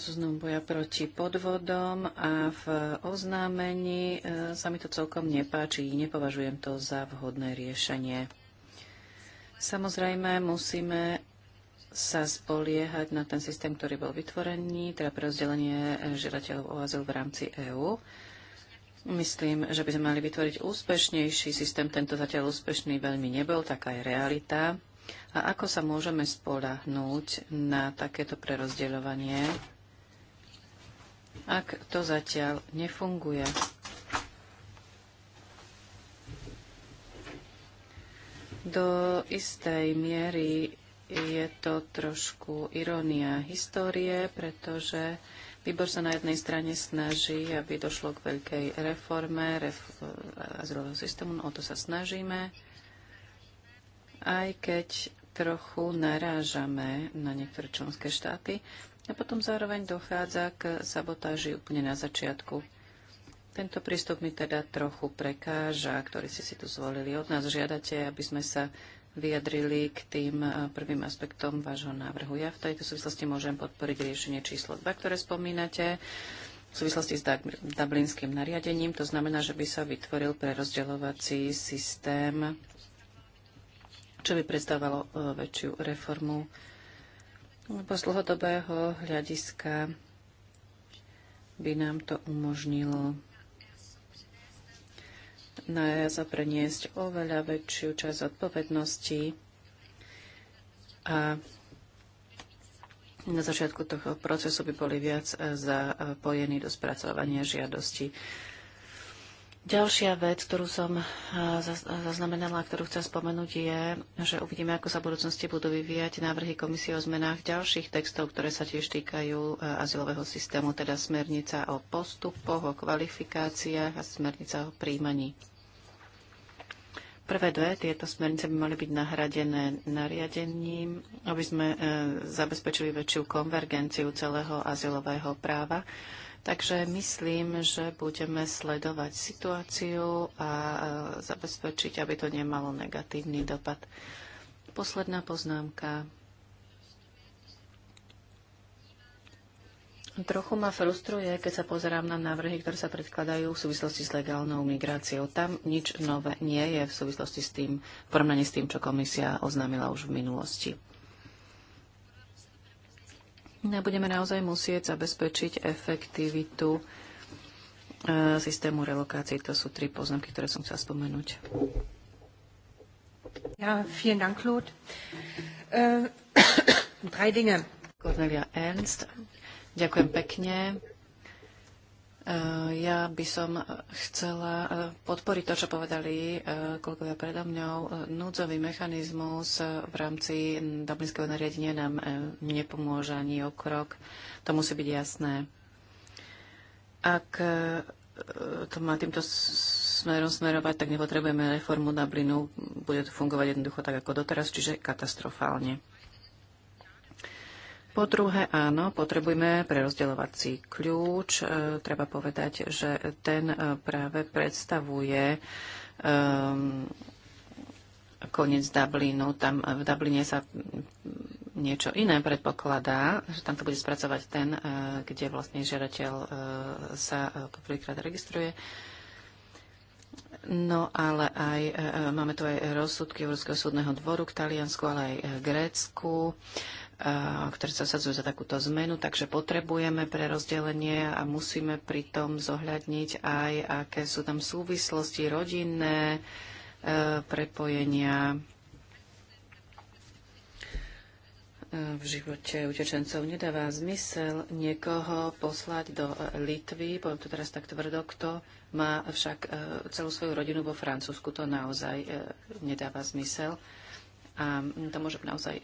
zoznamu boja proti podvodom a v oznámení e, sa mi to celkom nepáči. Nepovažujem to za vhodné riešenie. Samozrejme, musíme sa spoliehať na ten systém, ktorý bol vytvorený, teda pre rozdelenie eh, žiadateľov o azyl v rámci EÚ. Myslím, že by sme mali vytvoriť úspešnejší systém. Tento zatiaľ úspešný veľmi nebol, taká je realita. A ako sa môžeme spolahnúť na takéto prerozdeľovanie, ak to zatiaľ nefunguje? Do istej miery je to trošku irónia histórie, pretože výbor sa na jednej strane snaží, aby došlo k veľkej reforme ref- azylového systému, no o to sa snažíme, aj keď trochu narážame na niektoré členské štáty a potom zároveň dochádza k sabotáži úplne na začiatku. Tento prístup mi teda trochu prekáža, ktorý si si tu zvolili. Od nás žiadate, aby sme sa vyjadrili k tým eh, prvým aspektom vášho návrhu. Ja v tejto súvislosti môžem podporiť riešenie číslo 2, ktoré spomínate v súvislosti s dublinským nariadením. To znamená, že by sa vytvoril pre rozdeľovací systém, čo by predstavovalo eh, väčšiu reformu. Po dlhodobého hľadiska by nám to umožnilo na no jaza preniesť oveľa väčšiu časť odpovednosti a na začiatku toho procesu by boli viac e, zapojení do spracovania žiadosti. Ďalšia vec, ktorú som eh, zaznamenala, ktorú chcem spomenúť, je, že uvidíme, ako sa v budúcnosti budú vyvíjať návrhy komisie o zmenách ďalších textov, ktoré sa tiež týkajú eh, azylového systému, teda smernica o postupoch, o kvalifikáciách a smernica o príjmaní. Prvé dve tieto smernice by mali byť nahradené nariadením, aby sme eh, zabezpečili väčšiu konvergenciu celého azylového práva Takže myslím, že budeme sledovať situáciu a e, zabezpečiť, aby to nemalo negatívny dopad. Posledná poznámka. Trochu ma frustruje, keď sa pozerám na návrhy, ktoré sa predkladajú v súvislosti s legálnou migráciou. Tam nič nové nie je v súvislosti s tým, v porovnaní s tým, čo komisia oznámila už v minulosti budeme naozaj musieť zabezpečiť efektivitu e, systému relokácií. To sú tri poznámky, ktoré som chcela spomenúť. Ja, vielen Dank, Claude. Uh, drei Dinge. Cornelia Ernst. Ďakujem pekne. Eh, ja by som eh, chcela eh, podporiť to, čo povedali kolegovia predo mňou. Núdzový mechanizmus v rámci Dublinského nariadenia nám nepomôže ani o krok. To musí byť jasné. Ak to má týmto smerom smerovať, tak nepotrebujeme reformu Dublinu. Bude to fungovať jednoducho tak ako doteraz, čiže katastrofálne. Po druhé, áno, potrebujeme prerozdeľovací kľúč. E, treba povedať, že ten e, práve predstavuje um, koniec Dublinu. Tam v Dubline sa niečo iné predpokladá, že tam to bude spracovať ten, e, kde vlastne žiadateľ sa poprvýkrát registruje. No ale aj máme tu aj rozsudky Európskeho súdneho dvoru k Taliansku, ale aj Grécku. Eh, ktoré sa sadzujú za takúto zmenu, takže potrebujeme pre rozdelenie a musíme pritom zohľadniť aj, aké sú tam súvislosti rodinné, eh, prepojenia eh, v živote utečencov. Nedáva zmysel niekoho poslať do Litvy, poviem to teraz tak tvrdo, kto má však celú svoju rodinu vo Francúzsku. To naozaj nedáva zmysel. A mm, to môžem naozaj e,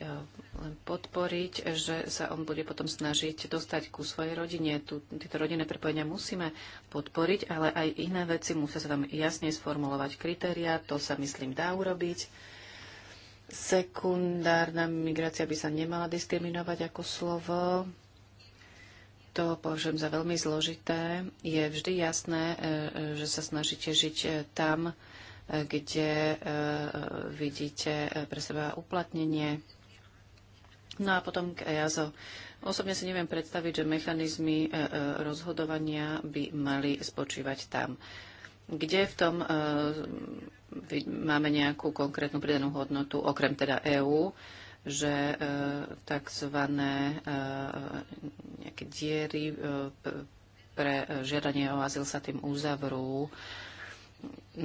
len podporiť, že sa on bude potom snažiť dostať ku svojej rodine. Tu, tieto rodinné prepojenia musíme podporiť, ale aj iné veci musia sa tam jasne sformulovať kritéria. To sa, myslím, dá urobiť. Sekundárna migrácia by sa nemala diskriminovať ako slovo. To považujem za veľmi zložité. Je vždy jasné, e, e, že sa snažíte žiť tam, kde e, vidíte e, pre seba uplatnenie. No a potom k EASO. Osobne si neviem predstaviť, že mechanizmy e, rozhodovania by mali spočívať tam. Kde v tom máme nejakú konkrétnu pridanú hodnotu, okrem teda EÚ, že tzv. nejaké diery pre žiadanie o azyl sa tým uzavrú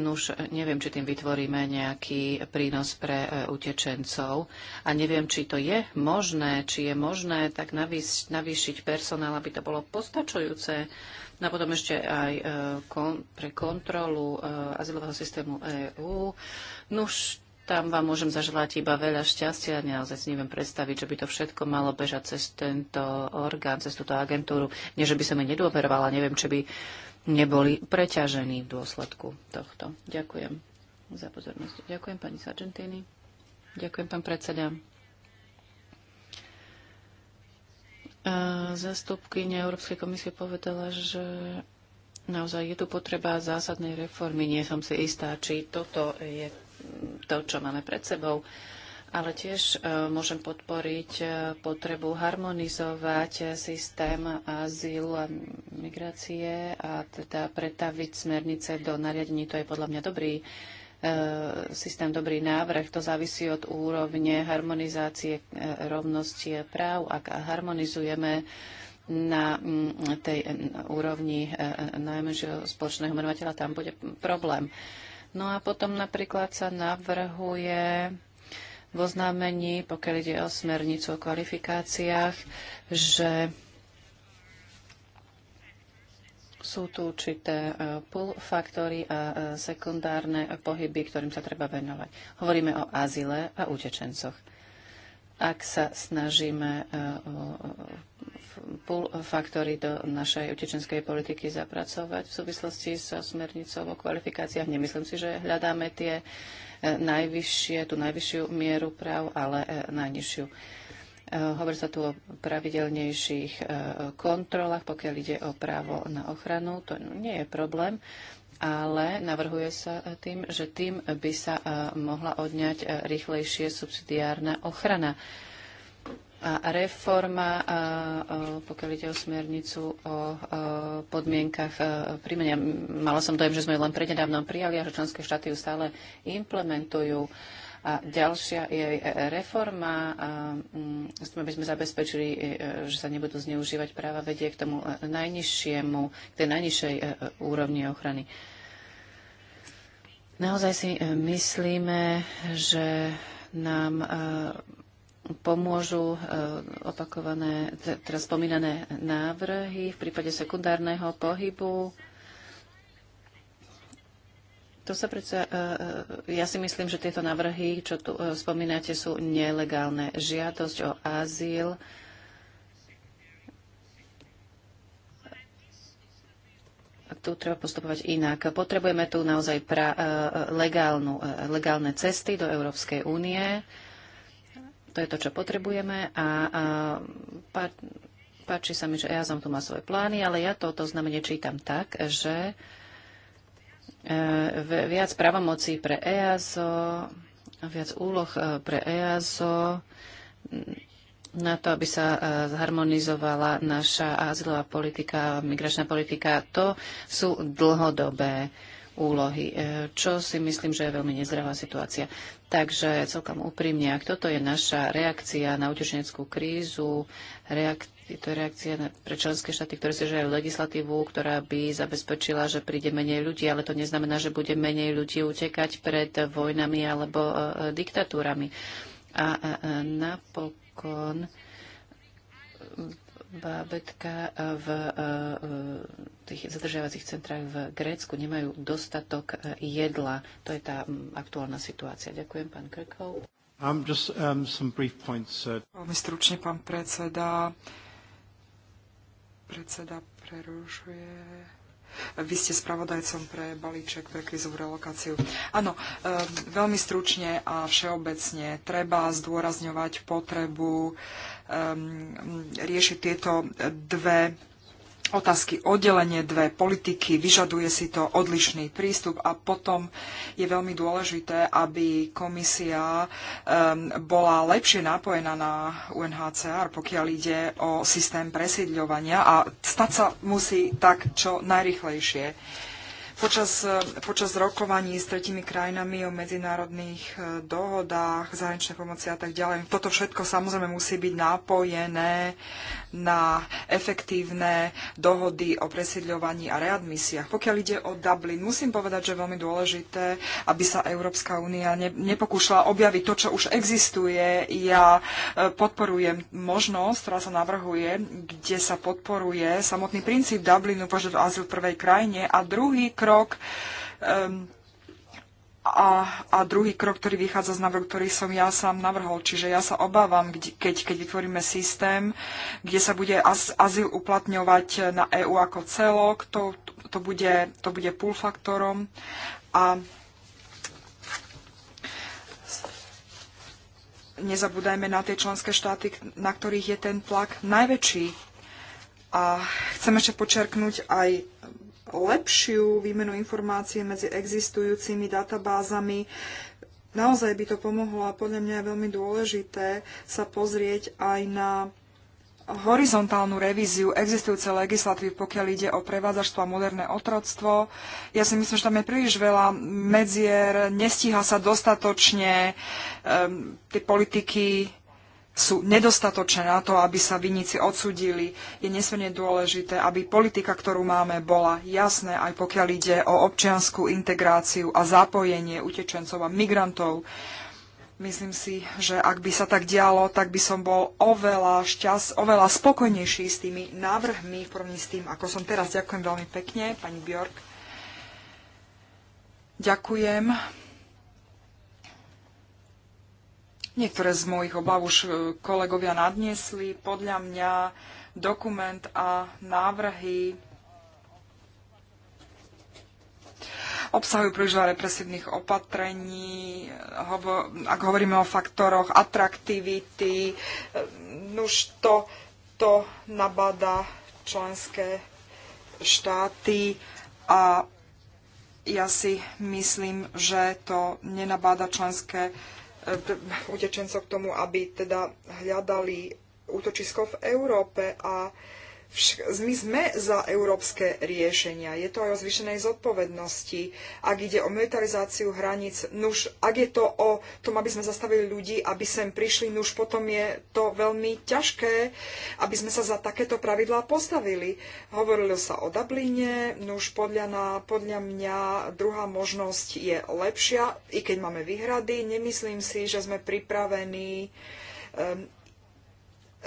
Nuž, neviem, či tým vytvoríme nejaký prínos pre e, utečencov a neviem, či to je možné, či je možné tak navýš, navýšiť personál, aby to bolo postačujúce. No a potom ešte aj e, kon, pre kontrolu e, azylového systému EÚ. Nuž, tam vám môžem zaželať iba veľa šťastia. Naozaj si neviem predstaviť, že by to všetko malo bežať cez tento orgán, cez túto agentúru. Nie, že by som jej nedôverovala, neviem, či by neboli preťažení v dôsledku tohto. Ďakujem za pozornosť. Ďakujem pani Sargentini. Ďakujem pán predseda. Zastupkynia Európskej komisie povedala, že naozaj je tu potreba zásadnej reformy. Nie som si istá, či toto je to, čo máme pred sebou. Ale tiež e, môžem podporiť e, potrebu harmonizovať e, systém azylu a migrácie a teda pretaviť smernice do nariadení. To je podľa mňa dobrý systém, dobrý návrh. To závisí od úrovne harmonizácie rovnosti práv. Ak harmonizujeme na mm, tej úrovni najmenšieho spoločného menovateľa, tam bude problém. No a potom napríklad sa navrhuje vo oznámení, pokiaľ ide o smernicu o kvalifikáciách, že sú tu určité e, pull faktory a e, sekundárne pohyby, ktorým sa treba venovať. Hovoríme o azile a utečencoch ak sa snažíme e, e, pull faktory do našej utečenskej politiky zapracovať v súvislosti so smernicou o kvalifikáciách. Nemyslím si, že hľadáme tie e, najvyššie, tú najvyššiu mieru práv, ale najnižšiu. Hovorí sa tu o pravidelnejších kontrolách, pokiaľ ide o právo na ochranu. To nie je problém ale navrhuje sa e, tým, že tým by sa e, mohla odňať e, rýchlejšie subsidiárna ochrana. A reforma, pokiaľ ide o smernicu o podmienkach príjmania. Mala som dojem, že sme ju len prednedávno prijali a že členské štáty ju stále implementujú. A ďalšia je e, reforma, mm, s tým, aby sme zabezpečili, e, e, že sa nebudú zneužívať práva, vedie k tomu najnižšiemu, k tej najnižšej úrovni ochrany. Naozaj si myslíme, že nám pomôžu opakované, teraz spomínané návrhy v prípade sekundárneho pohybu to sa predsa, e, e, ja si myslím, že tieto návrhy, čo tu e, spomínate, sú nelegálne. Žiadosť o azyl, tu treba postupovať inak. Potrebujeme tu naozaj pra, legálnu, legálne cesty do Európskej únie. To je to, čo potrebujeme. A, a pá, páči sa mi, že ja som tu má svoje plány, ale ja toto znamenie čítam tak, že viac pravomocí pre EASO, viac úloh e, pre EASO na to, aby sa e, zharmonizovala naša azylová politika, migračná politika. To sú dlhodobé úlohy, e, čo si myslím, že je veľmi nezdravá situácia. Takže celkom úprimne, ak toto je naša reakcia na utečeneckú krízu, reakcia je to reakcia na, pre členské štáty, ktoré si žiajú legislatívu, ktorá by zabezpečila, že príde menej ľudí, ale to neznamená, že bude menej ľudí utekať pred vojnami alebo e, e diktatúrami. A, a, a napokon bábetka v e, e, tých zadržiavacích centrách v Grécku nemajú dostatok jedla. To je tá aktuálna situácia. Ďakujem, pán Krkov. Um, um, Veľmi stručne, pán predseda. Predseda prerušuje. Vy ste spravodajcom pre balíček pre krizovú relokáciu. Áno, ehm, veľmi stručne a všeobecne treba zdôrazňovať potrebu ehm, riešiť tieto dve otázky oddelenie dve politiky, vyžaduje si to odlišný prístup a potom je veľmi dôležité, aby komisia um, bola lepšie napojená na UNHCR, pokiaľ ide o systém presídľovania a stať sa musí tak čo najrychlejšie. Počas, eh, počas rokovaní s tretimi krajinami o medzinárodných eh, dohodách, zahraničnej pomoci a tak ďalej. Toto všetko samozrejme musí byť nápojené na efektívne dohody o presiedľovaní a readmisiách. Pokiaľ ide o Dublin, musím povedať, že je veľmi dôležité, aby sa Európska únia ne, nepokúšala objaviť to, čo už existuje. Ja eh, podporujem možnosť, ktorá sa navrhuje, kde sa podporuje samotný princíp Dublinu, požiadať azyl v prvej krajine a druhý krok krok. Um, a, a druhý krok, ktorý vychádza z návrhu, ktorý som ja sám navrhol. Čiže ja sa obávam, keď, keď vytvoríme systém, kde sa bude az, azyl uplatňovať na EÚ ako celok, to, to, bude, to bude pull faktorom. A nezabúdajme na tie členské štáty, na ktorých je ten tlak najväčší. A chcem ešte počerknúť aj lepšiu výmenu informácií medzi existujúcimi databázami. Naozaj by to pomohlo a podľa mňa je veľmi dôležité sa pozrieť aj na horizontálnu revíziu existujúcej legislatívy, pokiaľ ide o prevádzaštvo a moderné otroctvo. Ja si myslím, že tam je príliš veľa medzier, nestíha sa dostatočne, um, tie politiky sú nedostatočné na to, aby sa vinníci odsudili. Je nesmierne dôležité, aby politika, ktorú máme, bola jasná, aj pokiaľ ide o občianskú integráciu a zapojenie utečencov a migrantov. Myslím si, že ak by sa tak dialo, tak by som bol oveľa, šťas, oveľa spokojnejší s tými návrhmi v s tým, ako som teraz. Ďakujem veľmi pekne, pani Bjork. Ďakujem. Niektoré z mojich obav už e, kolegovia nadniesli. Podľa mňa dokument a návrhy obsahujú príliš veľa represívnych opatrení, ak hovoríme o faktoroch atraktivity, e, už to, to nabada členské štáty a ja si myslím, že to nenabáda členské štáty utečencov k tomu, aby teda hľadali útočisko v Európe a my sme za európske riešenia. Je to aj o zvýšenej zodpovednosti. Ak ide o militarizáciu hraníc, nuž, ak je to o tom, aby sme zastavili ľudí, aby sem prišli, nuž potom je to veľmi ťažké, aby sme sa za takéto pravidlá postavili. Hovorilo sa o Dubline, nuž podľa, na, podľa mňa druhá možnosť je lepšia, i keď máme výhrady. Nemyslím si, že sme pripravení um,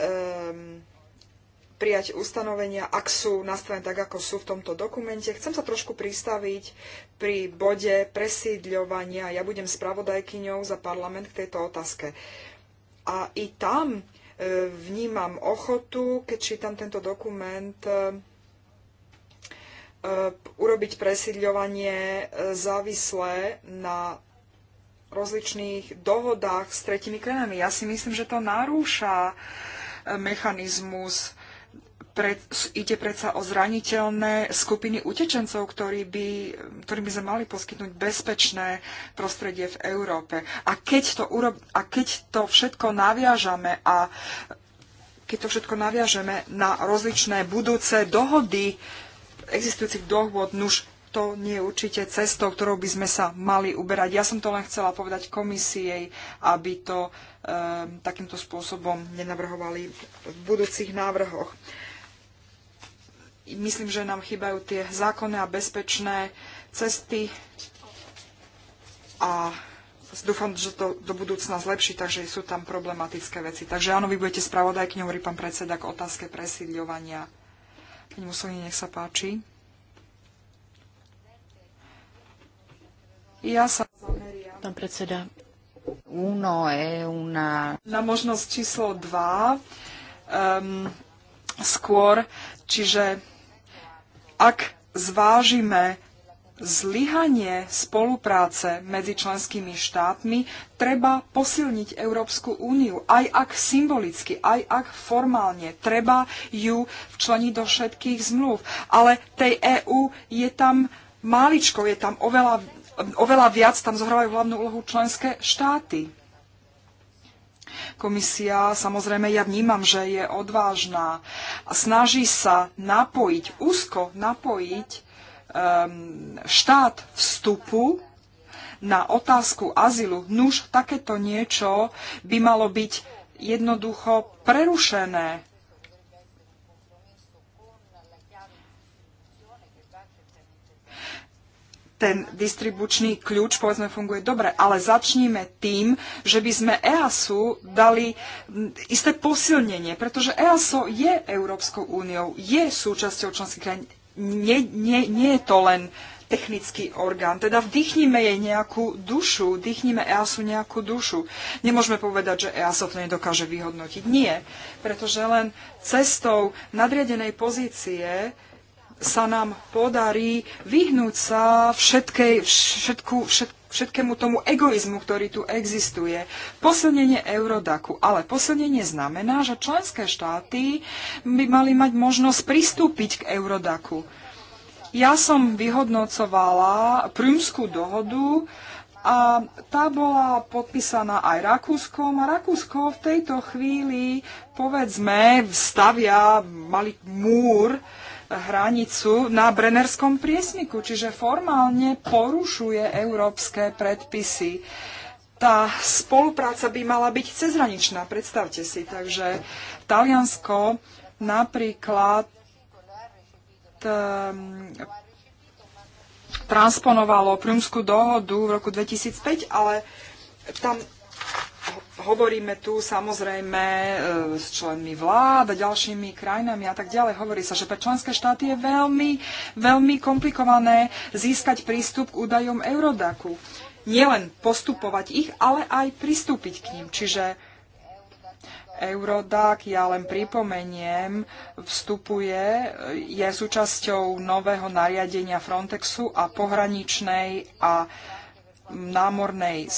um, prijať ustanovenia, ak sú nastavené tak, ako sú v tomto dokumente. Chcem sa trošku pristaviť pri bode presídľovania. Ja budem spravodajkyňou za parlament k tejto otázke. A i tam e, vnímam ochotu, keď čítam tento dokument, e, e, urobiť presídľovanie závislé na rozličných dohodách s tretimi krajinami. Ja si myslím, že to narúša mechanizmus pred, ide predsa o zraniteľné skupiny utečencov, ktorí by, ktorým by sme mali poskytnúť bezpečné prostredie v Európe. A keď to, urob, a keď to všetko naviažame a keď to všetko naviažeme na rozličné budúce dohody existujúcich dohôd, nuž to nie je určite cestou, ktorou by sme sa mali uberať. Ja som to len chcela povedať komisii, aby to e, takýmto spôsobom nenavrhovali v budúcich návrhoch. Myslím, že nám chýbajú tie zákonné a bezpečné cesty a dúfam, že to do budúcna zlepší, takže sú tam problematické veci. Takže áno, vy budete k hovorí pán predseda, k otázke presídľovania. Pani Musolini, nech sa páči. Ja sa zameriam. Pán predseda. Uno je una... Na možnosť číslo 2. Um, ehm, skôr, čiže ak zvážime zlyhanie spolupráce medzi členskými štátmi, treba posilniť Európsku úniu, aj ak symbolicky, aj ak formálne. Treba ju včleniť do všetkých zmluv. Ale tej EÚ je tam máličko, je tam oveľa, oveľa viac, tam zohrávajú hlavnú úlohu členské štáty. Komisia, samozrejme, ja vnímam, že je odvážna a snaží sa napojiť, úzko napojiť um, ehm, štát vstupu na otázku azylu. Nuž, takéto niečo by malo byť jednoducho prerušené ten distribučný kľúč povedzme funguje dobre, ale začníme tým, že by sme EASu dali isté posilnenie, pretože EASO je Európskou úniou, je súčasťou členských krajín. Nie, nie, nie je to len technický orgán. Teda vdychnime jej nejakú dušu, vdychnime EASu nejakú dušu. Nemôžeme povedať, že EASO to nedokáže vyhodnotiť. Nie, pretože len cestou nadriadenej pozície sa nám podarí vyhnúť sa všetkej, všetku, všetku všetkému tomu egoizmu, ktorý tu existuje. Posilnenie Eurodaku. Ale posilnenie znamená, že členské štáty by mali mať možnosť pristúpiť k Eurodaku. Ja som vyhodnocovala prímskú dohodu a tá bola podpísaná aj Rakúskom a Rakúsko v tejto chvíli, povedzme, stavia malý múr hranicu na Brennerskom priesniku, čiže formálne porušuje európske predpisy. Tá spolupráca by mala byť cezhraničná, predstavte si. Takže Taliansko napríklad um, transponovalo Prímskú dohodu v roku 2005, ale tam hovoríme tu samozrejme e, s členmi vlád a ďalšími krajinami a tak ďalej. Hovorí sa, že pre členské štáty je veľmi, veľmi komplikované získať prístup k údajom Eurodaku. Nielen postupovať ich, ale aj pristúpiť k ním. Čiže Eurodac, ja len pripomeniem, vstupuje, e, je súčasťou nového nariadenia Frontexu a pohraničnej a námornej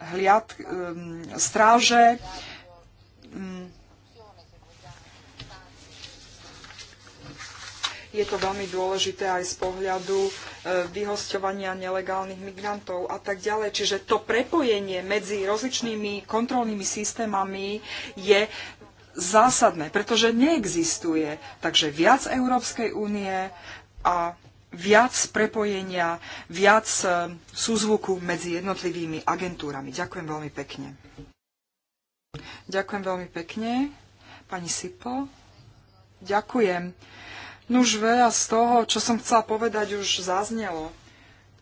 hliad, um, stráže. Um, je to veľmi dôležité aj z pohľadu e, vyhosťovania nelegálnych migrantov a tak ďalej. Čiže to prepojenie medzi rozličnými kontrolnými systémami je zásadné, pretože neexistuje. Takže viac Európskej únie a viac prepojenia, viac e, súzvuku medzi jednotlivými agentúrami. Ďakujem veľmi pekne. Ďakujem veľmi pekne. Pani Sipo, ďakujem. Nuž veľa z toho, čo som chcela povedať, už zaznelo.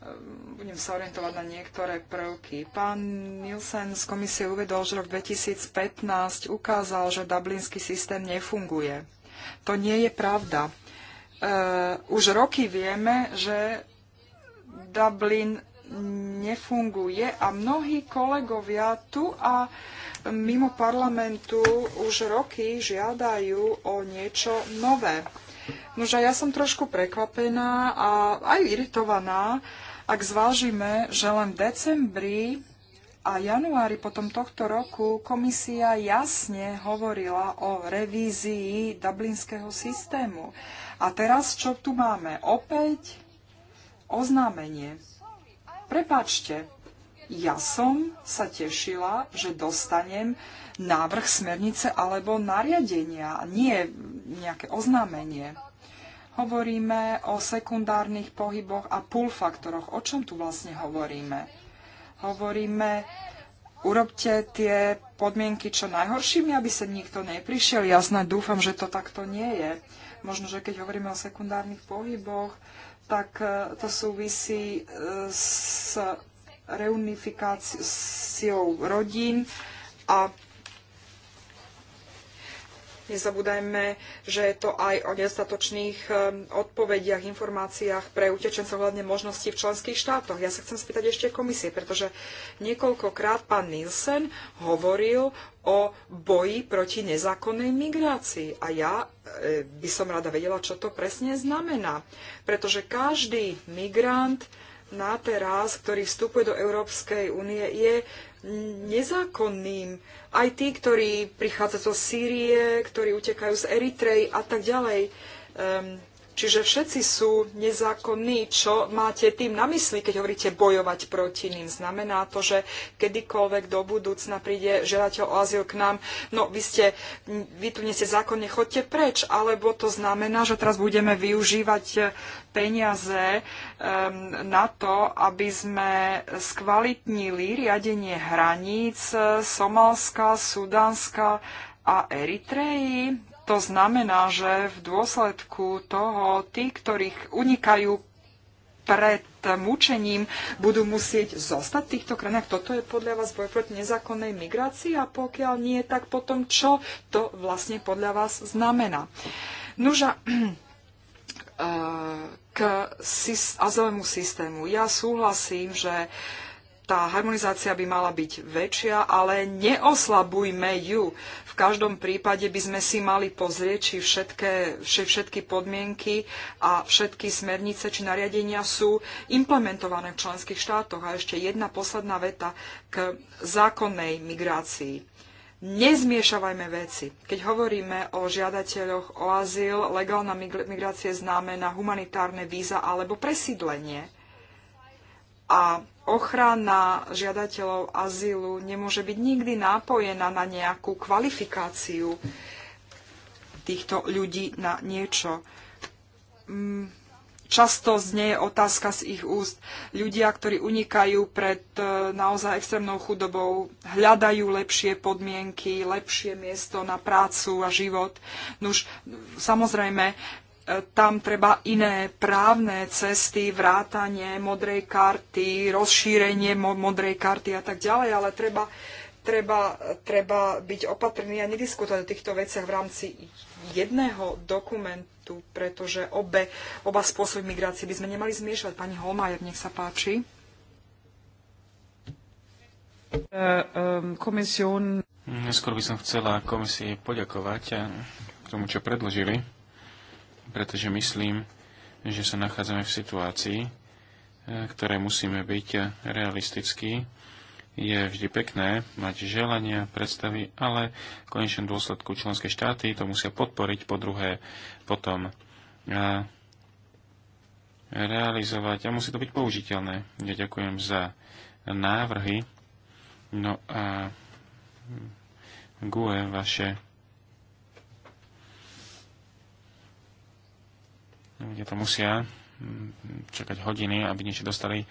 E, budem sa orientovať na niektoré prvky. Pán Nielsen z komisie uvedol, že rok 2015 ukázal, že dublinský systém nefunguje. To nie je pravda. Eh, už roky vieme, že Dublin nefunguje a mnohí kolegovia tu a mimo parlamentu už roky žiadajú o niečo nové. Nože ja som trošku prekvapená a aj iritovaná, ak zvážime, že len v decembri a januári potom tohto roku komisia jasne hovorila o revízii dublinského systému. A teraz čo tu máme? Opäť oznámenie. Prepačte, ja som sa tešila, že dostanem návrh smernice alebo nariadenia, nie nejaké oznámenie. Hovoríme o sekundárnych pohyboch a pull faktoroch. O čom tu vlastne hovoríme? hovoríme, urobte tie podmienky čo najhoršími, aby sa nikto neprišiel. snad dúfam, že to takto nie je. Možno, že keď hovoríme o sekundárnych pohyboch, tak e, to súvisí e, s reunifikáciou rodín a Nezabúdajme, že je to aj o nedostatočných eh, odpovediach, informáciách pre utečencov hľadne možností v členských štátoch. Ja sa chcem spýtať ešte komisie, pretože niekoľkokrát pán Nielsen hovoril o boji proti nezákonnej migrácii. A ja eh, by som rada vedela, čo to presne znamená. Pretože každý migrant na teraz, ktorý vstupuje do Európskej únie, je nezákonným. Aj tí, ktorí prichádzajú zo Sýrie, ktorí utekajú z Eritrej a tak ďalej. Um, Čiže všetci sú nezákonní. Čo máte tým na mysli, keď hovoríte bojovať proti ním? Znamená to, že kedykoľvek do budúcna príde žiadateľ o azyl k nám, no vy, ste, vy tu nie ste zákonne, chodte preč, alebo to znamená, že teraz budeme využívať eh, peniaze um, na to, aby sme skvalitnili riadenie hraníc eh, Somálska, Sudánska a Eritreji to znamená, že v dôsledku toho tí, ktorých unikajú pred mučením budú musieť zostať v týchto krajinách. Toto je podľa vás boj proti nezákonnej migrácii a pokiaľ nie, tak potom čo to vlastne podľa vás znamená? Nuža, eh, k azylovému systému. Ja súhlasím, že tá harmonizácia by mala byť väčšia, ale neoslabujme ju každom prípade by sme si mali pozrieť, či všetké, všetky podmienky a všetky smernice či nariadenia sú implementované v členských štátoch. A ešte jedna posledná veta k zákonnej migrácii. Nezmiešavajme veci. Keď hovoríme o žiadateľoch o azyl, legálna migrácia znamená humanitárne víza alebo presídlenie a ochrana žiadateľov azylu nemôže byť nikdy nápojená na nejakú kvalifikáciu týchto ľudí na niečo. Mm, často znie otázka z ich úst. Ľudia, ktorí unikajú pred e, naozaj extrémnou chudobou, hľadajú lepšie podmienky, lepšie miesto na prácu a život. Nuž, samozrejme, tam treba iné právne cesty, vrátanie modrej karty, rozšírenie modrej karty a tak ďalej, ale treba, treba, treba byť opatrný a nediskutovať o týchto veciach v rámci jedného dokumentu, pretože obe, oba spôsoby migrácie by sme nemali zmiešať. Pani Holmajer, nech sa páči. E, e, komisión... Neskôr by som chcela komisii poďakovať e, k tomu, čo predložili pretože myslím, že sa nachádzame v situácii, e, ktoré musíme byť realistickí. Je vždy pekné mať želania, predstavy, ale v konečnom dôsledku členské štáty to musia podporiť, po druhé potom a e, realizovať a musí to byť použiteľné. Ja ďakujem za návrhy. No a hm, GUE, vaše kde to musia mm, čakať hodiny, aby niečo dostali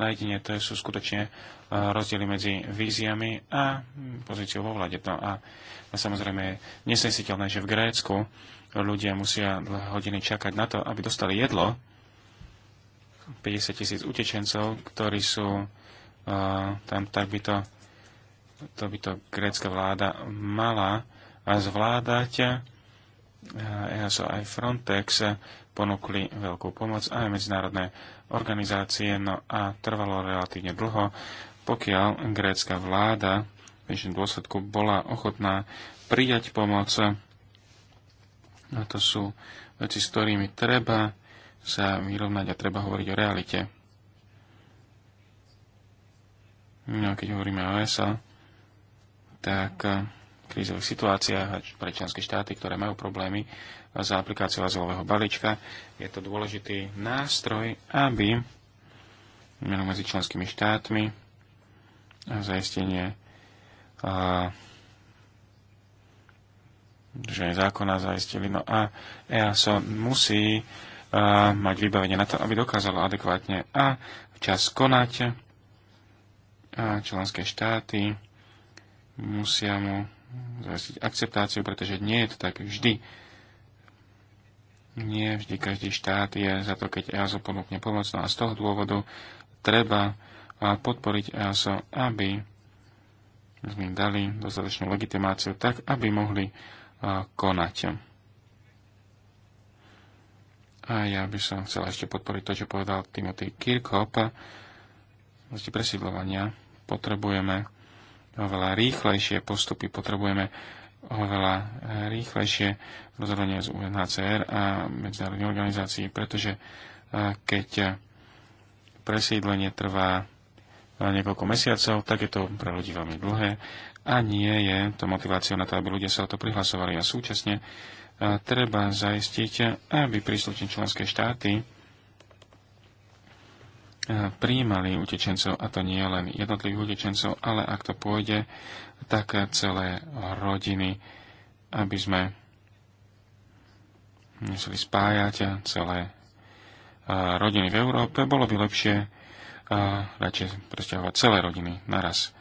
na jedine. To sú skutočne e, rozdiely medzi víziami a mm, pozíciou vo vláde. No a samozrejme je nesensiteľné, že v Grécku ľudia musia dlhé hodiny čakať na to, aby dostali jedlo. 50 tisíc utečencov, ktorí sú uh, tam, tak by to, to by to grécka vláda mala zvládať EASO aj Frontex ponúkli veľkú pomoc aj medzinárodné organizácie, no a trvalo relatívne dlho, pokiaľ grécka vláda v dnešnom dôsledku bola ochotná prijať pomoc. A to sú veci, s ktorými treba sa vyrovnať a treba hovoriť o realite. No, keď hovoríme o ESA, tak krízových situáciách a pre členské štáty, ktoré majú problémy za aplikáciou azylového balíčka. Je to dôležitý nástroj, aby medzi členskými štátmi a zaistenie a, že zákona zaistili. No a EASO musí a, mať vybavenie na to, aby dokázalo adekvátne a včas konať a členské štáty musia mu zajistiť akceptáciu, pretože nie je to tak vždy. Nie vždy každý štát je za to, keď EASO ponúkne pomoc. No a z toho dôvodu treba podporiť EASO, aby sme im dali dostatočnú legitimáciu tak, aby mohli konať. A ja by som chcel ešte podporiť to, čo povedal Timothy Kirchhoff. Z presídlovania potrebujeme oveľa rýchlejšie postupy, potrebujeme oveľa rýchlejšie rozhodovanie z UNHCR a medzinárodných organizácií, pretože eh, keď presídlenie trvá eh, niekoľko mesiacov, tak je to pre ľudí veľmi dlhé a nie je to motiváciou na to, aby ľudia sa o to prihlasovali a súčasne eh, treba zaistiť, aby príslušné členské štáty E, príjmali utečencov, a to nie len jednotlivých utečencov, ale ak to pôjde, tak celé rodiny, aby sme museli spájať celé e, rodiny v Európe, bolo by lepšie e, radšej presťahovať celé rodiny naraz.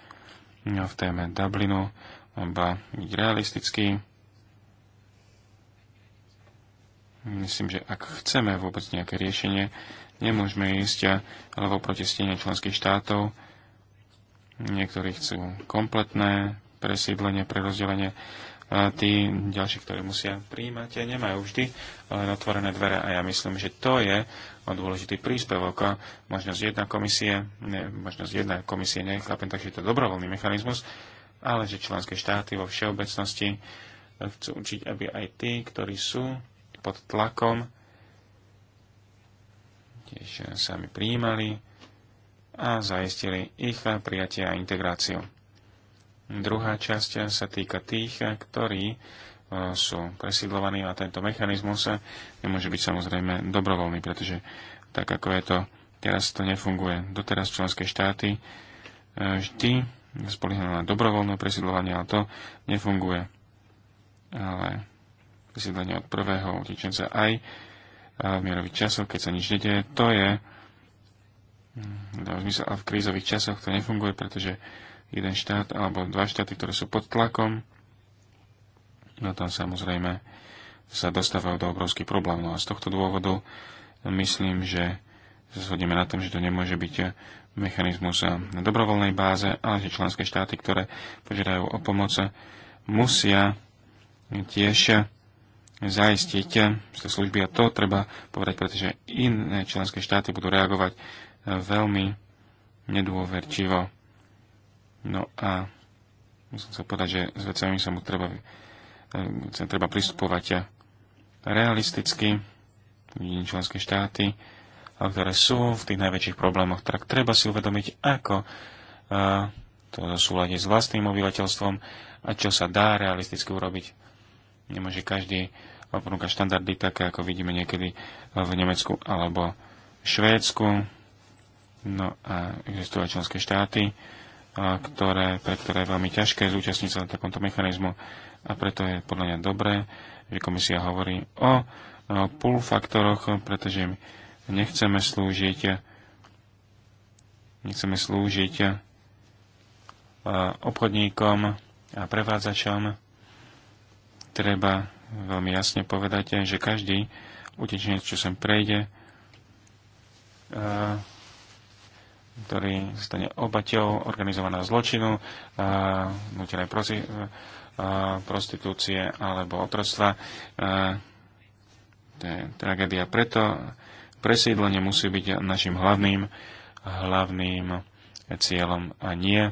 No, v téme Dublinu iba byť realistický. Myslím, že ak chceme vôbec nejaké riešenie, Nemôžeme ísť eh, alebo proti stene členských štátov. Niektorí chcú kompletné presídlenie, prerozdelenie. A eh, tí ďalší, ktorí musia príjmať, eh, nemajú vždy otvorené dvere. A ja myslím, že to je dôležitý príspevok. Možnosť jedna komisie, ne, možnosť jedna komisie, nechápem, takže je to dobrovoľný mechanizmus, ale že členské štáty vo všeobecnosti chcú učiť, aby aj tí, ktorí sú pod tlakom, tiež sami prijímali a zaistili ich prijatie a integráciu. Druhá časť sa týka tých, ktorí e, sú presídlovaní a tento mechanizmus nemôže byť samozrejme dobrovoľný, pretože tak ako je to teraz to nefunguje. Doteraz členské štáty e, vždy spolíhajú na dobrovoľné presídlovanie, ale to nefunguje. Ale presídlenie od prvého utečenca aj v mierových časoch, keď sa nič nedie, to je mm, zmysel, a v krízových časoch to nefunguje, pretože jeden štát alebo dva štáty, ktoré sú pod tlakom, no tam samozrejme sa dostávajú do obrovských problémov. No a z tohto dôvodu myslím, že sa zhodneme na tom, že to nemôže byť mechanizmus na dobrovoľnej báze, ale že členské štáty, ktoré požiadajú o pomoc, musia tiež zaistiť tieto eh, služby a to treba povedať, pretože iné členské štáty budú reagovať eh, veľmi nedôverčivo. No a musím sa povedať, že s vecami sa mu treba, eh, sa treba pristupovať realisticky. iné členské štáty, ktoré sú v tých najväčších problémoch, tak treba si uvedomiť, ako to súľadie s vlastným obyvateľstvom a čo sa dá realisticky urobiť. Nemôže každý ponúkať štandardy také, ako vidíme niekedy v Nemecku alebo Švédsku. No a existujú aj členské štáty, ktoré, pre ktoré je veľmi ťažké zúčastniť sa na takomto mechanizmu a preto je podľa mňa dobré, že komisia hovorí o, o pull faktoroch, pretože nechceme slúžiť nechceme slúžiť obchodníkom a prevádzačom treba veľmi jasne povedať, že každý utečenec, čo sem prejde, ktorý stane obaťou organizovaného zločinu, nutené prostitúcie alebo otroctva. To je tragédia. Preto presídlenie musí byť našim hlavným, hlavným cieľom a nie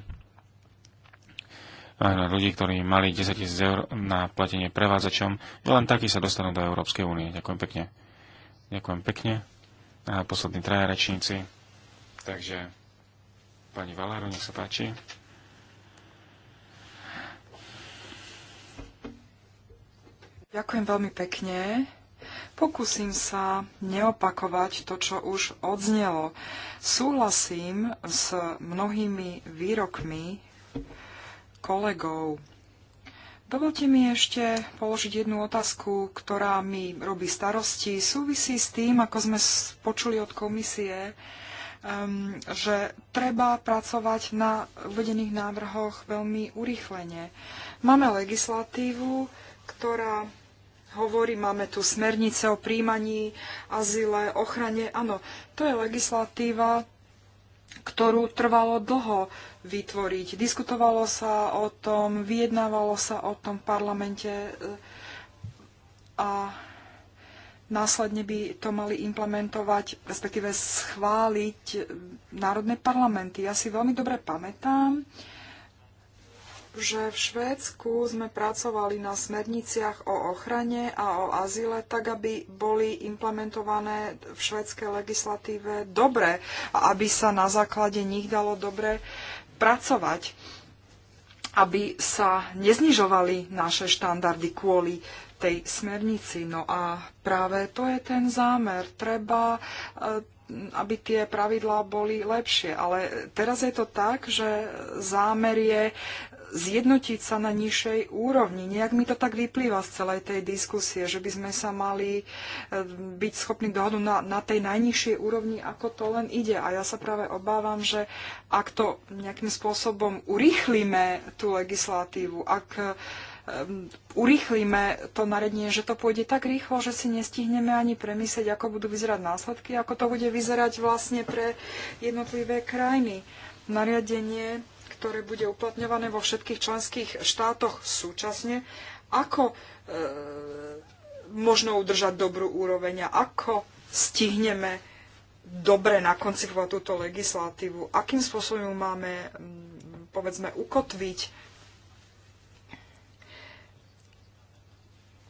ľudí, ktorí mali 10 tisíc eur na platenie prevádzačom, že len takí sa dostanú do Európskej únie. Ďakujem pekne. Ďakujem pekne. A poslední traja rečníci. Takže pani valáro. nech sa páči. Ďakujem veľmi pekne. Pokúsim sa neopakovať to, čo už odznelo. Súhlasím s mnohými výrokmi, kolegov. Dovolte mi ešte položiť jednu otázku, ktorá mi robí starosti. Súvisí s tým, ako sme počuli od komisie, um, že treba pracovať na uvedených návrhoch veľmi urýchlene. Máme legislatívu, ktorá hovorí, máme tu smernice o príjmaní, azile, ochrane. Áno, to je legislatíva, ktorú trvalo dlho vytvoriť. Diskutovalo sa o tom, vyjednávalo sa o tom v parlamente eh, a následne by to mali implementovať, respektíve schváliť eh, národné parlamenty. Ja si veľmi dobre pamätám, že v Švédsku sme pracovali na smerniciach o ochrane a o azile, tak aby boli implementované v švédskej legislatíve dobre a aby sa na základe nich dalo dobre pracovať aby sa neznižovali naše štandardy kvôli tej smernici. No a práve to je ten zámer. Treba, eh, aby tie pravidlá boli lepšie. Ale teraz je to tak, že zámer je zjednotiť sa na nižšej úrovni. Nejak mi to tak vyplýva z celej tej diskusie, že by sme sa mali e, byť schopní dohodnúť na, na tej najnižšej úrovni, ako to len ide. A ja sa práve obávam, že ak to nejakým spôsobom urýchlíme tú legislatívu, ak e, urýchlíme to naredenie, že to pôjde tak rýchlo, že si nestihneme ani premyslieť, ako budú vyzerať následky, ako to bude vyzerať vlastne pre jednotlivé krajiny. Nariadenie ktoré bude uplatňované vo všetkých členských štátoch súčasne, ako e, možno udržať dobrú úroveň a ako stihneme dobre nakoncipovať túto legislatívu, akým spôsobom máme, mm, povedzme, ukotviť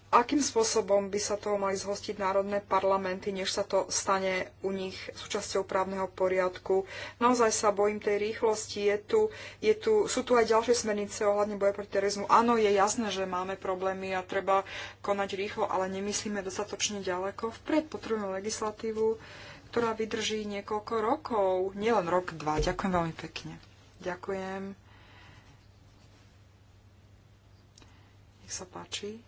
akým spôsobom by sa toho mali zhostiť národné parlamenty, než sa to stane u nich súčasťou právneho poriadku. Naozaj sa bojím tej rýchlosti. Je tu, je tu, sú tu aj ďalšie smernice ohľadne boja proti terorizmu. Áno, je jasné, že máme problémy a treba konať rýchlo, ale nemyslíme dostatočne ďaleko. Vpred potrebujeme legislatívu, ktorá vydrží niekoľko rokov, nielen rok, dva. Ďakujem veľmi pekne. Ďakujem. Nech sa páči.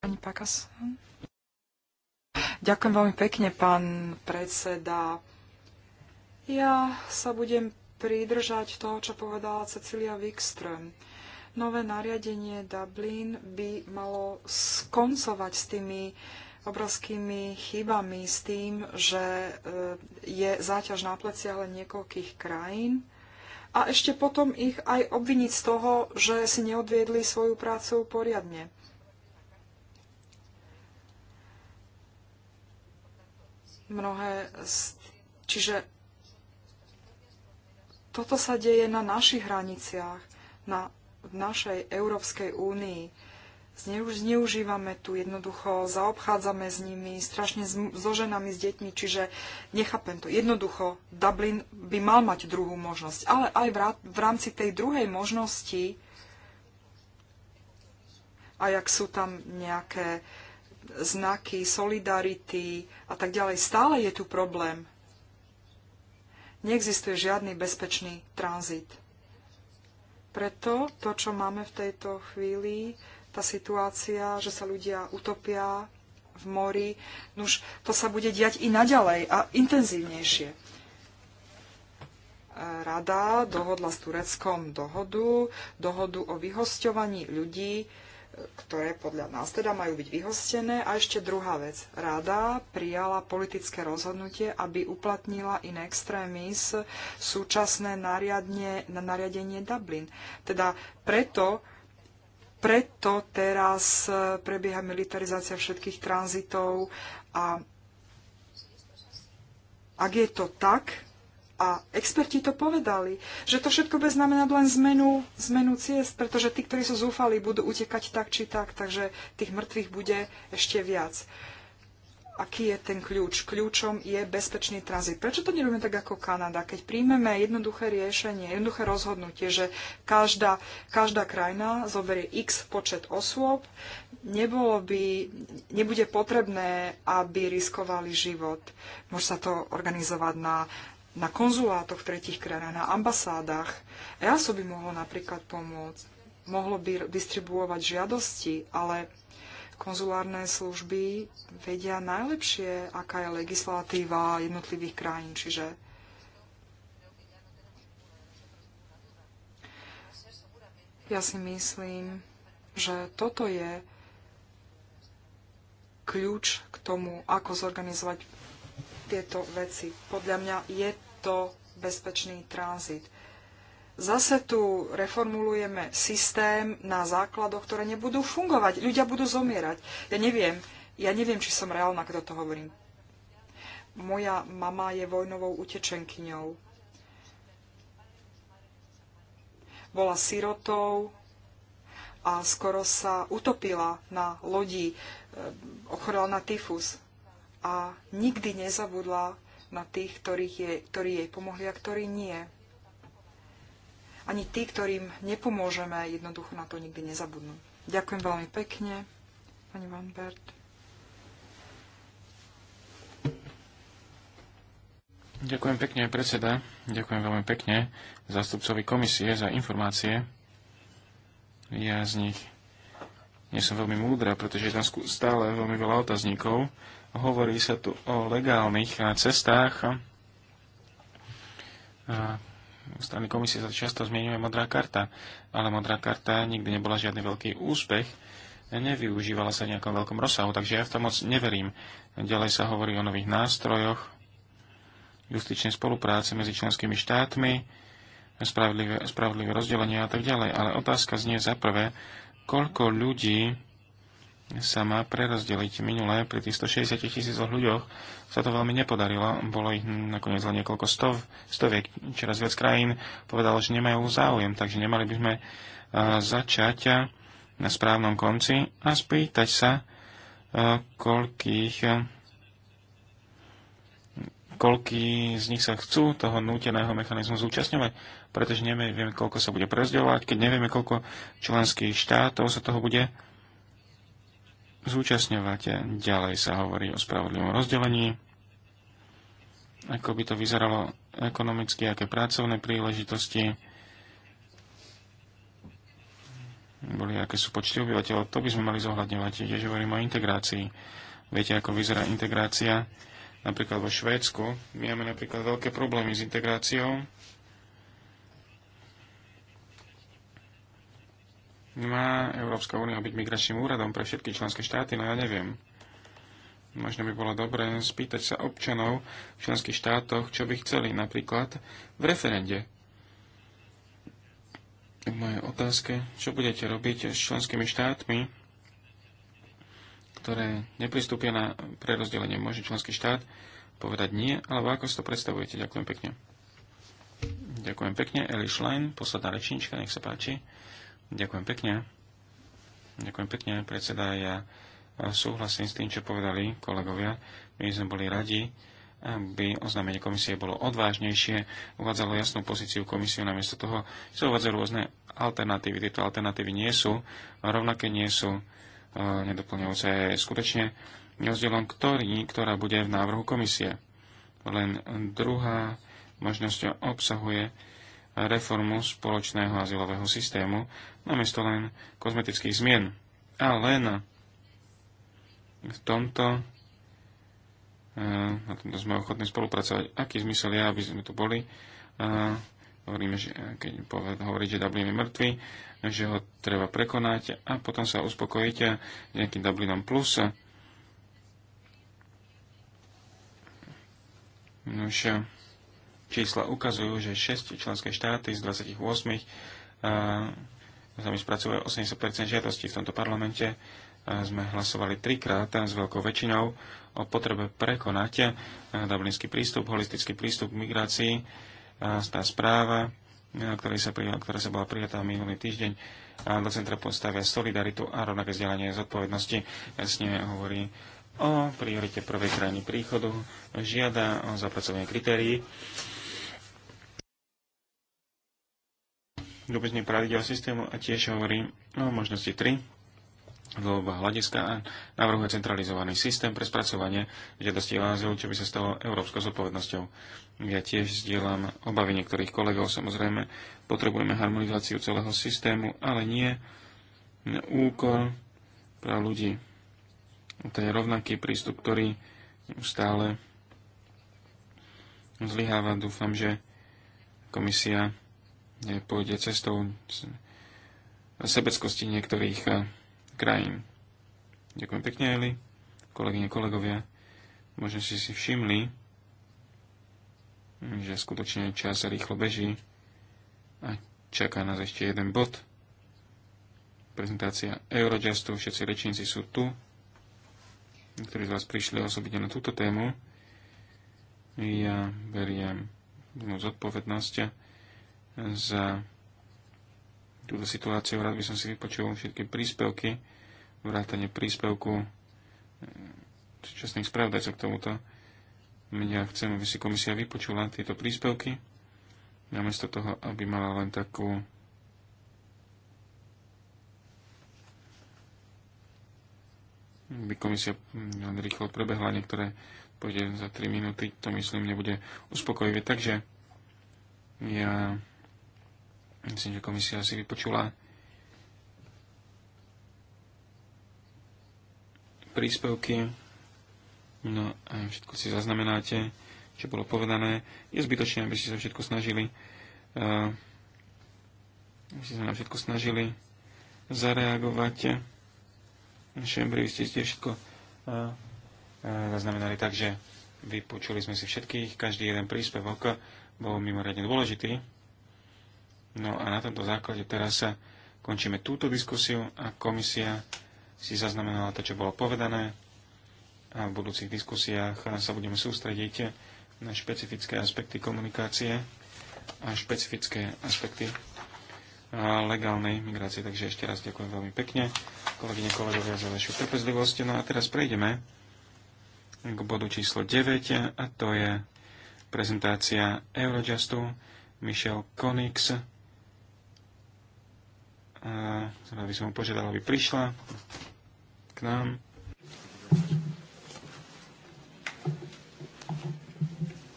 Pani Ďakujem veľmi pekne, pán predseda. Ja sa budem pridržať toho, čo povedala Cecilia Wikström. Nové nariadenie Dublin by malo skoncovať s tými obrovskými chybami, s tým, že e, je záťaž na pleci ale niekoľkých krajín a ešte potom ich aj obviniť z toho, že si neodviedli svoju prácu poriadne. Mnohé, čiže toto sa deje na našich hraniciach, na, v našej Európskej únii. Zneuž, zneužívame tu jednoducho, zaobchádzame s nimi, strašne s, so ženami, s deťmi, čiže nechápem to. Jednoducho, Dublin by mal mať druhú možnosť, ale aj v, v rámci tej druhej možnosti, a ak sú tam nejaké uh, znaky solidarity a tak ďalej. Stále je tu problém. Neexistuje žiadny bezpečný tranzit. Preto to, čo máme v tejto chvíli, tá situácia, že sa ľudia utopia v mori, už to sa bude diať i naďalej a intenzívnejšie. Rada dohodla s Tureckom dohodu, dohodu o vyhosťovaní ľudí, ktoré podľa nás teda majú byť vyhostené. A ešte druhá vec. Rada prijala politické rozhodnutie, aby uplatnila in extremis súčasné nariadne, nariadenie Dublin. Teda preto, preto teraz prebieha militarizácia všetkých tranzitov a ak je to tak, a experti to povedali, že to všetko bude znamenať len zmenu, zmenu ciest, pretože tí, ktorí sú zúfali, budú utekať tak či tak, takže tých mŕtvych bude ešte viac. Aký je ten kľúč? Kľúčom je bezpečný tranzit. Prečo to nerobíme tak ako Kanada? Keď príjmeme jednoduché riešenie, jednoduché rozhodnutie, že každá, každá krajina zoberie x počet osôb, nebolo by, nebude potrebné, aby riskovali život. Môže sa to organizovať na na konzulátoch v tretich krajín, na ambasádach. EASO by mohlo napríklad pomôcť, mohlo by distribuovať žiadosti, ale konzulárne služby vedia najlepšie, aká je legislatíva jednotlivých krajín. Čiže ja si myslím, že toto je kľúč k tomu, ako zorganizovať tieto veci. Podľa mňa je to bezpečný tranzit. Zase tu reformulujeme systém na základoch, ktoré nebudú fungovať. Ľudia budú zomierať. Ja neviem, ja neviem, či som reálna, keď to hovorím. Moja mama je vojnovou utečenkyňou. Bola sirotou a skoro sa utopila na lodi. Eh, ochorela na tyfus a nikdy nezabudla na tých, ktorých je, ktorí jej pomohli a ktorí nie. Ani tí, ktorým nepomôžeme, jednoducho na to nikdy nezabudnú. Ďakujem veľmi pekne, pani Van Bert. Ďakujem pekne, predseda. Ďakujem veľmi pekne zástupcovi komisie za informácie. Ja z nich nie som veľmi múdra, pretože je tam stále veľmi veľa otazníkov Hovorí sa tu o legálnych eh, cestách. V eh, strany komisie sa často zmienuje modrá karta, ale modrá karta nikdy nebola žiadny veľký úspech. Nevyužívala sa v nejakom veľkom rozsahu, takže ja v tom moc neverím. Ďalej sa hovorí o nových nástrojoch, justičnej spolupráce medzi členskými štátmi, spravodlivé, spravodlivé rozdelenie a tak ďalej. Ale otázka znie za prvé, koľko ľudí sa má prerozdeliť minulé pri tých 160 tisícoch ľuďoch. Sa to veľmi nepodarilo. Bolo ich nakoniec len niekoľko stov, stoviek. Čoraz viac krajín povedalo, že nemajú záujem, takže nemali by sme začať na správnom konci a spýtať sa, koľkých koľký z nich sa chcú toho núteného mechanizmu zúčastňovať, pretože nevieme, koľko sa bude prezdeľovať, keď nevieme, koľko členských štátov sa toho bude Zúčastňovate Ďalej sa hovorí o spravodlivom rozdelení, ako by to vyzeralo ekonomicky, aké pracovné príležitosti boli, aké sú počty obyvateľov. To by sme mali zohľadňovať, tiež hovorím o integrácii. Viete, ako vyzerá integrácia? Napríklad vo Švédsku my máme napríklad veľké problémy s integráciou Má Európska únia byť migračným úradom pre všetky členské štáty? No ja neviem. Možno by bolo dobré spýtať sa občanov v členských štátoch, čo by chceli napríklad v referende. V mojej otázke, čo budete robiť s členskými štátmi, ktoré nepristúpia na prerozdelenie. Môže členský štát povedať nie, alebo ako si to predstavujete? Ďakujem pekne. Ďakujem pekne. Eli Schlein, posledná rečnička, nech sa páči. Ďakujem pekne. Ďakujem pekne, predseda. Ja e, súhlasím s tým, čo povedali kolegovia. My sme boli radi, aby oznámenie komisie bolo odvážnejšie, uvádzalo jasnú pozíciu komisiu, namiesto toho sa uvádzajú rôzne alternatívy. Tieto alternatívy nie sú rovnaké, nie sú e, nedoplňujúce. skutočne rozdielom, ktorý, ktorá bude v návrhu komisie. Len druhá možnosť obsahuje reformu spoločného azylového systému, namiesto len kozmetických zmien. A len v tomto e, na tomto sme ochotní spolupracovať. Aký zmysel je, aby sme tu boli? E, hovoríme, že, keď hovorí, že Dublin je mŕtvy, že ho treba prekonať a potom sa uspokojíte s nejakým Dublinom plus. Nože, Čísla ukazujú, že 6 členské štáty z 28 sa mi spracuje 80 žiadostí v tomto parlamente. Eh, sme hlasovali trikrát eh, s veľkou väčšinou o potrebe prekonať eh, dublinský prístup, holistický prístup k migrácii. Tá správa, ktorá sa, ktorá sa bola prijatá minulý týždeň, do centra postavia solidaritu a rovnaké vzdelanie zodpovednosti. Jasne hovorí o priorite prvej krajiny príchodu, žiada o zapracovanie kritérií vôbecných pravidel systému a tiež hovorí o možnosti 3 dlhová hľadiska a navrhuje centralizovaný systém pre spracovanie žiadosti o azyl, čo by sa stalo európskou zodpovednosťou. Ja tiež zdieľam obavy niektorých kolegov, samozrejme potrebujeme harmonizáciu celého systému, ale nie úkol úkor pre ľudí. To je rovnaký prístup, ktorý stále zlyháva. Dúfam, že komisia pôjde cestou sebeckosti niektorých eh, krajín. Ďakujem pekne, Eli, kolegyne, kolegovia. Možno si si všimli, že skutočne čas rýchlo beží a čaká nás ešte jeden bod. Prezentácia Eurojustu, všetci rečníci sú tu. ktorí z vás prišli osobitne na túto tému. Ja beriem zodpovednosť za túto situáciu. Rád by som si vypočul všetky príspevky, vrátanie príspevku eh, súčasných spravodajcov k tomuto. Mňa chcem, aby si komisia vypočula tieto príspevky, namiesto toho, aby mala len takú by komisia len rýchlo prebehla niektoré pôjde za 3 minúty, to myslím nebude uspokojivé. Takže ja Myslím, že komisia si vypočula príspevky. No a všetko si zaznamenáte, čo bolo povedané. Je zbytočné, aby ste sa všetko snažili. Uh, aby ste sa na všetko snažili zareagovať. Šembri, ste ste všetko uh, zaznamenali tak, že vypočuli sme si všetkých, každý jeden príspevok bol mimoriadne dôležitý. No a na tomto základe teraz sa končíme túto diskusiu a komisia si zaznamenala to, čo bolo povedané a v budúcich diskusiách sa budeme sústrediť na špecifické aspekty komunikácie a špecifické aspekty legálnej migrácie. Takže ešte raz ďakujem veľmi pekne, kolegyne, kolegovia, za vašu trpezlivosť. No a teraz prejdeme k bodu číslo 9 a to je prezentácia Eurojustu Michel Konix a chcela by som ho požiadala, aby prišla k nám.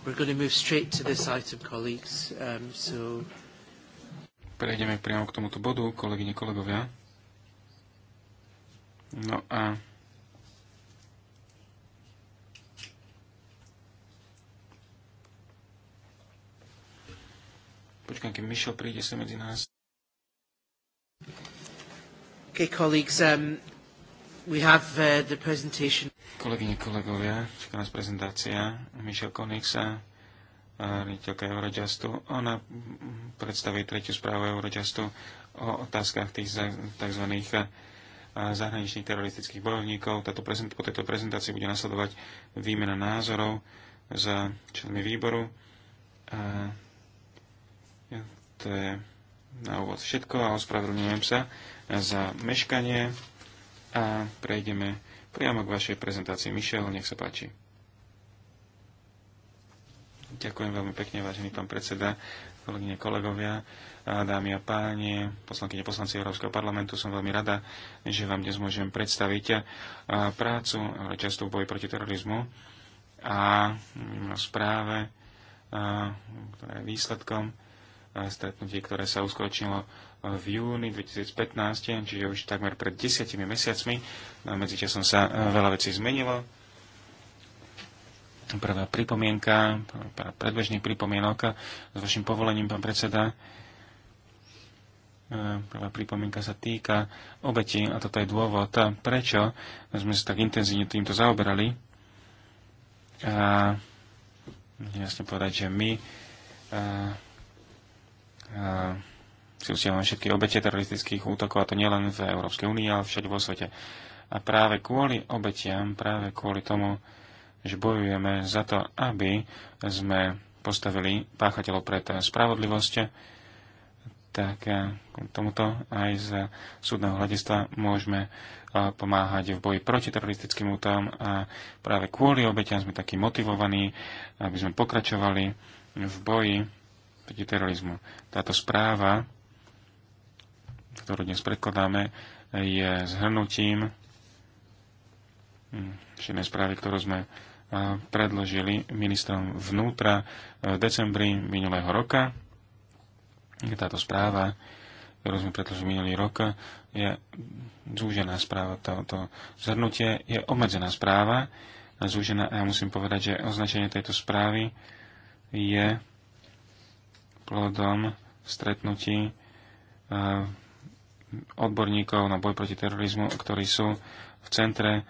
We're going to move straight to this item, colleagues. Um, so... Prejdeme priamo k tomuto bodu, kolegyne, kolegovia. No a počkám, keď Mišo príde sem medzi nás. Okay, colleagues, um, we have uh, the presentation. Kolegyne, kolegovia, čaká nás prezentácia Michelle Konigsa, riaditeľka Eurojustu. Ona predstaví tretiu správu Eurojustu o otázkach tých tzv. zahraničných teroristických bojovníkov. Táto prezent- po tejto prezentácii bude nasledovať výmena názorov za členmi výboru. A to je na úvod všetko a ospravedlňujem sa za meškanie a prejdeme priamo k vašej prezentácii. Mišel, nech sa páči. Ďakujem veľmi pekne, vážený pán predseda, kolegyne, kolegovia, dámy a páni, poslankyne, poslanci Európskeho parlamentu. Som veľmi rada, že vám dnes môžem predstaviť prácu často v boji proti terorizmu a správe, ktorá je výsledkom stretnutie, ktoré sa uskutočnilo v júni 2015, čiže už takmer pred desiatimi mesiacmi. No medzičasom sa e, veľa vecí zmenilo. Prvá pripomienka, pár predbežných pripomienok e, s vašim povolením, pán predseda. E, prvá pripomienka sa týka obeti a toto je dôvod, prečo sme sa tak intenzívne týmto zaoberali. A jasne povedať, že my si usielame všetky obete teroristických útokov, a to nielen v Európskej únii, ale všade vo svete. A práve kvôli obetiam, práve kvôli tomu, že bojujeme za to, aby sme postavili páchateľov pred spravodlivosť, tak eh, k tomuto aj z súdneho hľadiska môžeme eh, pomáhať v boji proti teroristickým útom a práve kvôli obeťam sme takí motivovaní, aby sme pokračovali v boji proti terorizmu. Táto správa, ktorú dnes predkladáme, je zhrnutím hm, všetnej správy, ktorú sme predložili ministrom vnútra e, v decembri minulého roka. Táto správa, ktorú sme predložili minulý rok, je zúžená správa. Toto zhrnutie je obmedzená správa. Zúžená, ja musím povedať, že označenie tejto správy je plodom stretnutí eh, odborníkov na boj proti terorizmu, ktorí sú v centre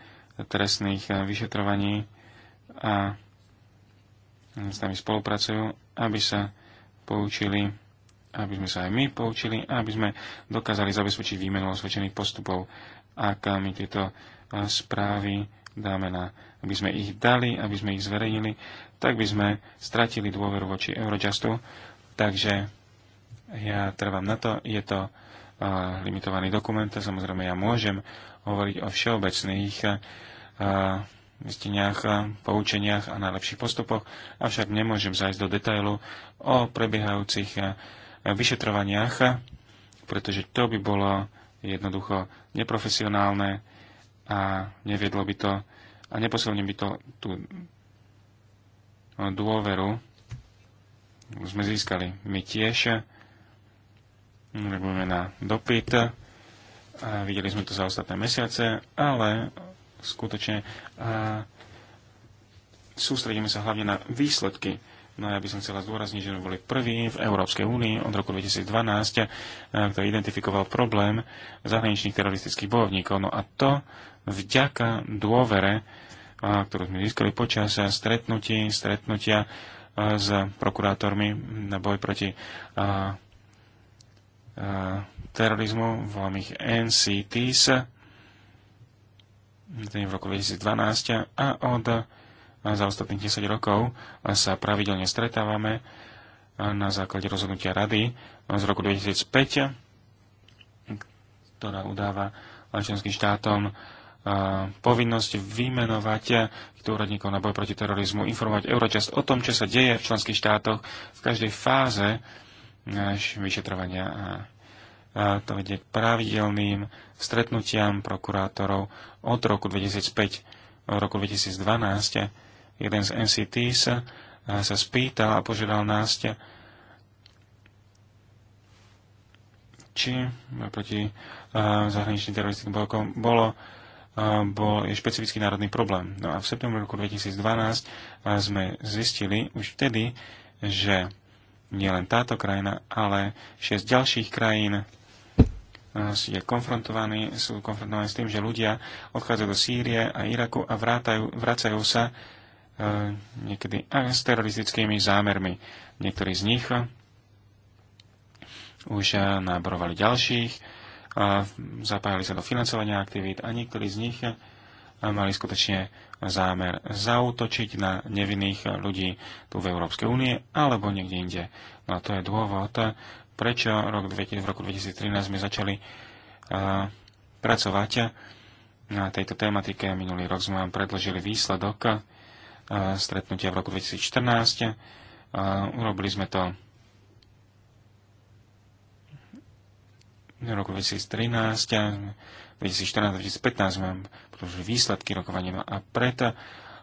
trestných eh, vyšetrovaní a s nami spolupracujú, aby sa poučili, aby sme sa aj my poučili a aby sme dokázali zabezpečiť výmenu osvedčených postupov, ak my tieto eh, správy dáme na, aby sme ich dali, aby sme ich zverejnili, tak by sme stratili dôveru voči Eurojustu Takže ja trvám na to, je to uh, limitovaný dokument a samozrejme ja môžem hovoriť o všeobecných uh, zisteniach, uh, poučeniach a najlepších postupoch, avšak nemôžem zájsť do detailu o prebiehajúcich vyšetrovaniach, pretože to by bolo jednoducho neprofesionálne a neviedlo by to a neposilne by to tú dôveru sme získali. My tiež reagujeme na dopyt a videli sme to za ostatné mesiace, ale skutočne a sústredíme sa hlavne na výsledky. No ja by som chcela zdôrazniť, že sme boli prví v Európskej únii od roku 2012, ktorý identifikoval problém zahraničných teroristických bojovníkov. No a to vďaka dôvere, ktorú sme získali počas stretnutí, stretnutia s prokurátormi na boj proti terorizmu, volám ich NCTs, v roku 2012 a od za ostatných 10 rokov sa pravidelne stretávame na základe rozhodnutia rady z roku 2005, ktorá udáva členským štátom povinnosť vymenovať úradníkov na boj proti terorizmu, informovať Eurojust o tom, čo sa deje v členských štátoch v každej fáze vyšetrovania. A to vedie k pravidelným stretnutiam prokurátorov od roku 2005 v roku 2012. Jeden z NCTs sa, spýtal a požiadal nás, či proti zahraničným teroristickým blokom bolo bol je špecifický národný problém. No a v septembri roku 2012 sme zistili už vtedy, že nie len táto krajina, ale 6 ďalších krajín je konfrontovaný, sú konfrontovaní s tým, že ľudia odchádzajú do Sýrie a Iraku a vrátajú, vracajú sa e, niekedy aj s teroristickými zámermi. Niektorí z nich už náborovali ďalších zapájali sa do financovania aktivít a niektorí z nich mali skutočne zámer zautočiť na nevinných ľudí tu v Európskej únie alebo niekde inde. No a to je dôvod, prečo rok, v roku 2013 sme začali pracovať na tejto tematike. Minulý rok sme vám predložili výsledok stretnutia v roku 2014. Urobili sme to v roku 2013, 2014-2015 sme pretože výsledky rokovania. a preto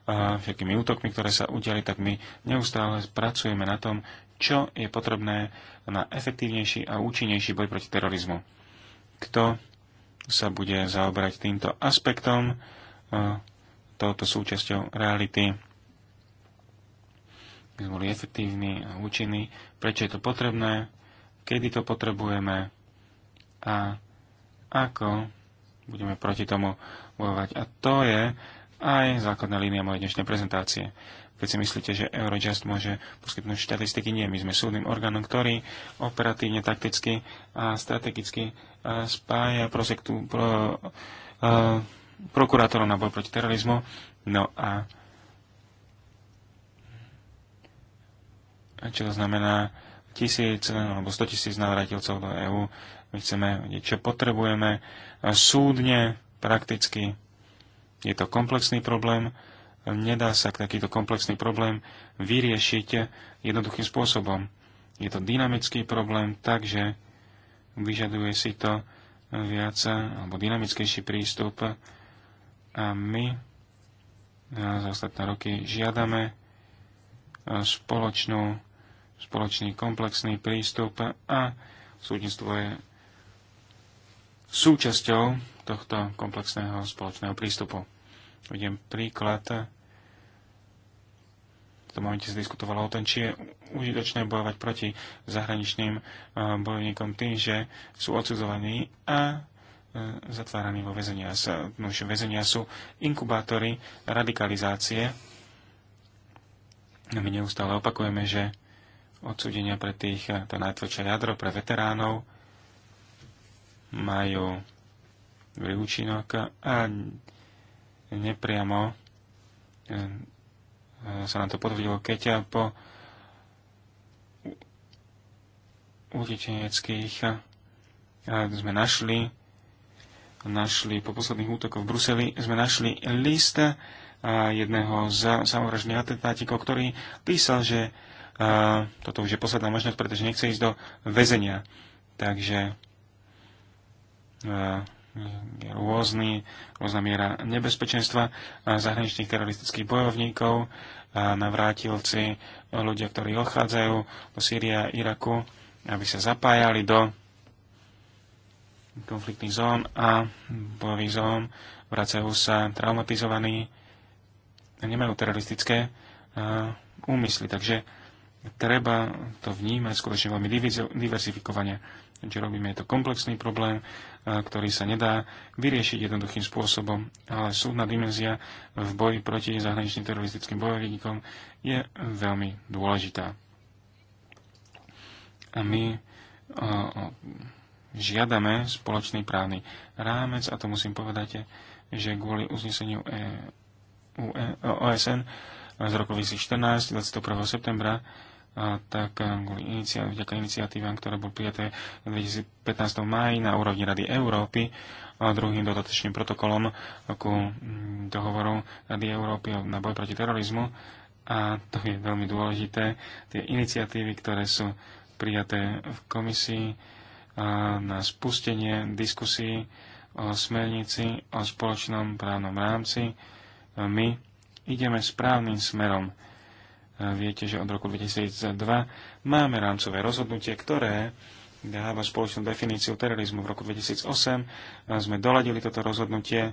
a všetkými útokmi, ktoré sa udiali, tak my neustále pracujeme na tom, čo je potrebné na efektívnejší a účinnejší boj proti terorizmu. Kto sa bude zaoberať týmto aspektom, touto súčasťou reality, my sme boli efektívni a účinní, prečo je to potrebné, kedy to potrebujeme, a ako budeme proti tomu bojovať. A to je aj základná línia mojej dnešnej prezentácie. Keď si myslíte, že Eurojust môže poskytnúť štatistiky, nie. My sme súdnym orgánom, ktorý operatívne, takticky a strategicky e, spája prosektu, pro, uh, e, prokurátorov na boj proti terorizmu. No a čo to znamená tisíc alebo 100 tisíc návratilcov do EÚ my chceme vedieť, čo potrebujeme e, súdne, prakticky. Je to komplexný problém, nedá sa takýto komplexný problém vyriešiť jednoduchým spôsobom. Je to dynamický problém, takže vyžaduje si to viac e, alebo dynamickejší prístup a my e, za ostatné roky žiadame spoločnú, spoločný komplexný prístup a súdnictvo je súčasťou tohto komplexného spoločného prístupu. Vidím príklad. V tom momente sa diskutovalo o tom, či je užitočné bojovať proti zahraničným eh, bojovníkom tým, že sú odsudzovaní a eh, zatváraní vo väzenia. No, väzenia sú inkubátory radikalizácie. My neustále opakujeme, že odsudenia pre tých, eh, to najtvrdšie jadro pre veteránov, majú výučinok a nepriamo e, sa na to potvrdilo, keď po utečeneckých e, sme našli našli po posledných útokoch v Bruseli, sme našli list e, jedného z samovražných atentátikov, ktorý písal, že toto už je posledná možnosť, pretože nechce ísť do väzenia. Takže E, rôzny, rôzna miera nebezpečenstva e, zahraničných teroristických bojovníkov, e, navrátilci, ľudia, ktorí odchádzajú do Sýrie a Iraku, aby sa zapájali do konfliktných zón a bojových zón, vracajú sa traumatizovaní a nemajú teroristické úmysly. Takže treba to vnímať skutočne veľmi diverzifikovane Keďže robíme, je to komplexný problém, e, ktorý sa nedá vyriešiť jednoduchým spôsobom, ale súdna dimenzia v boji proti zahraničným teroristickým bojovníkom je veľmi dôležitá. A my e, žiadame spoločný právny rámec, a to musím povedať, že kvôli uzneseniu e OSN z roku 2014, 21. septembra, tak eh, iniciatív, vďaka iniciatívam, ktoré boli prijaté v 2015 máji na úrovni Rady Európy, a druhým dodatočným protokolom ku mm, dohovoru Rady Európy na boj proti terorizmu. A to je veľmi dôležité. Tie iniciatívy, ktoré sú prijaté v komisii eh, na spustenie diskusí o smernici o spoločnom právnom rámci, eh, my ideme správnym smerom Viete, že od roku 2002 máme rámcové rozhodnutie, ktoré dáva spoločnú definíciu terorizmu. V roku 2008 sme doladili toto rozhodnutie e,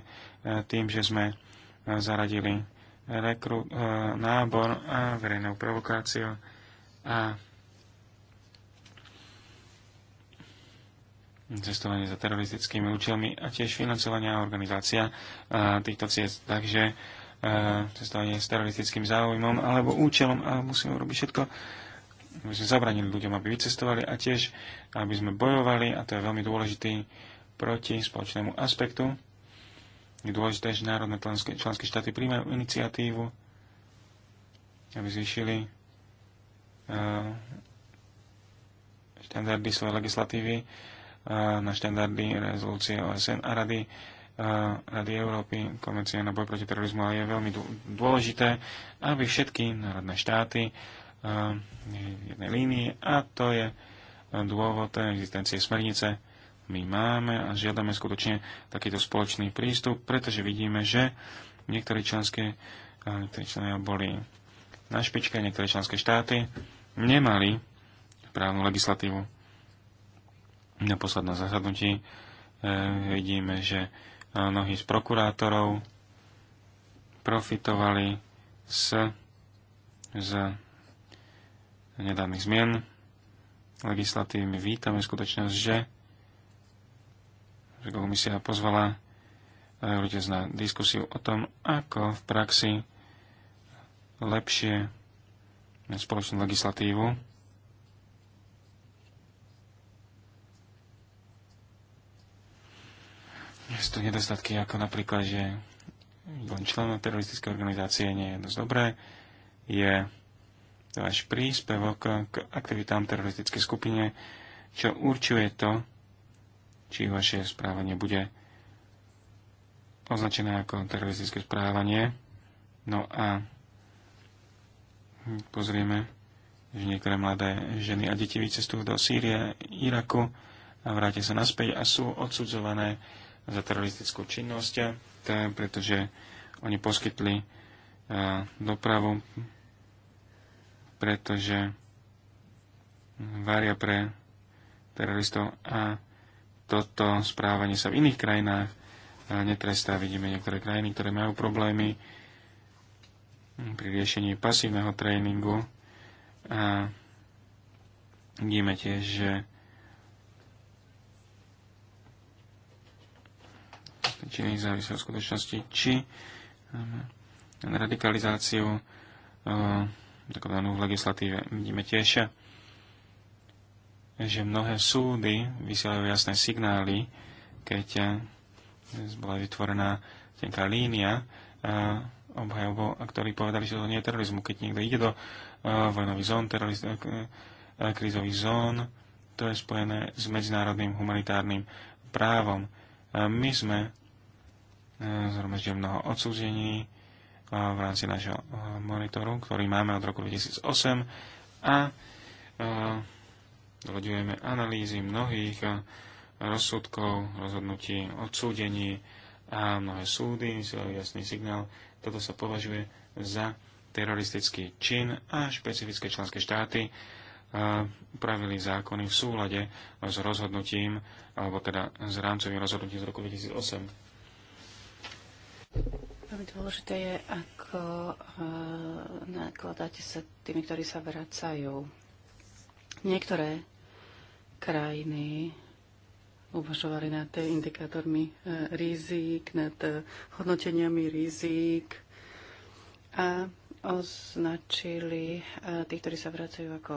tým, že sme e, zaradili rekru, e, nábor a verejnou provokáciu a cestovanie za teroristickými účelmi a tiež financovania a organizácia týchto ciest. Takže Eh, cestovanie s teroristickým záujmom alebo účelom a musíme urobiť všetko, aby sme zabranili ľuďom, aby vycestovali a tiež, aby sme bojovali, a to je veľmi dôležitý proti spoločnému aspektu. Je dôležité, že národné členské, členské štáty príjmajú iniciatívu, aby zvýšili uh, štandardy svojej legislatívy uh, na štandardy rezolúcie OSN a rady Rady Európy, konvencie na boj proti terorizmu, ale je veľmi dôležité, aby všetky národné štáty jednej línii a to je dôvod existencie smernice. My máme a žiadame skutočne takýto spoločný prístup, pretože vidíme, že niektoré členské niektorí členia boli na špičke, niektoré členské štáty nemali právnu legislatívu. Na posledné zasadnutí e, vidíme, že mnohí z prokurátorov profitovali z, z nedávnych zmien legislatívy. vítame skutočnosť, že, že komisia pozvala e, ľudia na diskusiu o tom, ako v praxi lepšie spoločnú legislatívu Sú to nedostatky ako napríklad, že len členom teroristickej organizácie nie je dosť dobré, je váš príspevok k aktivitám teroristickej skupine, čo určuje to, či vaše správanie bude označené ako teroristické správanie. No a pozrieme, že niektoré mladé ženy a deti vycestujú do Sýrie, Iraku a vrátia sa naspäť a sú odsudzované za teroristickú činnosť, eh, pretože oni poskytli eh, dopravu, pretože varia pre teroristov a toto správanie sa v iných krajinách eh, netrestá. Vidíme niektoré krajiny, ktoré majú problémy hm, pri riešení pasívneho tréningu a vidíme tiež, že či nezávislé od skutočnosti, či radikalizáciu zakotvenú eh, v legislatíve. Vidíme tiež, že mnohé súdy vysielajú jasné signály, keď eh, bola vytvorená tenká línia eh, obhajobov, a ktorí povedali, že to nie je terorizmu. Keď niekto ide do vojnových zón, krízových zón, to je spojené s medzinárodným humanitárnym právom. My sme Eh, zhromaždil mnoho odsúdení eh, v rámci nášho eh, monitoru, ktorý máme od roku 2008 a doľaďujeme analýzy mnohých rozsudkov, rozhodnutí, odsúdení a mnohé súdy jasný signál. Toto sa považuje za teroristický čin a špecifické členské štáty upravili zákony v súlade s rozhodnutím, alebo teda s rámcovým rozhodnutím z roku 2008. Veľmi dôležité je, ako eh, nakladáte sa tými, ktorí sa vracajú. Niektoré krajiny uvažovali nad indikátormi eh, rizik, nad eh, hodnoteniami rizik a označili tých, ktorí sa vracajú ako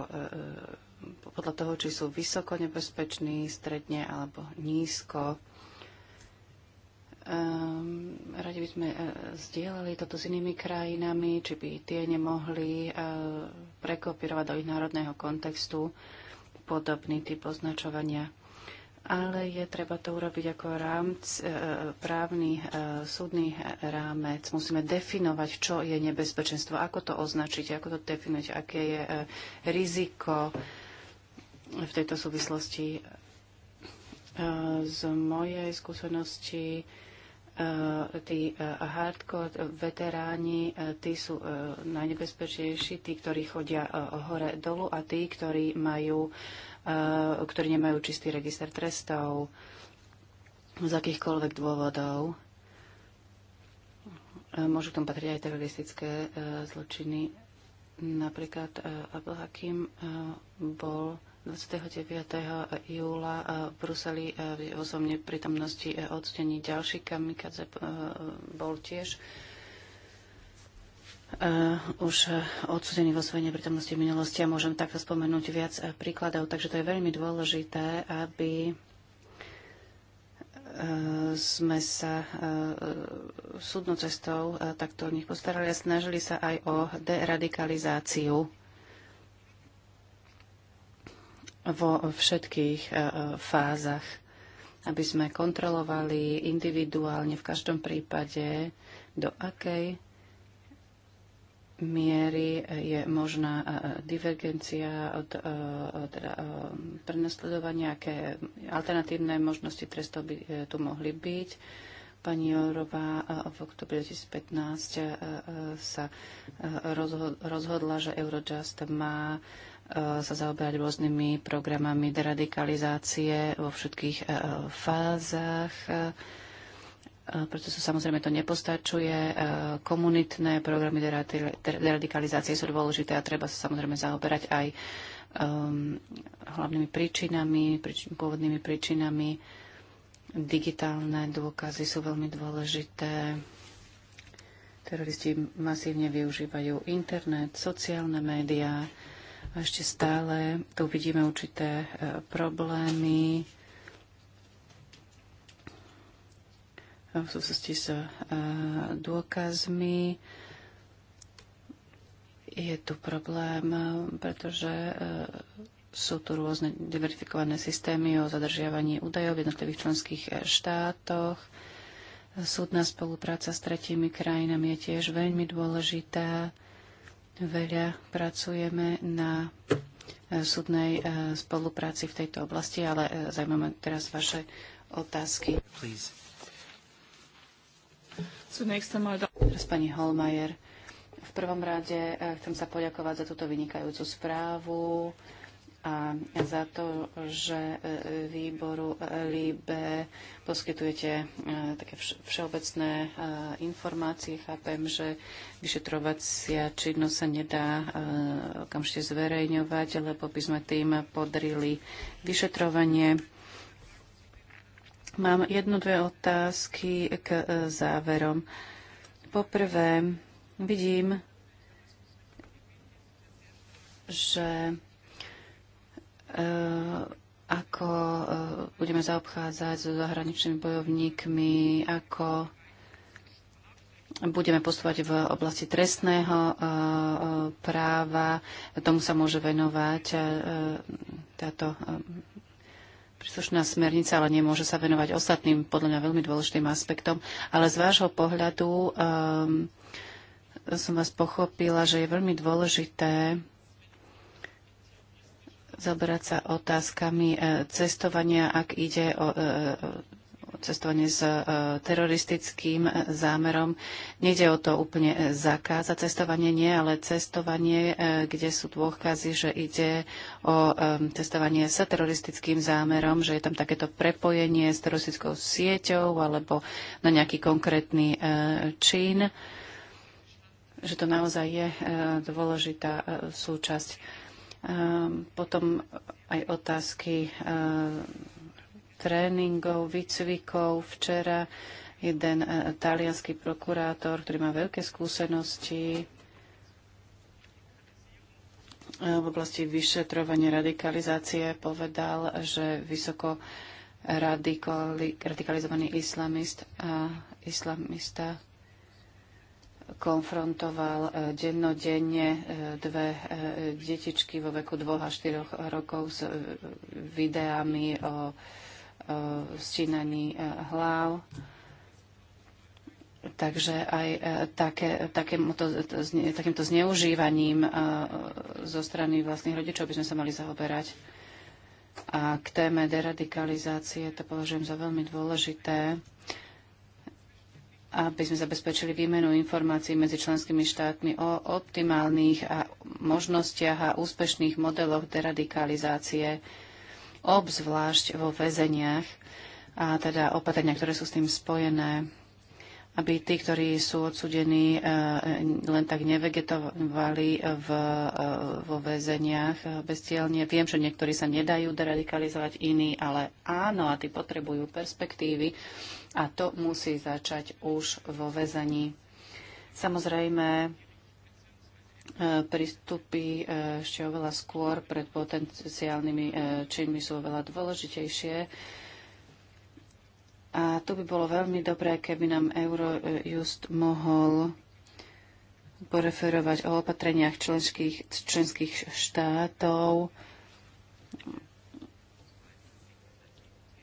podľa toho, či sú vysoko nebezpeční, stredne alebo nízko Um, radi by sme uh, zdieľali toto s inými krajinami, či by tie nemohli uh, prekopírovať do ich národného kontextu podobný typ označovania. Ale je treba to urobiť ako rámc, uh, právny uh, súdny rámec. Musíme definovať, čo je nebezpečenstvo, ako to označiť, ako to definovať, aké je uh, riziko v tejto súvislosti. Z mojej skúsenosti tí hardcore veteráni, tí sú najnebezpečnejší, tí, ktorí chodia hore dolu a tí, ktorí, majú, ktorí nemajú čistý register trestov z akýchkoľvek dôvodov. Môžu k tomu patriť aj teroristické zločiny. Napríklad Abel Hakim bol 29. júla eh, v Bruseli eh, v osobnej prítomnosti eh, odstení ďalší kamikadze bol tiež uh, už odsudený vo svojej neprítomnosti v minulosti a môžem takto spomenúť viac príkladov. Takže to je veľmi dôležité, aby sme sa súdnou cestou takto o nich postarali a snažili sa aj o deradikalizáciu vo všetkých e, e, fázach, aby sme kontrolovali individuálne v každom prípade, do akej miery je možná e, divergencia od, od teda, prenasledovania, aké alternatívne možnosti trestov by tu mohli byť. Pani Jorová v oktobri 2015 sa rozhodla, že Eurojust má E, sa zaoberať rôznymi programami deradikalizácie vo všetkých e, e, fázach. Preto sa samozrejme to nepostačuje. Komunitné programy deradikalizácie sú dôležité a treba sa samozrejme zaoberať aj hlavnými príčinami, príčin, pôvodnými príčinami. Digitálne dôkazy sú veľmi dôležité. Teroristi masívne využívajú internet, sociálne médiá, ešte stále tu vidíme určité e, problémy v súvislosti s e, dôkazmi. Je tu problém, e, pretože sú tu rôzne diverifikované systémy o zadržiavaní údajov v jednotlivých členských štátoch. Súdna spolupráca s tretími krajinami je tiež veľmi dôležitá. Veľa pracujeme na e, súdnej e, spolupráci v tejto oblasti, ale e, zaujímame teraz vaše otázky. Teraz pani Holmajer. V prvom rade chcem sa poďakovať za túto vynikajúcu správu a za to, že e, výboru e, LIBE poskytujete e, také všeobecné informácie. Chápem, že vyšetrovacia činnosť sa nedá okamžite zverejňovať, lebo by sme tým podrili vyšetrovanie. Mám jednu, dve otázky k záverom. Poprvé, vidím, že E, ako e, budeme zaobchádzať so zahraničnými bojovníkmi, ako budeme postupovať v oblasti trestného e, práva. Tomu sa môže venovať táto príslušná smernica, ale nemôže sa venovať ostatným, podľa mňa veľmi dôležitým aspektom. Ale z vášho pohľadu um, som vás pochopila, že je veľmi dôležité zaoberať sa otázkami e, cestovania, ak ide o e, cestovanie s e, teroristickým zámerom. Nejde o to úplne zakázať cestovanie, nie, ale cestovanie, kde sú dôkazy, že ide o cestovanie s teroristickým zámerom, že je tam takéto prepojenie s teroristickou sieťou alebo na nejaký konkrétny čin, že to naozaj je dôležitá súčasť Ehm, potom aj otázky ehm, tréningov, výcvikov. Včera jeden e, talianský prokurátor, ktorý má veľké skúsenosti e, v oblasti vyšetrovania radikalizácie, povedal, že vysoko radikalizovaný islamist a islamista konfrontoval e, dennodenne e, dve e, detičky vo veku 2 a 4 rokov s videami o stínaní hlav. Takže aj také, takémuto, takýmto zneužívaním zo strany vlastných rodičov by sme sa mali zaoberať. A k téme deradikalizácie to považujem za veľmi dôležité aby sme zabezpečili výmenu informácií medzi členskými štátmi o optimálnych a možnostiach a úspešných modeloch deradikalizácie, obzvlášť vo väzeniach a teda opatrenia, ktoré sú s tým spojené, aby tí, ktorí sú odsudení, e, len tak nevegetovali v, e, vo väzeniach bezcielne. Viem, že niektorí sa nedajú deradikalizovať, iní ale áno a tí potrebujú perspektívy a to musí začať už vo väzení. Samozrejme, e, prístupy e, ešte oveľa skôr pred potenciálnymi e, činmi sú oveľa dôležitejšie. A tu by bolo veľmi dobré, keby nám Eurojust mohol poreferovať o opatreniach členských, členských štátov,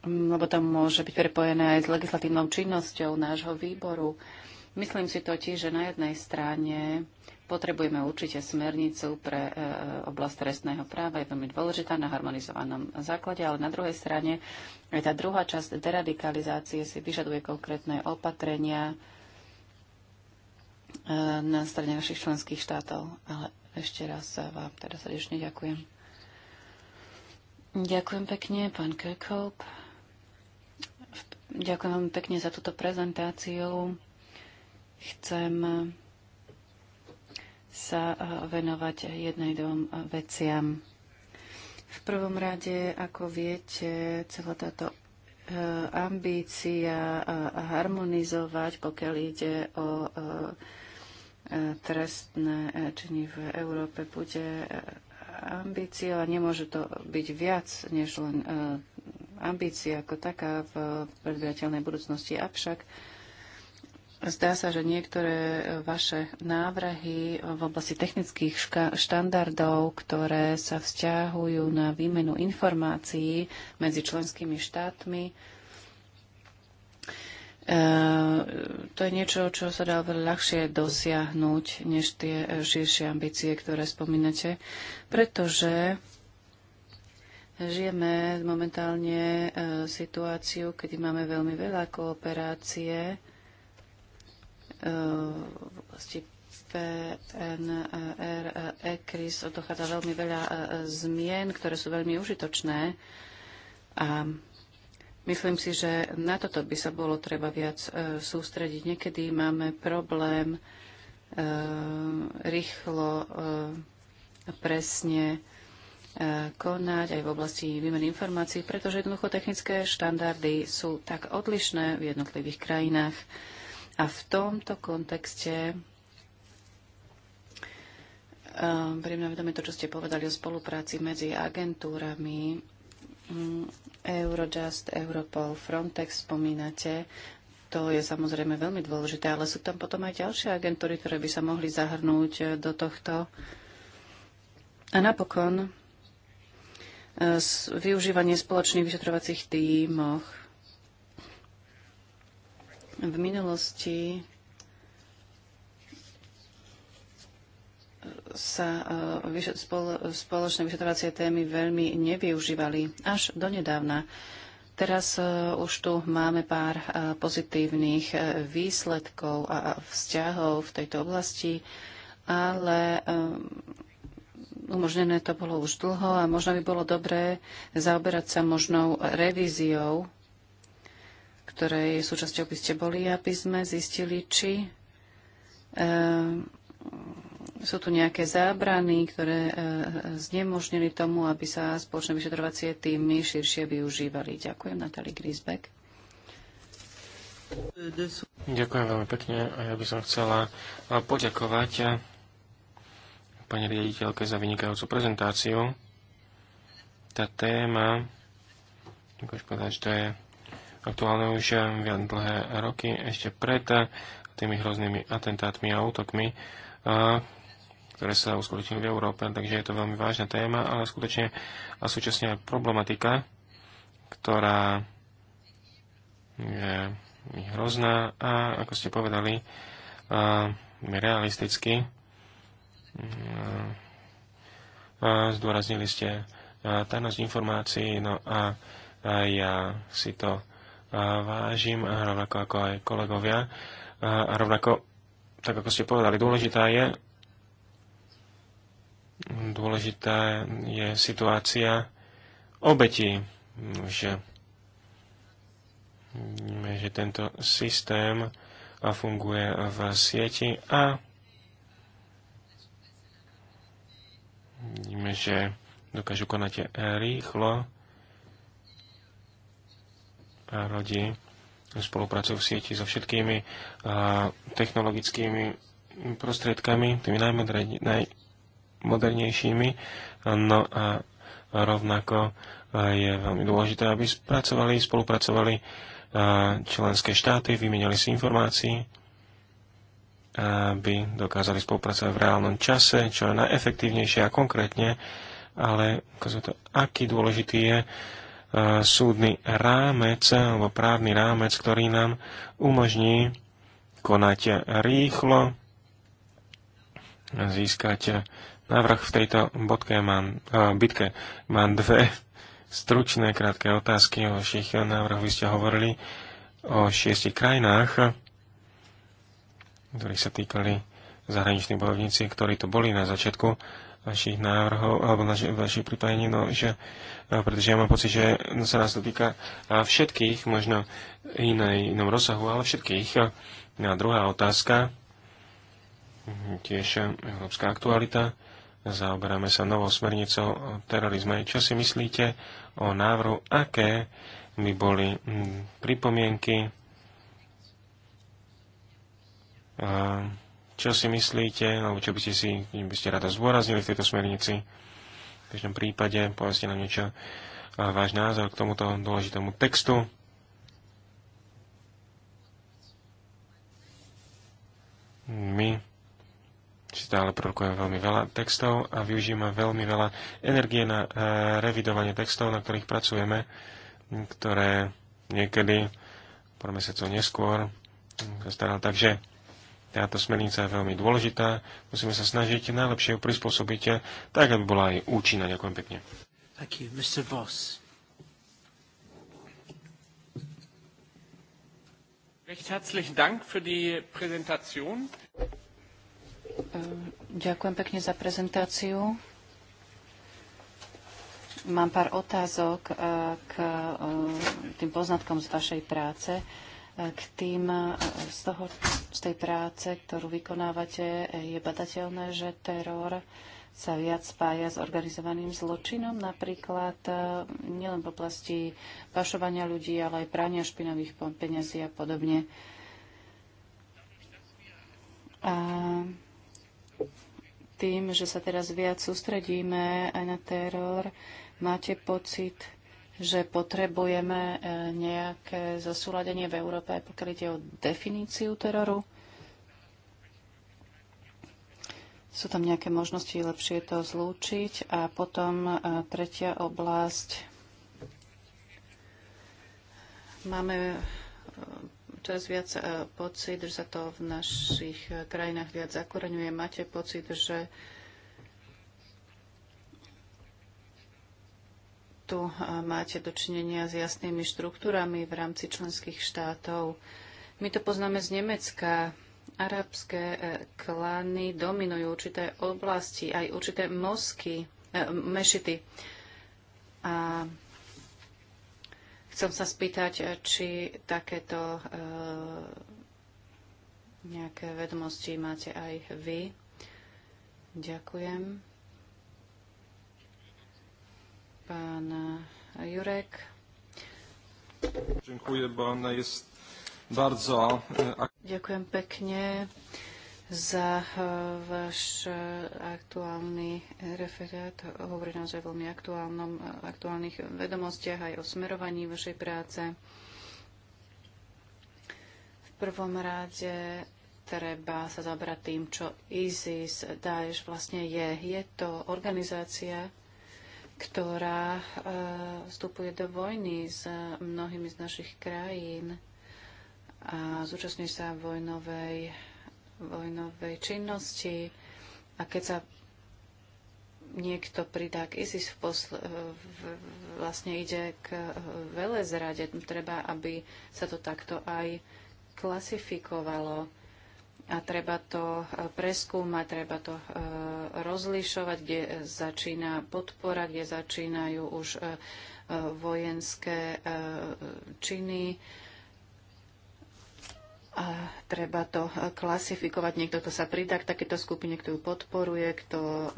lebo to môže byť prepojené aj s legislatívnou činnosťou nášho výboru. Myslím si totiž, že na jednej strane potrebujeme určite smernicu pre e, oblasť trestného práva, je veľmi dôležitá na harmonizovanom základe, ale na druhej strane aj tá druhá časť deradikalizácie si vyžaduje konkrétne opatrenia e, na strane našich členských štátov. Ale ešte raz vám teda srdečne ďakujem. Ďakujem pekne, pán Kirkhope. Ďakujem veľmi pekne za túto prezentáciu. Chcem sa eh, venovať jednej dvom eh, veciam. V prvom rade, ako viete, celá táto eh, ambícia harmonizovať, pokiaľ ide o trestné činy v Európe, bude ambíciou a nemôže to byť viac než len ambícia ako taká v predvidateľnej budúcnosti. Avšak zdá sa, že niektoré vaše návrhy v oblasti technických štandardov, ktoré sa vzťahujú na výmenu informácií medzi členskými štátmi, eh, to je niečo, čo sa dá veľa ľahšie dosiahnuť, než tie širšie ambície, ktoré spomínate, pretože Žijeme momentálne e, situáciu, kedy máme veľmi veľa kooperácie e, v oblasti PNR, e, ECRIS. Dochádza veľmi veľa zmien, ktoré sú veľmi užitočné. A myslím si, že na toto by sa bolo treba viac sústrediť. Niekedy máme problém rýchlo, presne konať aj v oblasti výmeny informácií, pretože jednoducho technické štandardy sú tak odlišné v jednotlivých krajinách. A v tomto kontexte eh, beriem na vedomie to, čo ste povedali o spolupráci medzi agentúrami mm, Eurojust, Europol, Frontex spomínate. To je samozrejme veľmi dôležité, ale sú tam potom aj ďalšie agentúry, ktoré by sa mohli zahrnúť do tohto. A napokon využívanie spoločných vyšetrovacích tímoch. V minulosti sa e, spoločné vyšetrovacie témy veľmi nevyužívali až donedávna. Teraz e, už tu máme pár e, pozitívnych výsledkov a vzťahov v tejto oblasti, ale umožnené to bolo už dlho a možno by bolo dobré zaoberať sa možnou revíziou, ktorej súčasťou by ste boli, aby sme zistili, či e, sú tu nejaké zábrany, ktoré e, znemožnili tomu, aby sa spoločné vyšetrovacie týmy širšie využívali. Ďakujem, Natali Grisbeck. Ďakujem veľmi pekne a ja by som chcela poďakovať pani riaditeľke za vynikajúcu prezentáciu. Tá téma, ako škoda, že to je aktuálne už eh, viac dlhé roky, ešte pred eh, tými hroznými atentátmi a útokmi, a, eh, ktoré sa uskutočnili v Európe, takže je to veľmi vážna téma, ale skutočne a súčasne aj problematika, ktorá je hrozná a, ako ste povedali, a, realisticky Mm, zdôraznili ste tajnosť informácií, no a ja si to vážim, rovnako ako aj kolegovia. A rovnako, tak ako ste povedali, dôležitá je dôležitá je situácia obetí, že, že tento systém funguje v sieti a Vidíme, že dokážu konať rýchlo a rodi spolupracujú v sieti so všetkými technologickými prostriedkami, tými najmodernejšími. No a rovnako je veľmi dôležité, aby spracovali, spolupracovali členské štáty, vymenili si informácií aby dokázali spolupracovať v reálnom čase, čo je najefektívnejšie a konkrétne, ale to, aký dôležitý je e, súdny rámec alebo právny rámec, ktorý nám umožní konať rýchlo, získať návrh v tejto bodke mám, e, bitke. Mám dve stručné, krátke otázky o vašich návrhoch. Vy ste hovorili o šiestich krajinách ktorí sa týkali zahraniční bojovníci, ktorí tu boli na začiatku vašich návrhov alebo naš, vašich pripájení, no, že, e, pretože ja mám pocit, že sa nás to týka e, všetkých, možno inej, inom rozsahu, ale všetkých. E, a druhá otázka, mhm, tiež európska aktualita. Zaoberáme sa novou smernicou o terorizme. Čo si myslíte o návrhu, aké by boli pripomienky čo si myslíte, alebo čo by ste si by ste rada zdôraznili v tejto smernici? V každom prípade povedzte nám niečo váš názor k tomuto dôležitému textu. My stále produkujeme veľmi veľa textov a využijeme veľmi veľa energie na e, revidovanie textov, na ktorých pracujeme, ktoré niekedy pár mesiacov neskôr sa stará. Takže táto smernica je veľmi dôležitá. Musíme sa snažiť najlepšie ju prispôsobiť eh, tak, aby bola aj účinná. Ďakujem pekne. Thank you, Mr. Voss. Recht herzlichen Dank für die Präsentation. Eh, ďakujem pekne za prezentáciu. Mám pár otázok eh, k tým poznatkom z vašej práce k tým eh, z, toho, z tej práce, ktorú vykonávate, eh, je badateľné, že teror sa viac spája s organizovaným zločinom, napríklad eh, nielen v oblasti pašovania ľudí, ale aj prania špinavých peňazí a podobne. A tým, že sa teraz viac sústredíme aj na teror, máte pocit, že potrebujeme e, nejaké zosúladenie v Európe, pokiaľ ide o definíciu teroru. Sú tam nejaké možnosti lepšie to zlúčiť. A potom e, tretia oblasť. Máme e, čas viac pocit, že sa to v našich krajinách viac zakoreňuje. Máte pocit, že tu e, máte dočinenia s jasnými štruktúrami v rámci členských štátov. My to poznáme z Nemecka. Arabské e, klany dominujú určité oblasti, aj určité mosky, e, mešity. A chcem sa spýtať, či takéto nejaké vedomosti máte aj vy. Ďakujem. Pán Jurek. Ďakujem, bo ona jest bardzo... E, Ďakujem pekne za e, váš e, aktuálny referát. Hovorí nás o veľmi aktuálnom, aktuálnych vedomostiach aj o smerovaní vašej práce. V prvom rade treba sa zabrať tým, čo ISIS, Daesh vlastne je. Je to organizácia, ktorá eh, vstupuje do vojny s mnohými z našich krajín a zúčastňuje sa vojnovej, vojnovej činnosti. A keď sa niekto pridá k ISIS, v posl- eh, v, vlastne ide k eh, veľa zrade. Treba, aby sa to takto aj klasifikovalo a treba to e, preskúmať, treba to e, rozlišovať, kde začína podpora, kde začínajú už e, vojenské činy. A treba to klasifikovať. Niekto, kto sa pridá k takéto skupine, kto ju podporuje, kto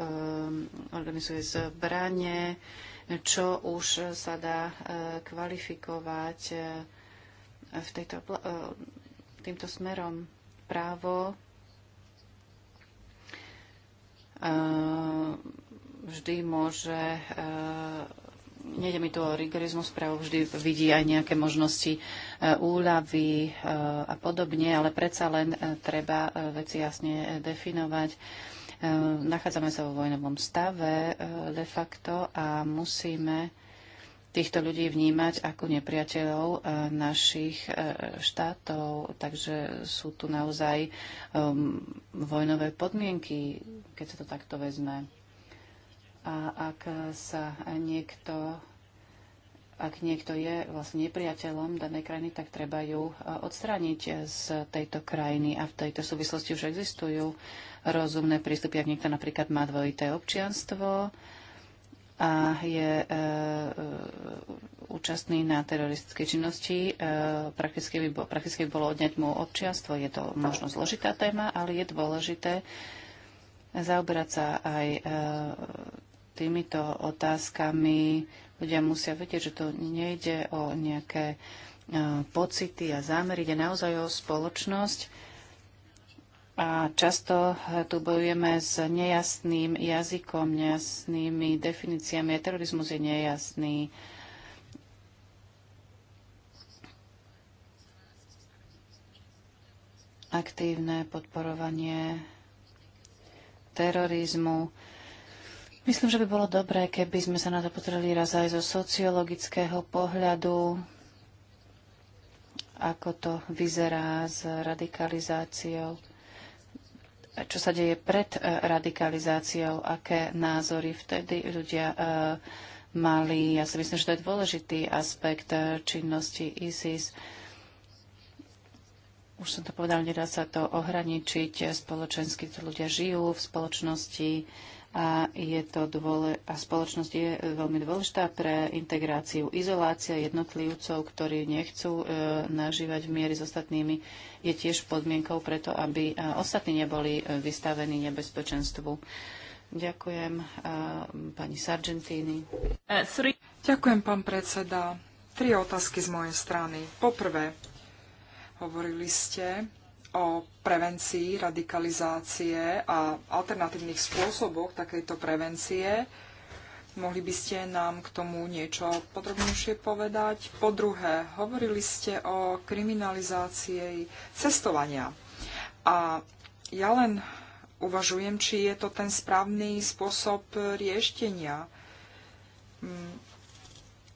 organizuje zbranie, čo už sa dá kvalifikovať v tejto, týmto smerom právo e, vždy môže, e, nejde mi tu o rigorizmus právo, vždy vidí aj nejaké možnosti e, úľavy a podobne, ale predsa len treba veci jasne definovať. Nachádzame sa vo vojnovom stave de facto a musíme týchto ľudí vnímať ako nepriateľov eh, našich eh, štátov. Takže sú tu naozaj ehm, vojnové podmienky, keď sa to takto vezme. A ak sa niekto ak niekto je vlastne nepriateľom danej krajiny, tak treba ju eh, odstrániť z tejto krajiny. A v tejto súvislosti už existujú rozumné prístupy, ak niekto napríklad má dvojité občianstvo, a je e, e, účastný na teroristickej činnosti. E, prakticky by, bo, prakticky by bolo odňať mu občianstvo. Je to možno zložitá téma, ale je dôležité zaoberať sa aj týmito otázkami. Ľudia musia vedieť, že to nejde o nejaké pocity a zámery, ide naozaj o spoločnosť a často eh, tu bojujeme s nejasným jazykom, nejasnými definíciami. Terorizmus je nejasný. Aktívne podporovanie terorizmu. Myslím, že by bolo dobré, keby sme sa na to potreli raz aj zo sociologického pohľadu, ako to vyzerá s radikalizáciou čo sa deje pred e, radikalizáciou, aké názory vtedy ľudia e, mali. Ja si myslím, že to je dôležitý aspekt e, činnosti ISIS. Už som to povedal, nedá sa to ohraničiť spoločensky, to ľudia žijú v spoločnosti, a, je to dôle, a spoločnosť je e, veľmi dôležitá pre integráciu. Izolácia jednotlivcov, ktorí nechcú e, nažívať v miery s ostatnými, je tiež podmienkou preto, aby e, ostatní neboli e, vystavení nebezpečenstvu. Ďakujem e, pani Sargentini. Ďakujem, pán predseda. Tri otázky z mojej strany. Poprvé, hovorili ste o prevencii radikalizácie a alternatívnych spôsoboch takejto prevencie. Mohli by ste nám k tomu niečo podrobnejšie povedať? Po druhé, hovorili ste o kriminalizácii cestovania. A ja len uvažujem, či je to ten správny spôsob rieštenia. Mm,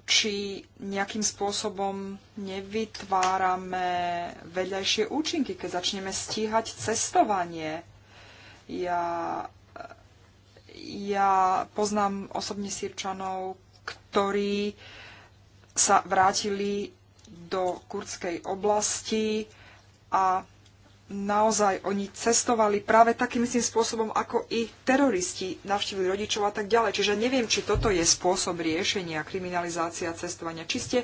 či nejakým spôsobom nevytvárame vedľajšie účinky, keď začneme stíhať cestovanie. Ja, ja poznám osobne sírčanov, ktorí sa vrátili do kurdskej oblasti a naozaj oni cestovali práve takým istým spôsobom, ako i teroristi navštívili rodičov a tak ďalej. Čiže neviem, či toto je spôsob riešenia kriminalizácia cestovania. Či ste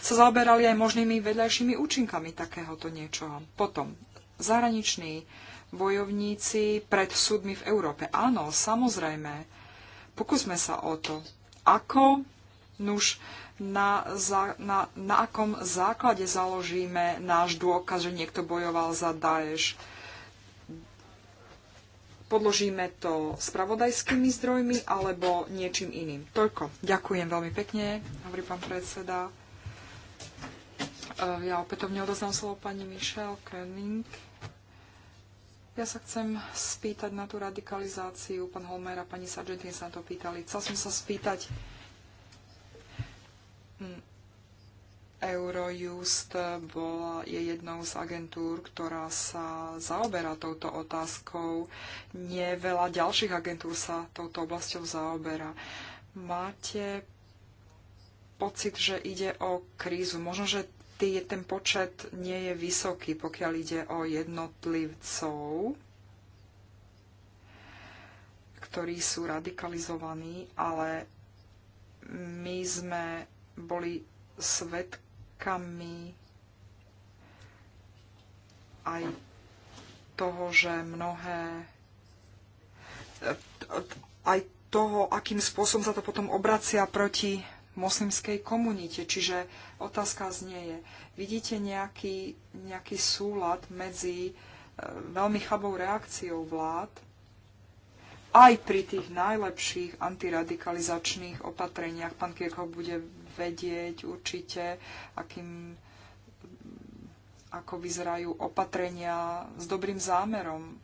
sa zaoberali aj možnými vedľajšími účinkami takéhoto niečoho. Potom, zahraniční bojovníci pred súdmi v Európe. Áno, samozrejme. Pokúsme sa o to. Ako? Nuž, na, za, na, na akom základe založíme náš dôkaz, že niekto bojoval za Daesh. Podložíme to spravodajskými zdrojmi alebo niečím iným. Toľko. Ďakujem veľmi pekne, hovorí pán predseda. E, ja opätovne odoznám slovo pani Michelle Koenig. Ja sa chcem spýtať na tú radikalizáciu. Pán Holmer a pani Sargentin sa na to pýtali. Chcel som sa spýtať, Eurojust bola, je jednou z agentúr, ktorá sa zaoberá touto otázkou. Nie veľa ďalších agentúr sa touto oblasťou zaoberá. Máte pocit, že ide o krízu. Možno, že tý, ten počet nie je vysoký, pokiaľ ide o jednotlivcov, ktorí sú radikalizovaní, ale my sme boli svetkami aj toho, že mnohé aj toho, akým spôsobom sa to potom obracia proti moslimskej komunite. Čiže otázka znie je, vidíte nejaký, nejaký súlad medzi e, veľmi chabou reakciou vlád aj pri tých najlepších antiradikalizačných opatreniach. Pán Kierko bude vedieť určite, akým, ako vyzerajú opatrenia s dobrým zámerom,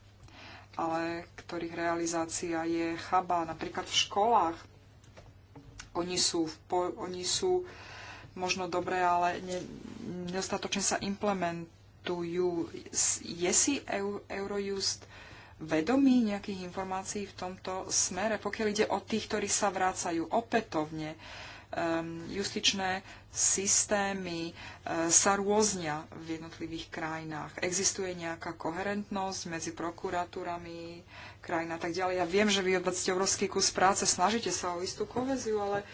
ale ktorých realizácia je chaba. Napríklad v školách oni sú, oni sú možno dobré, ale nedostatočne sa implementujú. Je si Eurojust vedomí nejakých informácií v tomto smere, pokiaľ ide o tých, ktorí sa vrácajú opätovne. Um, justičné systémy uh, sa rôznia v jednotlivých krajinách. Existuje nejaká koherentnosť medzi prokuratúrami krajín a tak ďalej. Ja viem, že vy odvádzate obrovský kus práce, snažíte sa o istú koheziu, ale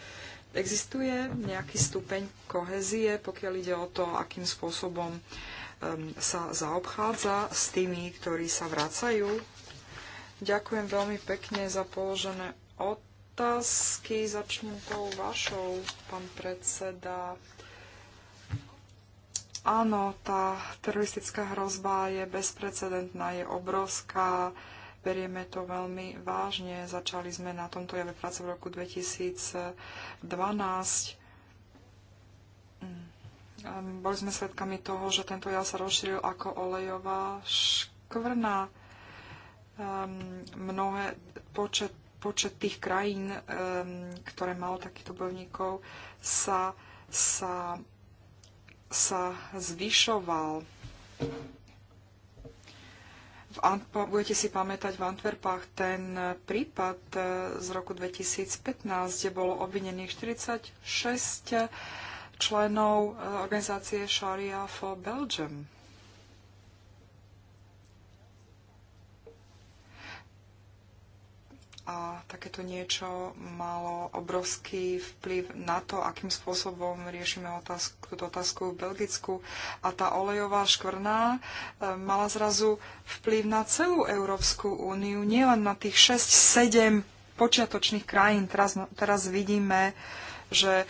existuje nejaký stupeň kohezie, pokiaľ ide o to, akým spôsobom um, sa zaobchádza s tými, ktorí sa vracajú. Ďakujem veľmi pekne za položené otázky otázky. Začnem tou vašou, pán predseda. Áno, tá teroristická hrozba je bezprecedentná, je obrovská. Berieme to veľmi vážne. Začali sme na tomto jave práce v roku 2012. Hm. Ehm, boli sme svedkami toho, že tento jav sa rozšíril ako olejová škvrna. Ehm, mnohé počet počet tých krajín, ktoré malo takýchto bojovníkov, sa, sa, sa zvyšoval. V budete si pamätať v Antwerpách ten prípad eh, z roku 2015, kde bolo obvinených 46 členov eh, organizácie Sharia for Belgium. a takéto niečo malo obrovský vplyv na to, akým spôsobom riešime otázku, túto otázku v Belgicku. A tá olejová škvrná e, mala zrazu vplyv na celú Európsku úniu, nielen na tých 6-7 počiatočných krajín. Teraz, no, teraz vidíme, že e,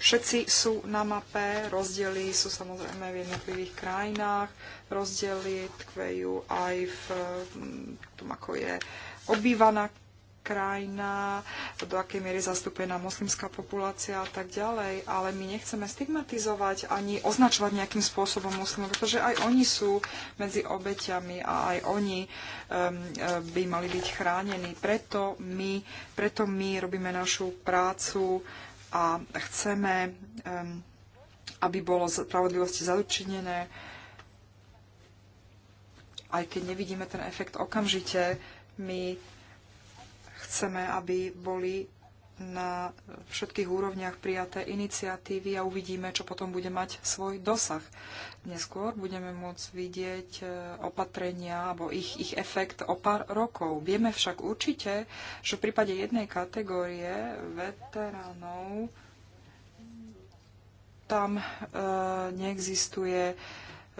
všetci sú na mape, rozdiely sú samozrejme v jednotlivých krajinách, rozdiely tkvejú aj v tom, ako je obývaná krajina, do akej miery zastúpená moslimská populácia a tak ďalej, ale my nechceme stigmatizovať ani označovať nejakým spôsobom muslimov, pretože aj oni sú medzi obeťami a aj oni um, by mali byť chránení. Preto my, preto my robíme našu prácu a chceme, um, aby bolo spravodlivosti zadučinené, aj keď nevidíme ten efekt okamžite, my chceme, aby boli na všetkých úrovniach prijaté iniciatívy a uvidíme, čo potom bude mať svoj dosah. Neskôr budeme môcť vidieť e, opatrenia alebo ich, ich efekt o pár rokov. Vieme však určite, že v prípade jednej kategórie veteránov tam e, neexistuje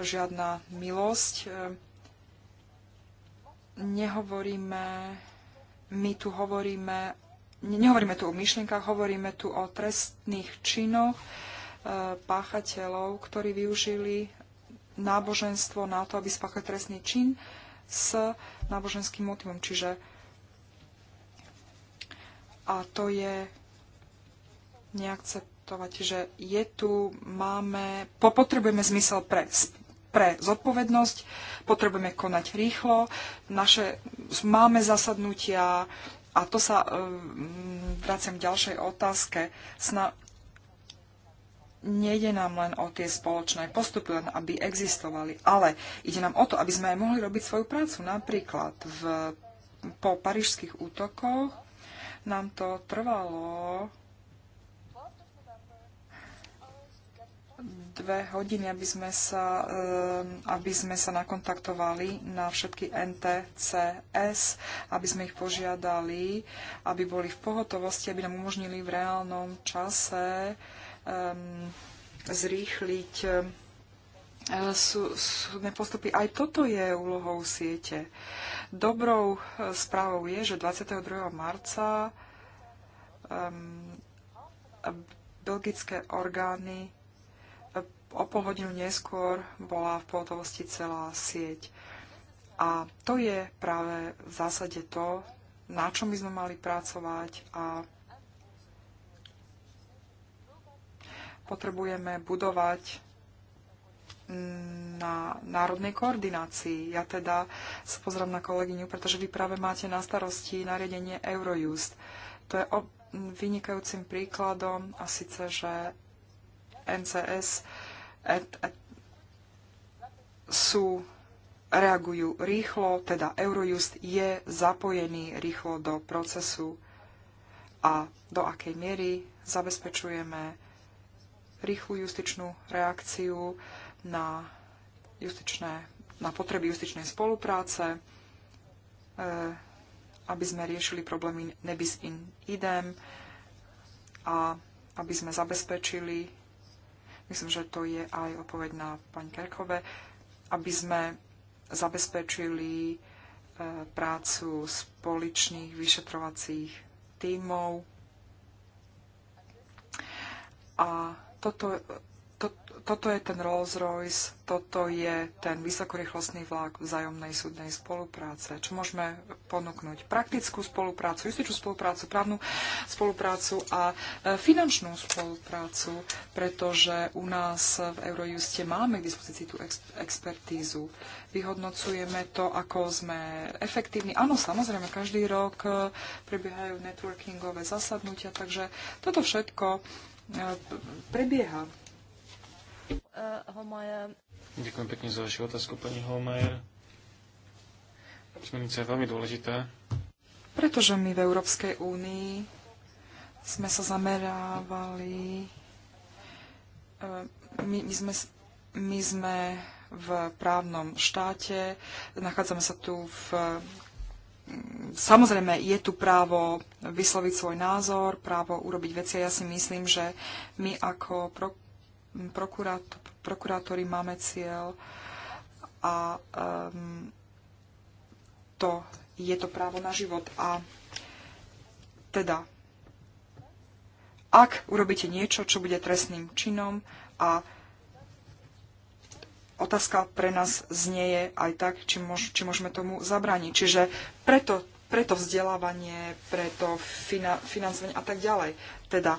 žiadna milosť. E, nehovoríme my tu hovoríme, nehovoríme tu o myšlienkach, hovoríme tu o trestných činoch e, páchateľov, ktorí využili náboženstvo na to, aby spáchali trestný čin s náboženským motivom. Čiže a to je neakceptovať, že je tu, máme, potrebujeme zmysel pre pre zodpovednosť, potrebujeme konať rýchlo, naše, máme zasadnutia a to sa um, vraciam k ďalšej otázke. Sna- Nejde nám len o tie spoločné postupy, len aby existovali, ale ide nám o to, aby sme aj mohli robiť svoju prácu. Napríklad v, po parížských útokoch nám to trvalo dve hodiny, aby sme sa, eh, aby sme sa nakontaktovali na všetky NTCS, aby sme ich požiadali, aby boli v pohotovosti, aby nám umožnili v reálnom čase um, zrýchliť eh, sú, súdne postupy. Aj toto je úlohou siete. Dobrou správou je, že 22. marca um, belgické orgány o pol hodinu neskôr bola v pohotovosti celá sieť. A to je práve v zásade to, na čo my sme mali pracovať a potrebujeme budovať na národnej koordinácii. Ja teda sa pozrám na kolegyňu, pretože vy práve máte na starosti nariadenie Eurojust. To je vynikajúcim príkladom a síce, že NCS sú, reagujú rýchlo, teda Eurojust je zapojený rýchlo do procesu a do akej miery zabezpečujeme rýchlu justičnú reakciu na, justičné, na potreby justičnej spolupráce, e, aby sme riešili problémy nebis in idem a aby sme zabezpečili myslím, že to je aj odpoveď na pani Kerkove, aby sme zabezpečili e, prácu spoličných vyšetrovacích tímov. A toto toto je ten Rolls-Royce, toto je ten vysokorýchlostný vlak vzájomnej súdnej spolupráce. Čo môžeme ponúknuť? Praktickú spoluprácu, justičnú spoluprácu, právnu spoluprácu a e, finančnú spoluprácu, pretože u nás v Eurojuste máme k dispozícii tú ex- expertízu. Vyhodnocujeme to, ako sme efektívni. Áno, samozrejme, každý rok e, prebiehajú networkingové zasadnutia, takže toto všetko e, prebieha Holmajer. Ďakujem pekne za vašu otázku, pani Holmajer. Smernica je veľmi dôležitá. Pretože my v Európskej únii sme sa zamerávali, e, my, my, sme, my sme v právnom štáte, nachádzame sa tu v samozrejme je tu právo vysloviť svoj názor, právo urobiť veci a ja si myslím, že my ako pro, prokurátori máme cieľ a um, to je to právo na život. A teda, ak urobíte niečo, čo bude trestným činom a otázka pre nás znieje aj tak, či, môž, či môžeme tomu zabrániť. Čiže preto, preto vzdelávanie, preto fina, financovanie a tak ďalej. Teda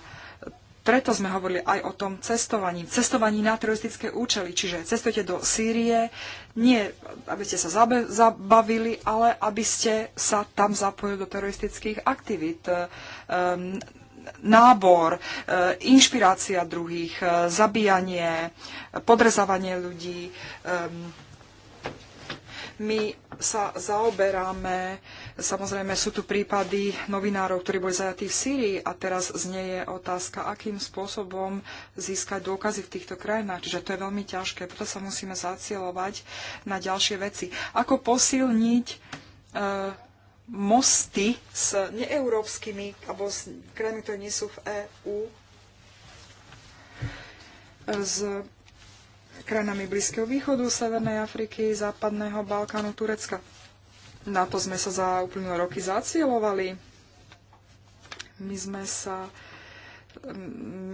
preto sme hovorili aj o tom cestovaní. Cestovaní na teroristické účely, čiže cestujete do Sýrie, nie aby ste sa zabavili, ale aby ste sa tam zapojili do teroristických aktivít. Um, nábor, e, inšpirácia druhých, e, zabíjanie, podrezávanie ľudí, um, my sa zaoberáme, samozrejme sú tu prípady novinárov, ktorí boli zajatí v Sýrii a teraz znie je otázka, akým spôsobom získať dôkazy v týchto krajinách. Čiže to je veľmi ťažké, preto sa musíme zacielovať na ďalšie veci. Ako posilniť e, mosty s neeurópskymi alebo s krajinami, ktoré nie sú v EÚ, s krajinami Blízkeho východu, Severnej Afriky, Západného Balkánu, Turecka. Na to sme sa za uplynulé roky zacielovali. My sme sa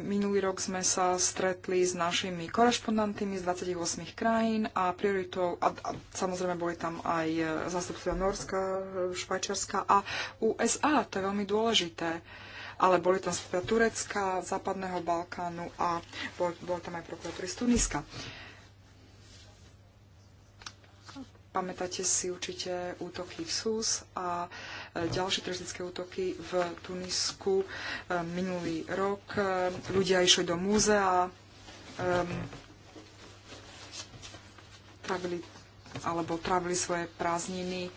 minulý rok sme sa stretli s našimi korešpondantmi z 28 krajín a prioritou, a, a samozrejme boli tam aj eh, zastupcovia Norska, eh, Švajčiarska a USA, to je veľmi dôležité. Uh, ale boli tam teda Turecka, Západného Balkánu a bol, bol tam aj prokurátor z Tuniska. Pamätáte si určite útoky v SUS a e, ďalšie teroristické útoky v Tunisku e, minulý rok. E, ľudia išli do múzea, um, trávili, alebo trávili svoje prázdniny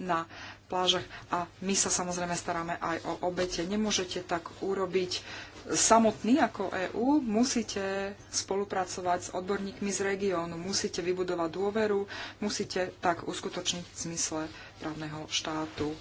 na plážach a my sa samozrejme staráme aj o obete. Nemôžete tak urobiť samotný ako EÚ, musíte spolupracovať s odborníkmi z regiónu, musíte vybudovať dôveru, musíte tak uskutočniť v zmysle právneho štátu.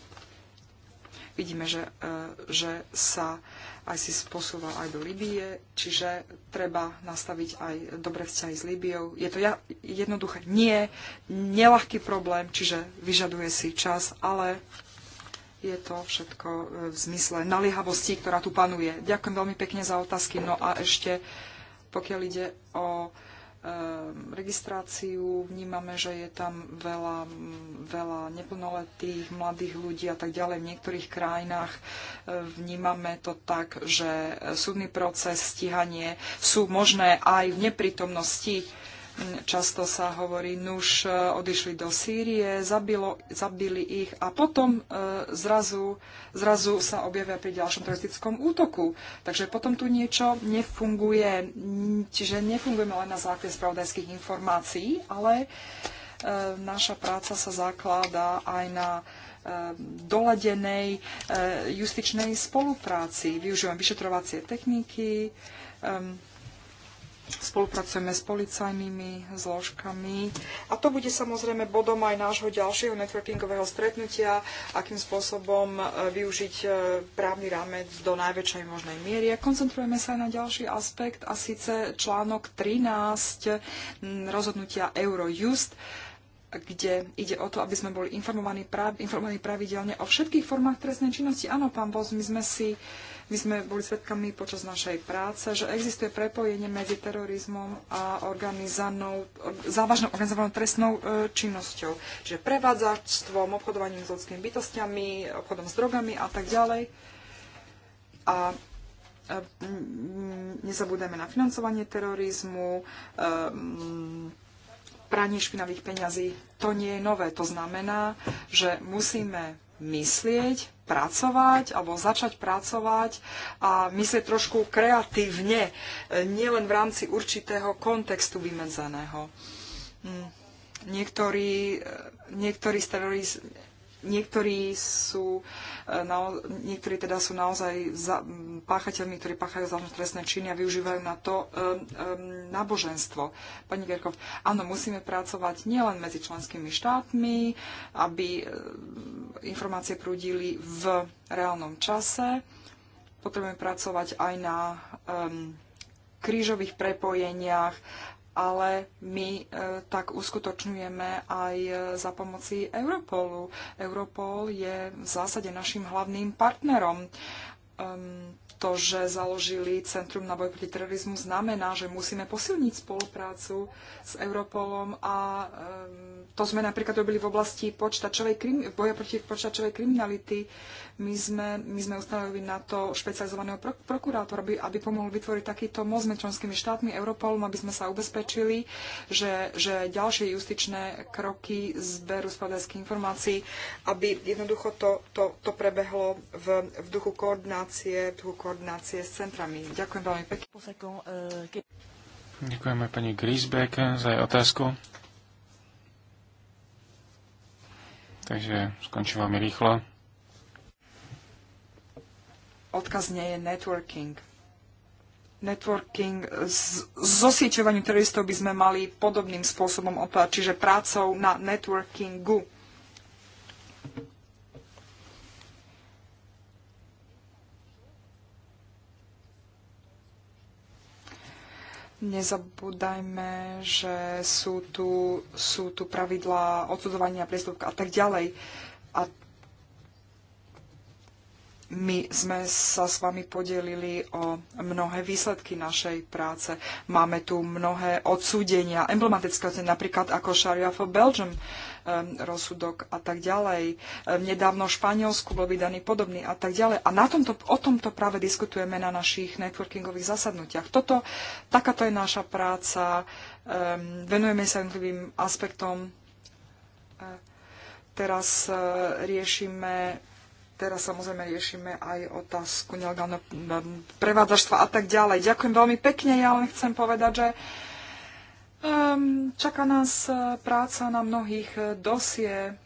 Vidíme, že, e, že sa ISIS posúva aj do Libie, čiže treba nastaviť aj dobre vzťahy s Libiou. Je to jednoduché nie, nelahký problém, čiže vyžaduje si čas, ale je to všetko e, v zmysle naliehavosti, ktorá tu panuje. Ďakujem veľmi pekne za otázky. No a ešte, pokiaľ ide o Ehm, registráciu, vnímame, že je tam veľa, veľa neplnoletých, mladých ľudí a tak ďalej. V niektorých krajinách ehm, vnímame to tak, že súdny proces, stíhanie sú možné aj v neprítomnosti Často sa hovorí, nuž e, odišli do Sýrie, zabilo, zabili ich a potom e, zrazu, zrazu sa objavia pri ďalšom teroristickom útoku. Takže potom tu niečo nefunguje. Čiže nefungujeme len na základe spravodajských informácií, ale e, naša práca sa zakladá aj na e, doladenej e, justičnej spolupráci. Využívame vyšetrovacie techniky, spolupracujeme s policajnými zložkami. A to bude samozrejme bodom aj nášho ďalšieho networkingového stretnutia, akým spôsobom e, využiť e, právny rámec do najväčšej možnej miery. A koncentrujeme sa aj na ďalší aspekt, a síce článok 13 rozhodnutia Eurojust kde ide o to, aby sme boli informovaní, prav, informovaní pravidelne o všetkých formách trestnej činnosti. Áno, pán Bos, my sme si my sme boli svedkami počas našej práce, že existuje prepojenie medzi terorizmom a organizanou, závažnou organizovanou trestnou e, činnosťou. Čiže prevádzačstvom, obchodovaním s ľudskými bytostiami, obchodom s drogami a tak ďalej. A e, nezabúdajme na financovanie terorizmu, e, pranie špinavých peňazí, to nie je nové. To znamená, že musíme myslieť, pracovať alebo začať pracovať a myslieť trošku kreatívne, nielen v rámci určitého kontextu vymedzeného. Hm. Niektorí, niektorí z terorizmu Niektorí, sú, no, niektorí teda sú naozaj za, páchateľmi, ktorí páchajú závažné trestné činy a využívajú na to um, um, náboženstvo. Pani Gerkov, áno, musíme pracovať nielen medzi členskými štátmi, aby informácie prúdili v reálnom čase. Potrebujeme pracovať aj na um, krížových prepojeniach, ale my e, tak uskutočňujeme aj e, za pomoci Europolu. Europol je v zásade našim hlavným partnerom. Ehm, to, že založili Centrum na boj proti terorizmu, znamená, že musíme posilniť spoluprácu s Europolom a ehm, to sme napríklad robili v oblasti počtačovej boja proti počtačovej kriminality. My sme, my sme ustanovili na to špecializovaného pro, prokurátora, aby, aby pomohol vytvoriť takýto moc medzi členskými štátmi, Europolom, aby sme sa ubezpečili, že, že ďalšie justičné kroky zberu spravodajských informácií, aby jednoducho to, to, to prebehlo v, v duchu koordinácie, v duchu koordinácie s centrami. Ďakujem veľmi pekne. Ďakujeme pani Grisbeck za jej otázku. Takže skončím veľmi rýchlo odkaz nie je networking. Networking, zosieťovaniu teroristov by sme mali podobným spôsobom odpovedať, čiže prácou na networkingu. Nezabúdajme, že sú tu, sú tu pravidlá odsudzovania priestupka a tak ďalej. A my sme sa s vami podelili o mnohé výsledky našej práce. Máme tu mnohé odsúdenia, emblematické odsúdenia, napríklad ako Sharia for Belgium um, rozsudok a tak ďalej. Um, nedávno v Španielsku bol vydaný podobný a tak ďalej. A na tomto, o tomto práve diskutujeme na našich networkingových zasadnutiach. Toto, takáto je naša práca. Um, venujeme sa jednotlivým aspektom. Uh, teraz uh, riešime teraz samozrejme riešime aj otázku nelegálneho prevádzaštva a tak ďalej. Ďakujem veľmi pekne, ja len chcem povedať, že um, čaká nás e, práca na mnohých e, dosie,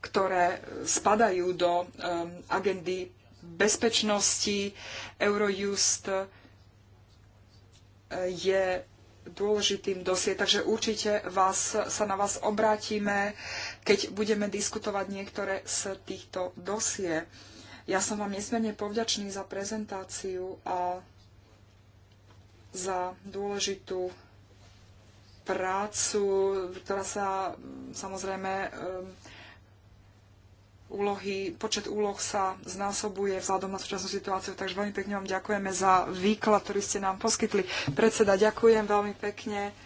ktoré spadajú do um, agendy bezpečnosti. Eurojust e, je dôležitým dosie, takže určite vás, sa na vás obrátime keď budeme diskutovať niektoré z týchto dosie. Ja som vám nesmierne povďačný za prezentáciu a za dôležitú prácu, ktorá sa samozrejme um, úlohy, počet úloh sa znásobuje vzhľadom na súčasnú situáciu, takže veľmi pekne vám ďakujeme za výklad, ktorý ste nám poskytli. Predseda, ďakujem veľmi pekne.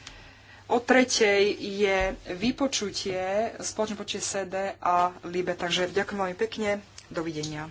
O tretej je vypočutie, spoločne počutie SED a LIBE. Takže ďakujem veľmi pekne. Dovidenia.